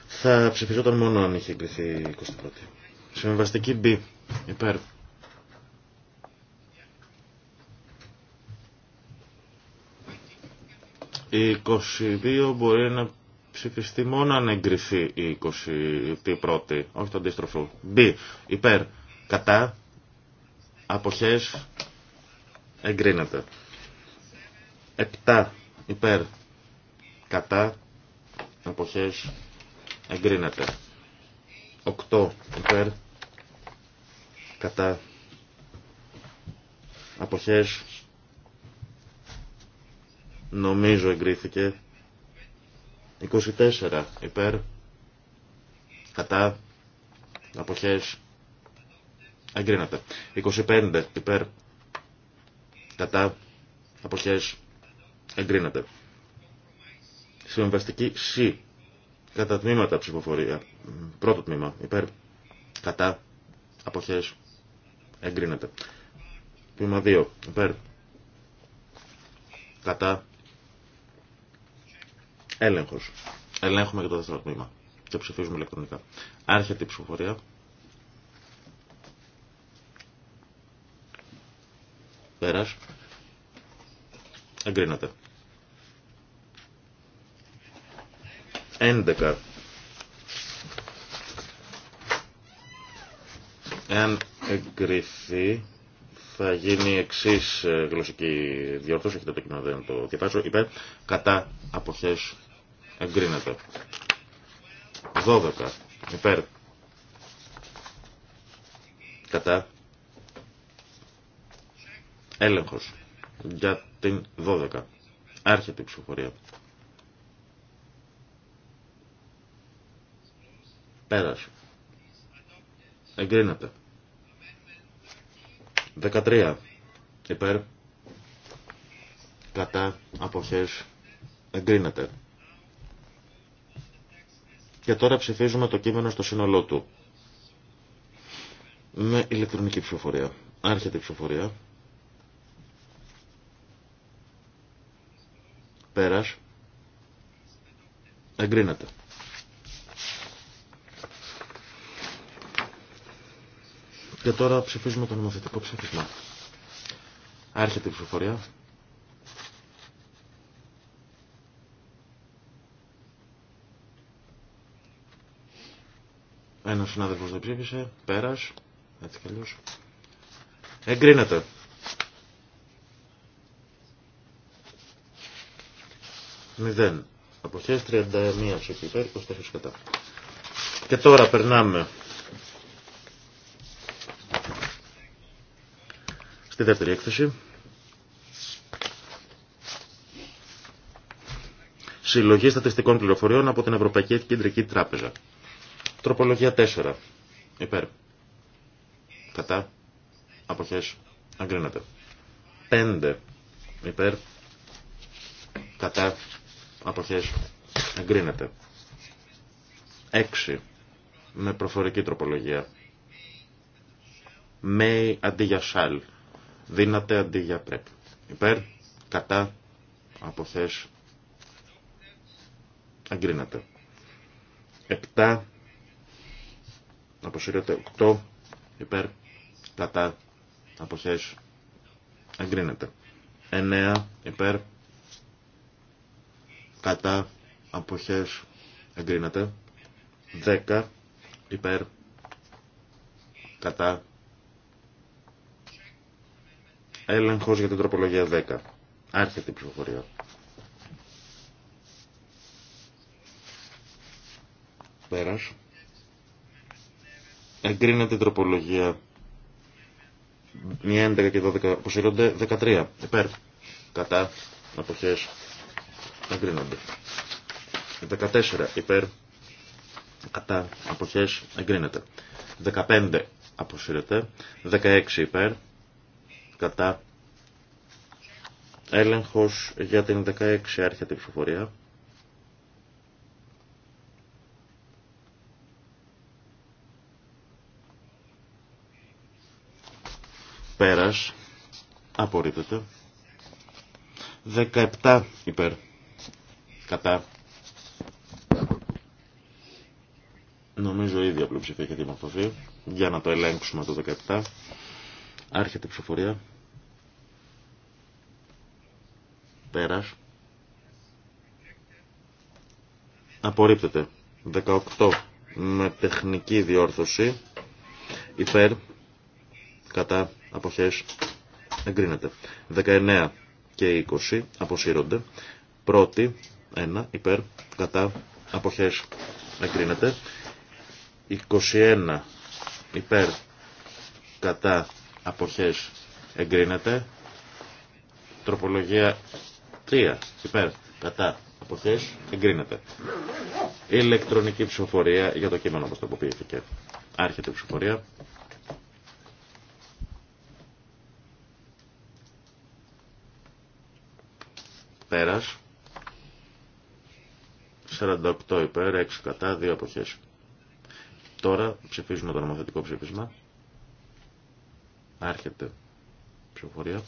Θα ψηφιζόταν μόνο αν είχε εγκριθεί η 21η. Συμβαστική B. Υπέρ. Η 22 μπορεί να ψηφιστεί μόνο αν εγκριθεί η 21η, όχι το αντίστροφο. B. Υπέρ. Κατά. Αποχές. Εγκρίνεται. 7. Υπέρ. Κατά. Αποχές. Εγκρίνεται. 8. Υπέρ κατά αποχές νομίζω εγκρίθηκε 24 υπέρ κατά αποχές εγκρίνεται 25 υπέρ κατά αποχές εγκρίνεται συμβαστική C κατά τμήματα ψηφοφορία πρώτο τμήμα υπέρ κατά αποχές Εγκρίνεται. Πήμα 2. Υπέρ. Κατά. Έλεγχος. Ελέγχουμε και το δεύτερο τμήμα. Και ψηφίζουμε ηλεκτρονικά. Άρχεται η ψηφοφορία. Πέρας. Εγκρίνεται. 11. Εάν εγκριθεί θα γίνει εξή ε, γλωσσική διορθώση. Έχετε το κοινό, δεν το διαβάζω. Υπέρ, κατά, αποχέ, εγκρίνεται. 12. Υπέρ. Κατά. Έλεγχο. Για την 12. Άρχεται η ψηφοφορία. Πέρασε. Εγκρίνεται. 13 υπέρ κατά αποχές εγκρίνεται. Και τώρα ψηφίζουμε το κείμενο στο σύνολό του. Με ηλεκτρονική ψηφοφορία. Άρχεται η ψηφοφορία. Πέρας. Εγκρίνεται. Και τώρα ψηφίζουμε το νομοθετικό ψήφισμα. Άρχεται η ψηφοφορία. Ένα συνάδελφος δεν ψήφισε. Πέρας. Έτσι κι αλλιώς. Εγκρίνεται. Μηδέν. Αποχές 31 ψήφι υπέρ, 24 Και τώρα περνάμε Στη δεύτερη έκθεση. Συλλογή στατιστικών πληροφοριών από την Ευρωπαϊκή Κεντρική Τράπεζα. Τροπολογία 4. Υπέρ. Κατά. Αποχές. Αγκρίνεται. 5. Υπέρ. Κατά. Αποχές. Αγκρίνεται. 6. Με προφορική τροπολογία. May αντί για δύνατε αντί για πρέπει. Υπέρ, κατά, αποθές, αγκρίνατε. Επτά, αποσύρετε, οκτώ, υπέρ, κατά, αποθές, αγκρίνατε. Εννέα, υπέρ, κατά, αποθές, αγκρίνατε. Δέκα, υπέρ, κατά, Έλεγχος για την τροπολογία 10. Άρχεται η ψηφοφορία. Πέρας. Εγκρίνεται η τροπολογία. Μια 11 και 12 αποσύρονται. 13. Υπέρ. Κατά. Αποχές. Εγκρίνονται. 14. Υπέρ. Κατά. Αποχές. Εγκρίνεται. 15. Αποσύρεται. 16. Υπέρ κατά έλεγχος για την 16 άρχεται την ψηφοφορία. Πέρας, απορρίπτεται. 17 υπέρ, κατά. Νομίζω η ίδια πλειοψηφία έχει δημορφωθεί. Για να το ελέγξουμε το 17. Άρχεται η ψηφοφορία. Πέρας. Απορρίπτεται. 18 με τεχνική διόρθωση. Υπέρ. Κατά. Αποχές. Εγκρίνεται. 19 και 20 αποσύρονται. Πρώτη. 1. Υπέρ. Κατά. Αποχές. Εγκρίνεται. 21 υπέρ κατά αποχές εγκρίνεται. Τροπολογία 3 υπέρ κατά αποχές εγκρίνεται. Ηλεκτρονική ψηφοφορία για το κείμενο όπως τοποποιήθηκε. Άρχεται η ψηφοφορία. Πέρας. 48 υπέρ, 6 κατά, 2 αποχές. Τώρα ψηφίζουμε το νομοθετικό ψήφισμα. Άρχεται ψηφοφορία.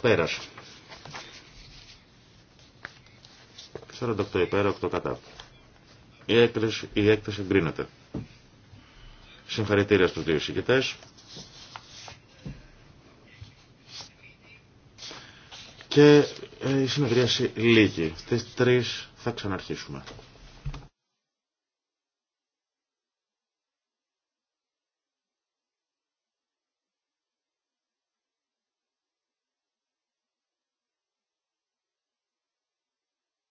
Πέρασε. 48 υπέρ, 8 κατά. Η έκθεση, η έκθεση εγκρίνεται. Συγχαρητήρια στους δύο εισηγητές. Και ε, η συνεδρίαση λίγη. Στις 3 θα ξαναρχίσουμε.